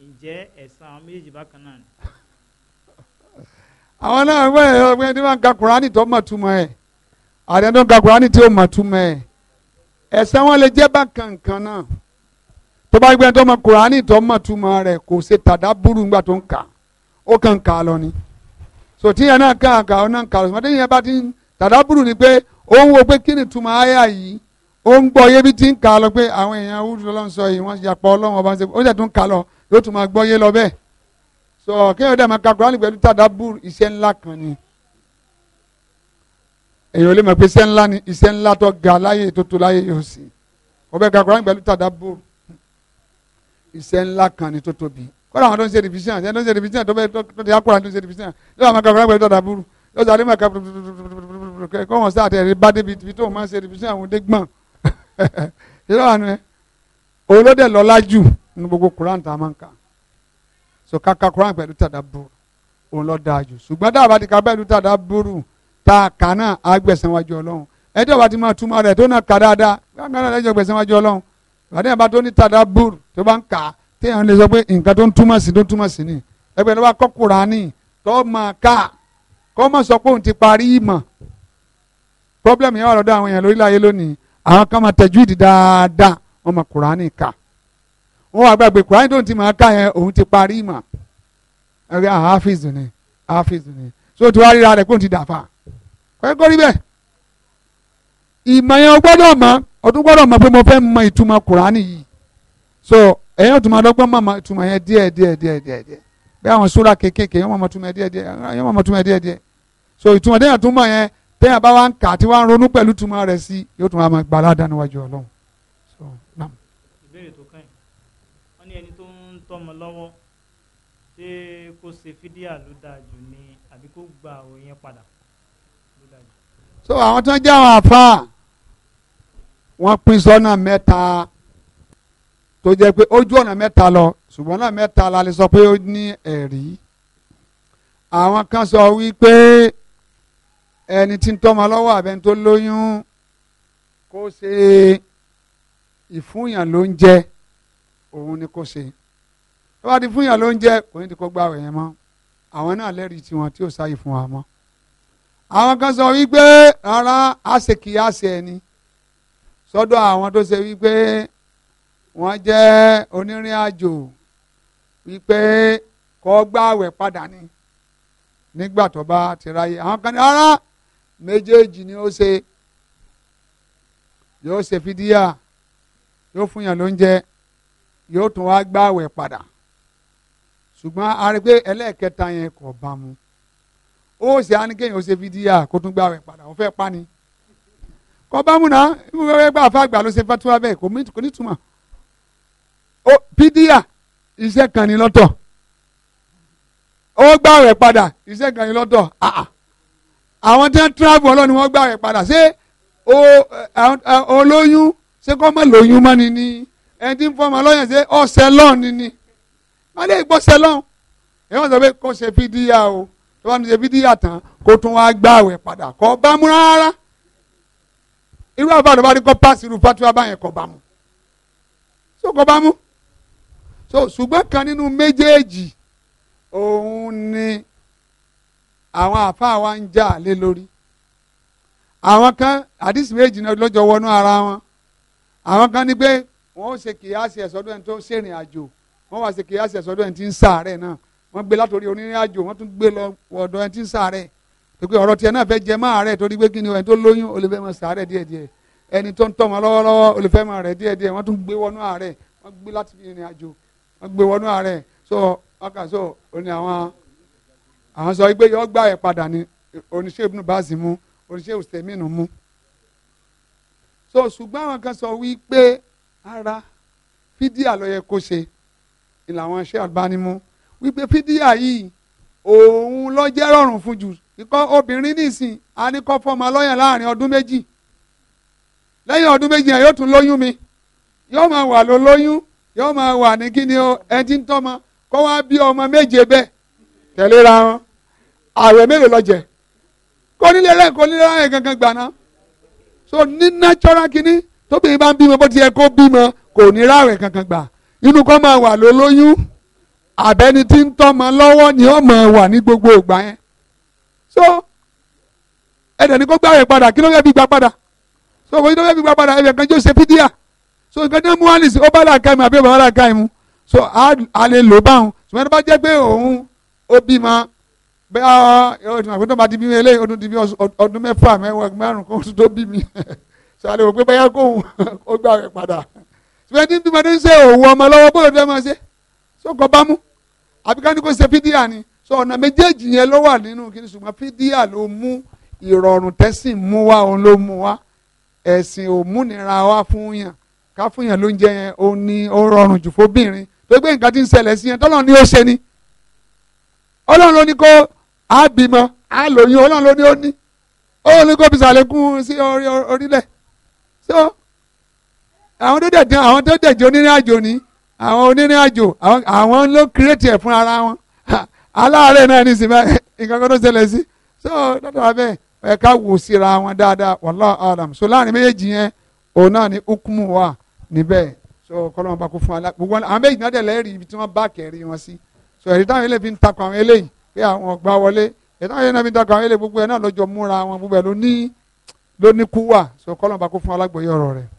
ǹjẹ́ ẹ̀san àwọn méjèèjì bákan náà ni. àwọn náà ń wẹ̀rẹ̀ ọgbẹ́ tí wọn lè jẹ́ bákan kan náà tó bá gbẹ́ tó mọ kùránì tó mọ̀ túmọ̀ rẹ̀ kò ṣe tàdá burú nígbà tó ń kà ó kàn kà lọ ni so tíyẹn náà kàn kà ó náà kà lọ sọmọdé yẹn bá ti tàdá burú ni pé ó ń wo pé kí ni túmọ̀ àyà yìí ó ń gbọ́ yé bí ti ń kà lọ pé àwọn èèyàn wúlò lọ́n sọ yìí wọ́n ti yàpọ̀ ọlọ́run ọba ń ṣe ó sì tún kà lọ yóò tún gbọ́ yé lọ bẹ́ẹ̀ so kéèyàn dẹ̀ máa ka kùránì pẹ̀lú tàdá burú iṣẹ́ ńlá kan ni èèyàn ò lè mọ̀ pé iṣẹ́ ńlá ni iṣẹ́ ńlá tó ga láyé tó tó láyé yóò sì ọbẹ̀ ka kùránì pẹ̀lú tàdá burú iṣẹ́ ńlá kan ni tó tóbi kọ́dà àwọn tó ń ṣe division ṣe tó ń ṣe division tó bẹ́ẹ̀ tó ti akura tó ń ṣe division tó bá máa kọ́ ọ̀rẹ́ tó dàbúrú tó sáré máa kọ́ kọ́ wọn sáà tẹ̀lé bá débi tó máa ṣe division àwọn òde gbọ̀n ṣé wà nù ẹ́ olóde lọ́lá jù ní gbogbo Quran tá a máa ń kà so kàkà Quran pẹ̀lú tàdàbúrú òun lọ dáa jù ṣùgbọ́n tá a bá ti kà pẹ̀lú tàdàbúrú tá a kà náà á gbẹ̀sán wájú Ọlọ́run ẹ àdéhùn àbá tó ní tadabur tó bá ń kà á téèyàn lè sọ pé nǹkan tó ń túmọ̀ sí tó ń túmọ̀ sí ni ẹgbẹ́ tó bá kọ́ Kùránì tó máa kà kó má sọ pé òun ti parí ìmọ̀ problem yẹn wà lọ́dọ̀ àwọn èèyàn lórílẹ̀ ayé lónìí àwọn kan máa tẹ̀jú ìdí dáadáa wọ́n máa Kùránì kà wọ́n wà gbàgbé Kùránì tó ń ti máa kà yẹn òun ti parí ìmọ̀ ẹgbẹ́ àháfíìs ni àháfíìs ni so tí wàá ríra rẹ̀ pé òun ti dàfà kọ́ o tún gbọ́dọ̀ mọ̀ pé mo fẹ́ mọ ìtumọ̀ kùránì yìí so ẹ̀yin ọ̀tún máa dọ́gbọ́n mọ̀ ìtumọ̀ yẹn díẹ̀ díẹ̀ díẹ̀ díẹ̀ díẹ̀ bí àwọn sóra kéékèèké yẹn mọ̀ ìtumọ̀ díẹ̀ díẹ̀ yẹn mọ̀ ìtumọ̀ díẹ̀ díẹ̀ so ìtumọ̀ déyàn tún mọ̀ yẹn téyàn bá wá ń kà tí wá ń ronú pẹ̀lú ìtumọ̀ rẹ̀ sí yóò tún wá máa gbà ládàá níwájú ọlọ́run so nam. ìbéèrè tó kàn wọ́n ní ẹni tó ń tọ́mọ lọ́wọ́ ṣé so àwọn tó ń jẹ́ àwọn àfáà wọ́n pín sọ́nà mẹ́ta tó jẹ́ pé ojú ọ̀nà mẹ́ta lọ ṣùgbọ́n náà mẹ́ta la lè sọ pé ó ní ẹ̀rí àwọn kan sọ wípé ẹni tí ń tọ́mọ lọ́wọ́ àbẹ́ni tó lóyún kó ṣe ìfúnyàn ló ń jẹ òun ni kó ṣe tó bá ti fúnyàn ló ń jẹ kò ní ti kó gbàwẹ̀ yẹn mọ́ àwọn náà lẹ́rìí tiwọn tí ò sáyè fún wa mọ́ àwọn kan sọ wípé rárá àṣekì àṣẹ ẹni sọ́dọ̀ àwọn tó ṣe wípé wọ́n jẹ́ onírìn àjò wípé kó gbààwẹ̀ padà ni nígbà tó bá ti ráyè àwọn kan ní rárá méjèèjì ni ó ṣe yóò ṣe fídíà yóò fún yàn lóúnjẹ yóò tún wá gbààwẹ̀ padà ṣùgbọ́n a pé ẹlẹ́ẹ̀kẹta yẹn kò bá mu ó sì á ní kéèyàn ó ṣe fídíà kó tún gbààwẹ̀ padà ó fẹ́ pa ni kọ́ bá múna wẹ́wẹ́ gbà fà gbà ló ṣe fatuwa bẹ́ẹ̀ kò ní túmọ̀ ó pídíà iṣẹ́ kan ní lọ́tọ̀ ó gbà rẹ̀ padà iṣẹ́ kan ní lọ́tọ̀ àà àwọn tí wọ́n travel ọlọ́ni wọ́n gbà rẹ̀ padà ṣé olóyún ṣé kọ́ mọ̀ lóyún mọ́ ni ni ẹni tí ń fọmọ lọ́yàn ṣe ọ̀sẹ̀ lọ́n ni ni wọ́n lè gbọ́ ṣẹ lọ́n èyí wọ́n sọ pé kó ṣe pídíà o tí wọ́n ṣe pídíà tán kó tún wá gbà rẹ̀ padà kọ́ bá múra rárá irú àfààní bá ní kọ́ pàṣẹ irú fatiwa báyẹn kọ́ bá mu so kọ́ bá mu so ṣùgbọ́n kan nínú méjèèjì òun ni àwọn àfáà wa ń jà lé lórí àwọn kan àdìsí méjì náà lọ́jọ́ wọnú ara wọn àwọn kan ní pé wọn ó ṣe kìyàsí ẹ̀sọ́dọ̀ ẹni tó ń ṣèrìn àjò wọn wá ṣe kìyàsí ẹ̀sọ́dọ̀ ẹni tí ń ṣàárẹ̀ náà wọ́n gbé látòrí onírìn àjò wọ́n tún gbé lọ ọ̀dọ̀ ẹni tí ń ṣàárẹ̀ pé ọ̀rọ̀ tiẹ̀ náà fẹ́ jẹ mọ́ àárẹ̀ torí pé kíni ẹni tó lóyún ó lè fẹ́ máa sàárẹ̀ díẹ̀díẹ̀ ẹni tó ń tọ́ ọmọ lọ́wọ́lọ́wọ́ ó fẹ́ máa rẹ̀ díẹ̀díẹ̀ wọ́n tún gbé wọnú àárẹ̀ wọ́n gbé láti fi ìrìn àjò wọ́n gbé wọnú àárẹ̀ so ọkà so òní àwọn àwọn sọ pé yọ gbà ẹ̀ padà ni oníṣẹ́ ìbùnú báàsì mú oníṣẹ́ òsèmínú mú so ṣùgbọ́n àwọn kan sọ wípé ara fídíà ló yẹ kó ṣe ìlànà iṣẹ́ àgbánimú wípé fídíà yìí òun ló jẹ́ rọrùn fún jù ikọ́ obìnrin nísìn a ní fọmọ lọ́yàn láàrin ọdún méjì lẹ́yìn ọdún méjì yẹn yóò tún lóyún mi yóò máa wà ló lóyún yóò máa wà ní kí ni o ẹ ti ń tọ́mọ kó wá bí ọmọ méje bẹ́ẹ̀ tẹ̀léra wọn ààrẹ mélòó lọ jẹ kó nílé rẹ kó nílé rẹ gangan gbàná so ní natural kínní tóbi bá ń bímọ bó ti yẹ kó bímọ kò ní ráàwẹ̀ kankan gbà inú kọ́ máa wà lólóyún àbẹ́ni tí ń tọ́mọ lọ́wọ́ ni ó máa wà ní gbogbo ìgbà yẹn so ẹ̀dẹ̀ ni kò gbà wẹ̀ padà kí ló fẹ́ fi gbà padà so kò sí tó fẹ́ fi gbà padà ẹ̀dẹ̀ kan jó ṣe so nǹkan tí wọ́n mú wá nìsí ó bá làákà mu àbí ó bá làákà mu so a lè lò báwọn ṣùgbọ́n tó bá jẹ́ pé òun ó bímọ bẹ́ẹ̀ ọdún àgbẹ̀tọ́ bá ti bí mi eléyìí ọdún ti bí ọdún mẹ́fà mẹ́wàá márùn kó tó bí mi sàlẹ̀ wò pé báyà kó o gbà rẹ̀ padà ṣùgbọ́n tí bímọ tó ń ṣe òwò ọmọ lọ́wọ́ bóyá ọdún ẹ̀ máa ṣe sókò bámú àbíká ní kò ṣe ni so ọ̀nà méjèèjì yẹn ló wà nínú kìíní ṣùgbọ́n fídíà ló mú ìrọ̀rùn tẹ́sìn mú wá òun ló mú wá ẹ̀sìn ò múnira wá fún yàn ká fún yàn ló ń jẹ yẹn òun ni ó rọrùn jù fóbìnrin tó gbé ni ó ṣe ni ọlọ́run ló so àwọn tó dẹ̀ dín àwọn tó dẹ̀ jẹ́ onírìn àjò fún ara wọn aláàárẹ̀ náà ní sinmi nǹkan kan tó ṣẹlẹ̀ sí so dọ́tà abẹ́ ẹ̀ ká wò síra wọn dáadáa wàlá alam so láàrin méjèèjì yẹn òun náà ni ukumu wa níbẹ̀ so kọ́lọ́mọba kó fún wa gbogbo àwọn méjì náà dẹ̀lẹ́ rí ibi tí wọ́n bá kẹ̀rí wọn sí so ẹ̀rí táwọn eléyìí fi ń takò àwọn eléyìí pé àwọn ọgbà wọlé ẹ̀rí táwọn eléyìí náà fi ń takò àwọn eléyìí gbogbo ẹ̀ náà lọ́jọ́ múra wọn gbogbo ẹ̀ ló ní ló ní kú wà so kọ́lọ́mọba kó fún wa lágbòye ọ̀rọ̀ rẹ̀.